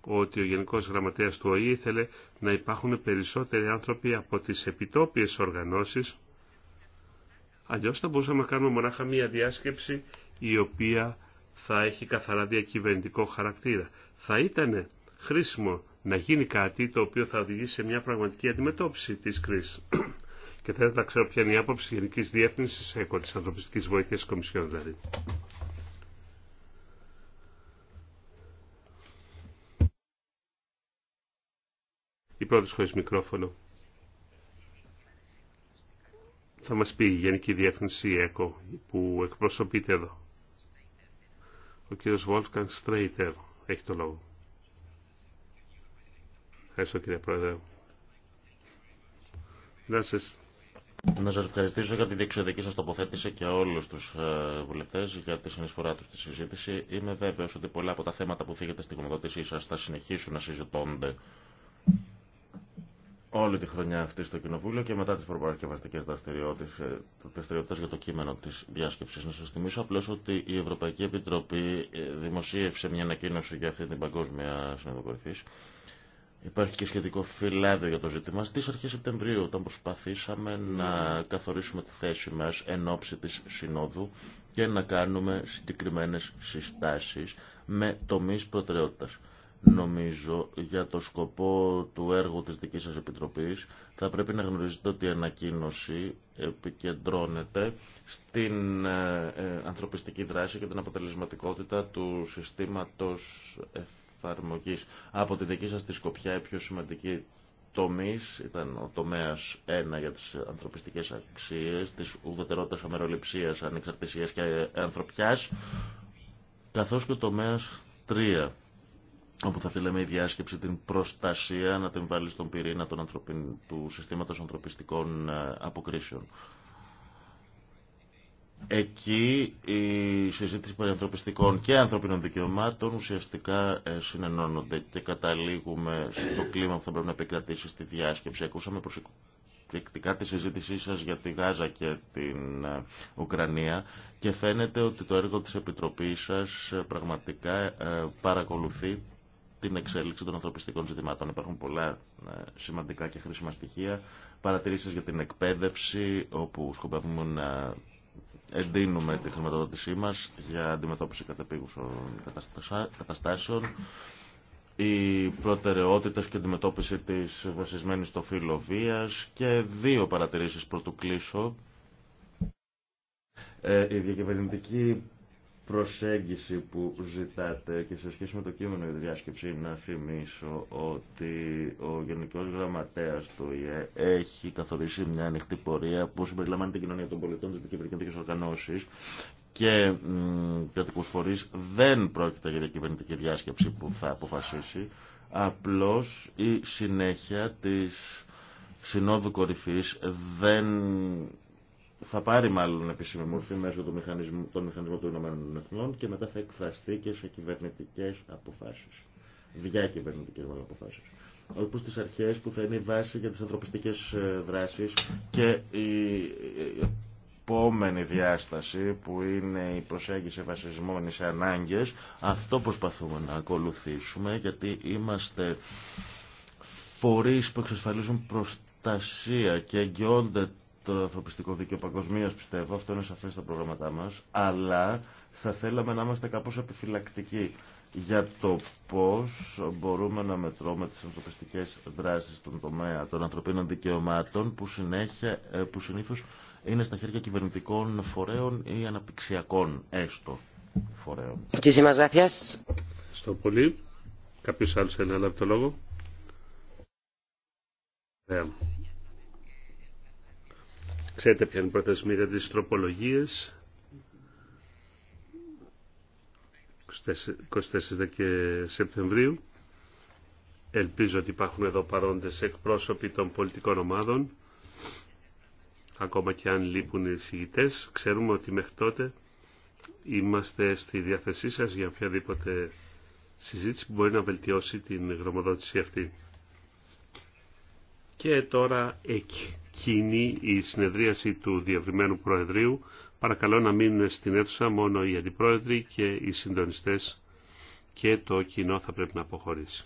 ότι ο Γενικός Γραμματέας του ΟΗ ήθελε να υπάρχουν περισσότεροι άνθρωποι από τις επιτόπιες οργανώσεις. Αλλιώς θα μπορούσαμε να κάνουμε μονάχα μία διάσκεψη η οποία θα έχει καθαρά διακυβερνητικό χαρακτήρα. Θα ήταν χρήσιμο να γίνει κάτι το οποίο θα οδηγήσει σε μια πραγματική αντιμετώπιση της κρίσης. Και ήθελα να ξέρω ποια είναι η άποψη τη Γενική Διεύθυνση ΕΚΟ τη Ανθρωπιστική Βοήθεια Κομισιόν δηλαδή. Η πρώτη χωρί μικρόφωνο. Θα μας πει η Γενική Διεύθυνση ΕΚΟ που εκπροσωπείται εδώ. Ο κύριος Βόλφκαν Στρέιτερ έχει το λόγο. Ευχαριστώ κύριε Πρόεδρε. Να σας
να σα ευχαριστήσω για την διεξοδική σα τοποθέτηση και όλου του ε, βουλευτέ για τη συνεισφορά του στη συζήτηση. Είμαι βέβαιο ότι πολλά από τα θέματα που θίγετε στην κομμοδότησή σα θα συνεχίσουν να συζητώνται όλη τη χρονιά αυτή στο Κοινοβούλιο και μετά τις προπαρασκευαστικέ δραστηριότητε ε, για το κείμενο τη διάσκεψης. Να σα θυμίσω απλώ ότι η Ευρωπαϊκή Επιτροπή ε, δημοσίευσε μια ανακοίνωση για αυτή την παγκόσμια συνεδοκορυφή Υπάρχει και σχετικό φυλάδιο για το ζήτημα. Στις αρχές Σεπτεμβρίου, όταν προσπαθήσαμε να καθορίσουμε τη θέση μα εν ώψη της Συνόδου και να κάνουμε συγκεκριμένε συστάσεις με τομείς προτεραιότητας. Νομίζω για το σκοπό του έργου της δικής σας Επιτροπής θα πρέπει να γνωρίζετε ότι η ανακοίνωση επικεντρώνεται στην ε, ε, ανθρωπιστική δράση και την αποτελεσματικότητα του συστήματος από τη δική σας τη Σκοπιά η πιο σημαντική τομής ήταν ο τομέας 1 για τις ανθρωπιστικές αξίες, τις ουδετερότητας αμεροληψία, ανεξαρτησία και ανθρωπιάς, καθώς και ο τομέας 3 όπου θα θέλαμε η διάσκεψη την προστασία να την βάλει στον πυρήνα των του συστήματος ανθρωπιστικών ε, αποκρίσεων. Εκεί η συζήτηση περί ανθρωπιστικών και ανθρωπίνων δικαιωμάτων ουσιαστικά ε, συνενώνονται και καταλήγουμε στο κλίμα που θα πρέπει να επικρατήσει στη διάσκεψη. Ακούσαμε προσεκτικά τη συζήτησή σας για τη Γάζα και την ε, Ουκρανία και φαίνεται ότι το έργο της Επιτροπής σας ε, πραγματικά παρακολουθεί την εξέλιξη των ανθρωπιστικών ζητημάτων. Υπάρχουν πολλά σημαντικά και χρήσιμα στοιχεία. Παρατηρήσεις για την εκπαίδευση, όπου σκοπεύουμε να εντείνουμε τη χρηματοδότησή μας για αντιμετώπιση κατεπίγουσων καταστάσεων. Οι προτεραιότητες και αντιμετώπιση της βασισμένης στο φύλλο και δύο παρατηρήσεις πρωτού κλείσω. Ε, η διακυβερνητική προσέγγιση που ζητάτε και σε σχέση με το κείμενο για τη διάσκεψη να θυμίσω ότι ο Γενικός Γραμματέας του ΙΕ έχει καθορίσει μια ανοιχτή πορεία που συμπεριλαμβάνει την κοινωνία των πολιτών, τις κυβερνητικές οργανώσεις και κατοικούς φορείς δεν πρόκειται για κυβερνητική διάσκεψη που θα αποφασίσει απλώς η συνέχεια της Συνόδου Κορυφής δεν θα πάρει μάλλον επίσημη μορφή μέσω του μηχανισμού, των μηχανισμών των Ηνωμένων και μετά θα εκφραστεί και σε κυβερνητικές αποφάσεις. Διακυβερνητικές μάλλον αποφάσεις. Όπω τι αρχέ που θα είναι η βάση για τι ανθρωπιστικέ ε, δράσει και η επόμενη διάσταση που είναι η προσέγγιση βασισμένη σε ανάγκες αυτό προσπαθούμε να ακολουθήσουμε γιατί είμαστε φορεί που εξασφαλίζουν προστασία και εγγυώνται το ανθρωπιστικό δίκαιο παγκοσμίω πιστεύω, αυτό είναι σαφέ στα προγράμματά μας, αλλά θα θέλαμε να είμαστε κάπως επιφυλακτικοί για το πώς μπορούμε να μετρώμε τις ανθρωπιστικέ δράσει στον τομέα των ανθρωπίνων δικαιωμάτων που, συνέχεια, ε, που συνήθως είναι στα χέρια κυβερνητικών φορέων ή αναπτυξιακών έστω φορέων.
Ευχαριστώ
πολύ. Κάποιος άλλος θέλει να λάβει το λόγο. Ξέρετε ποια είναι η προθεσμία για τροπολογίας. 24 Σεπτεμβρίου. Ελπίζω ότι υπάρχουν εδώ παρόντες εκπρόσωποι των πολιτικών ομάδων. Ακόμα και αν λείπουν οι συγητές, ξέρουμε ότι μέχρι τότε είμαστε στη διάθεσή σας για οποιαδήποτε συζήτηση που μπορεί να βελτιώσει την γνωμοδότηση αυτή. Και τώρα εκεί. Κίνη η συνεδρίαση του Διευρυμένου Προεδρίου. Παρακαλώ να μείνουν στην αίθουσα μόνο οι αντιπρόεδροι και οι συντονιστές και το κοινό θα πρέπει να αποχωρήσει.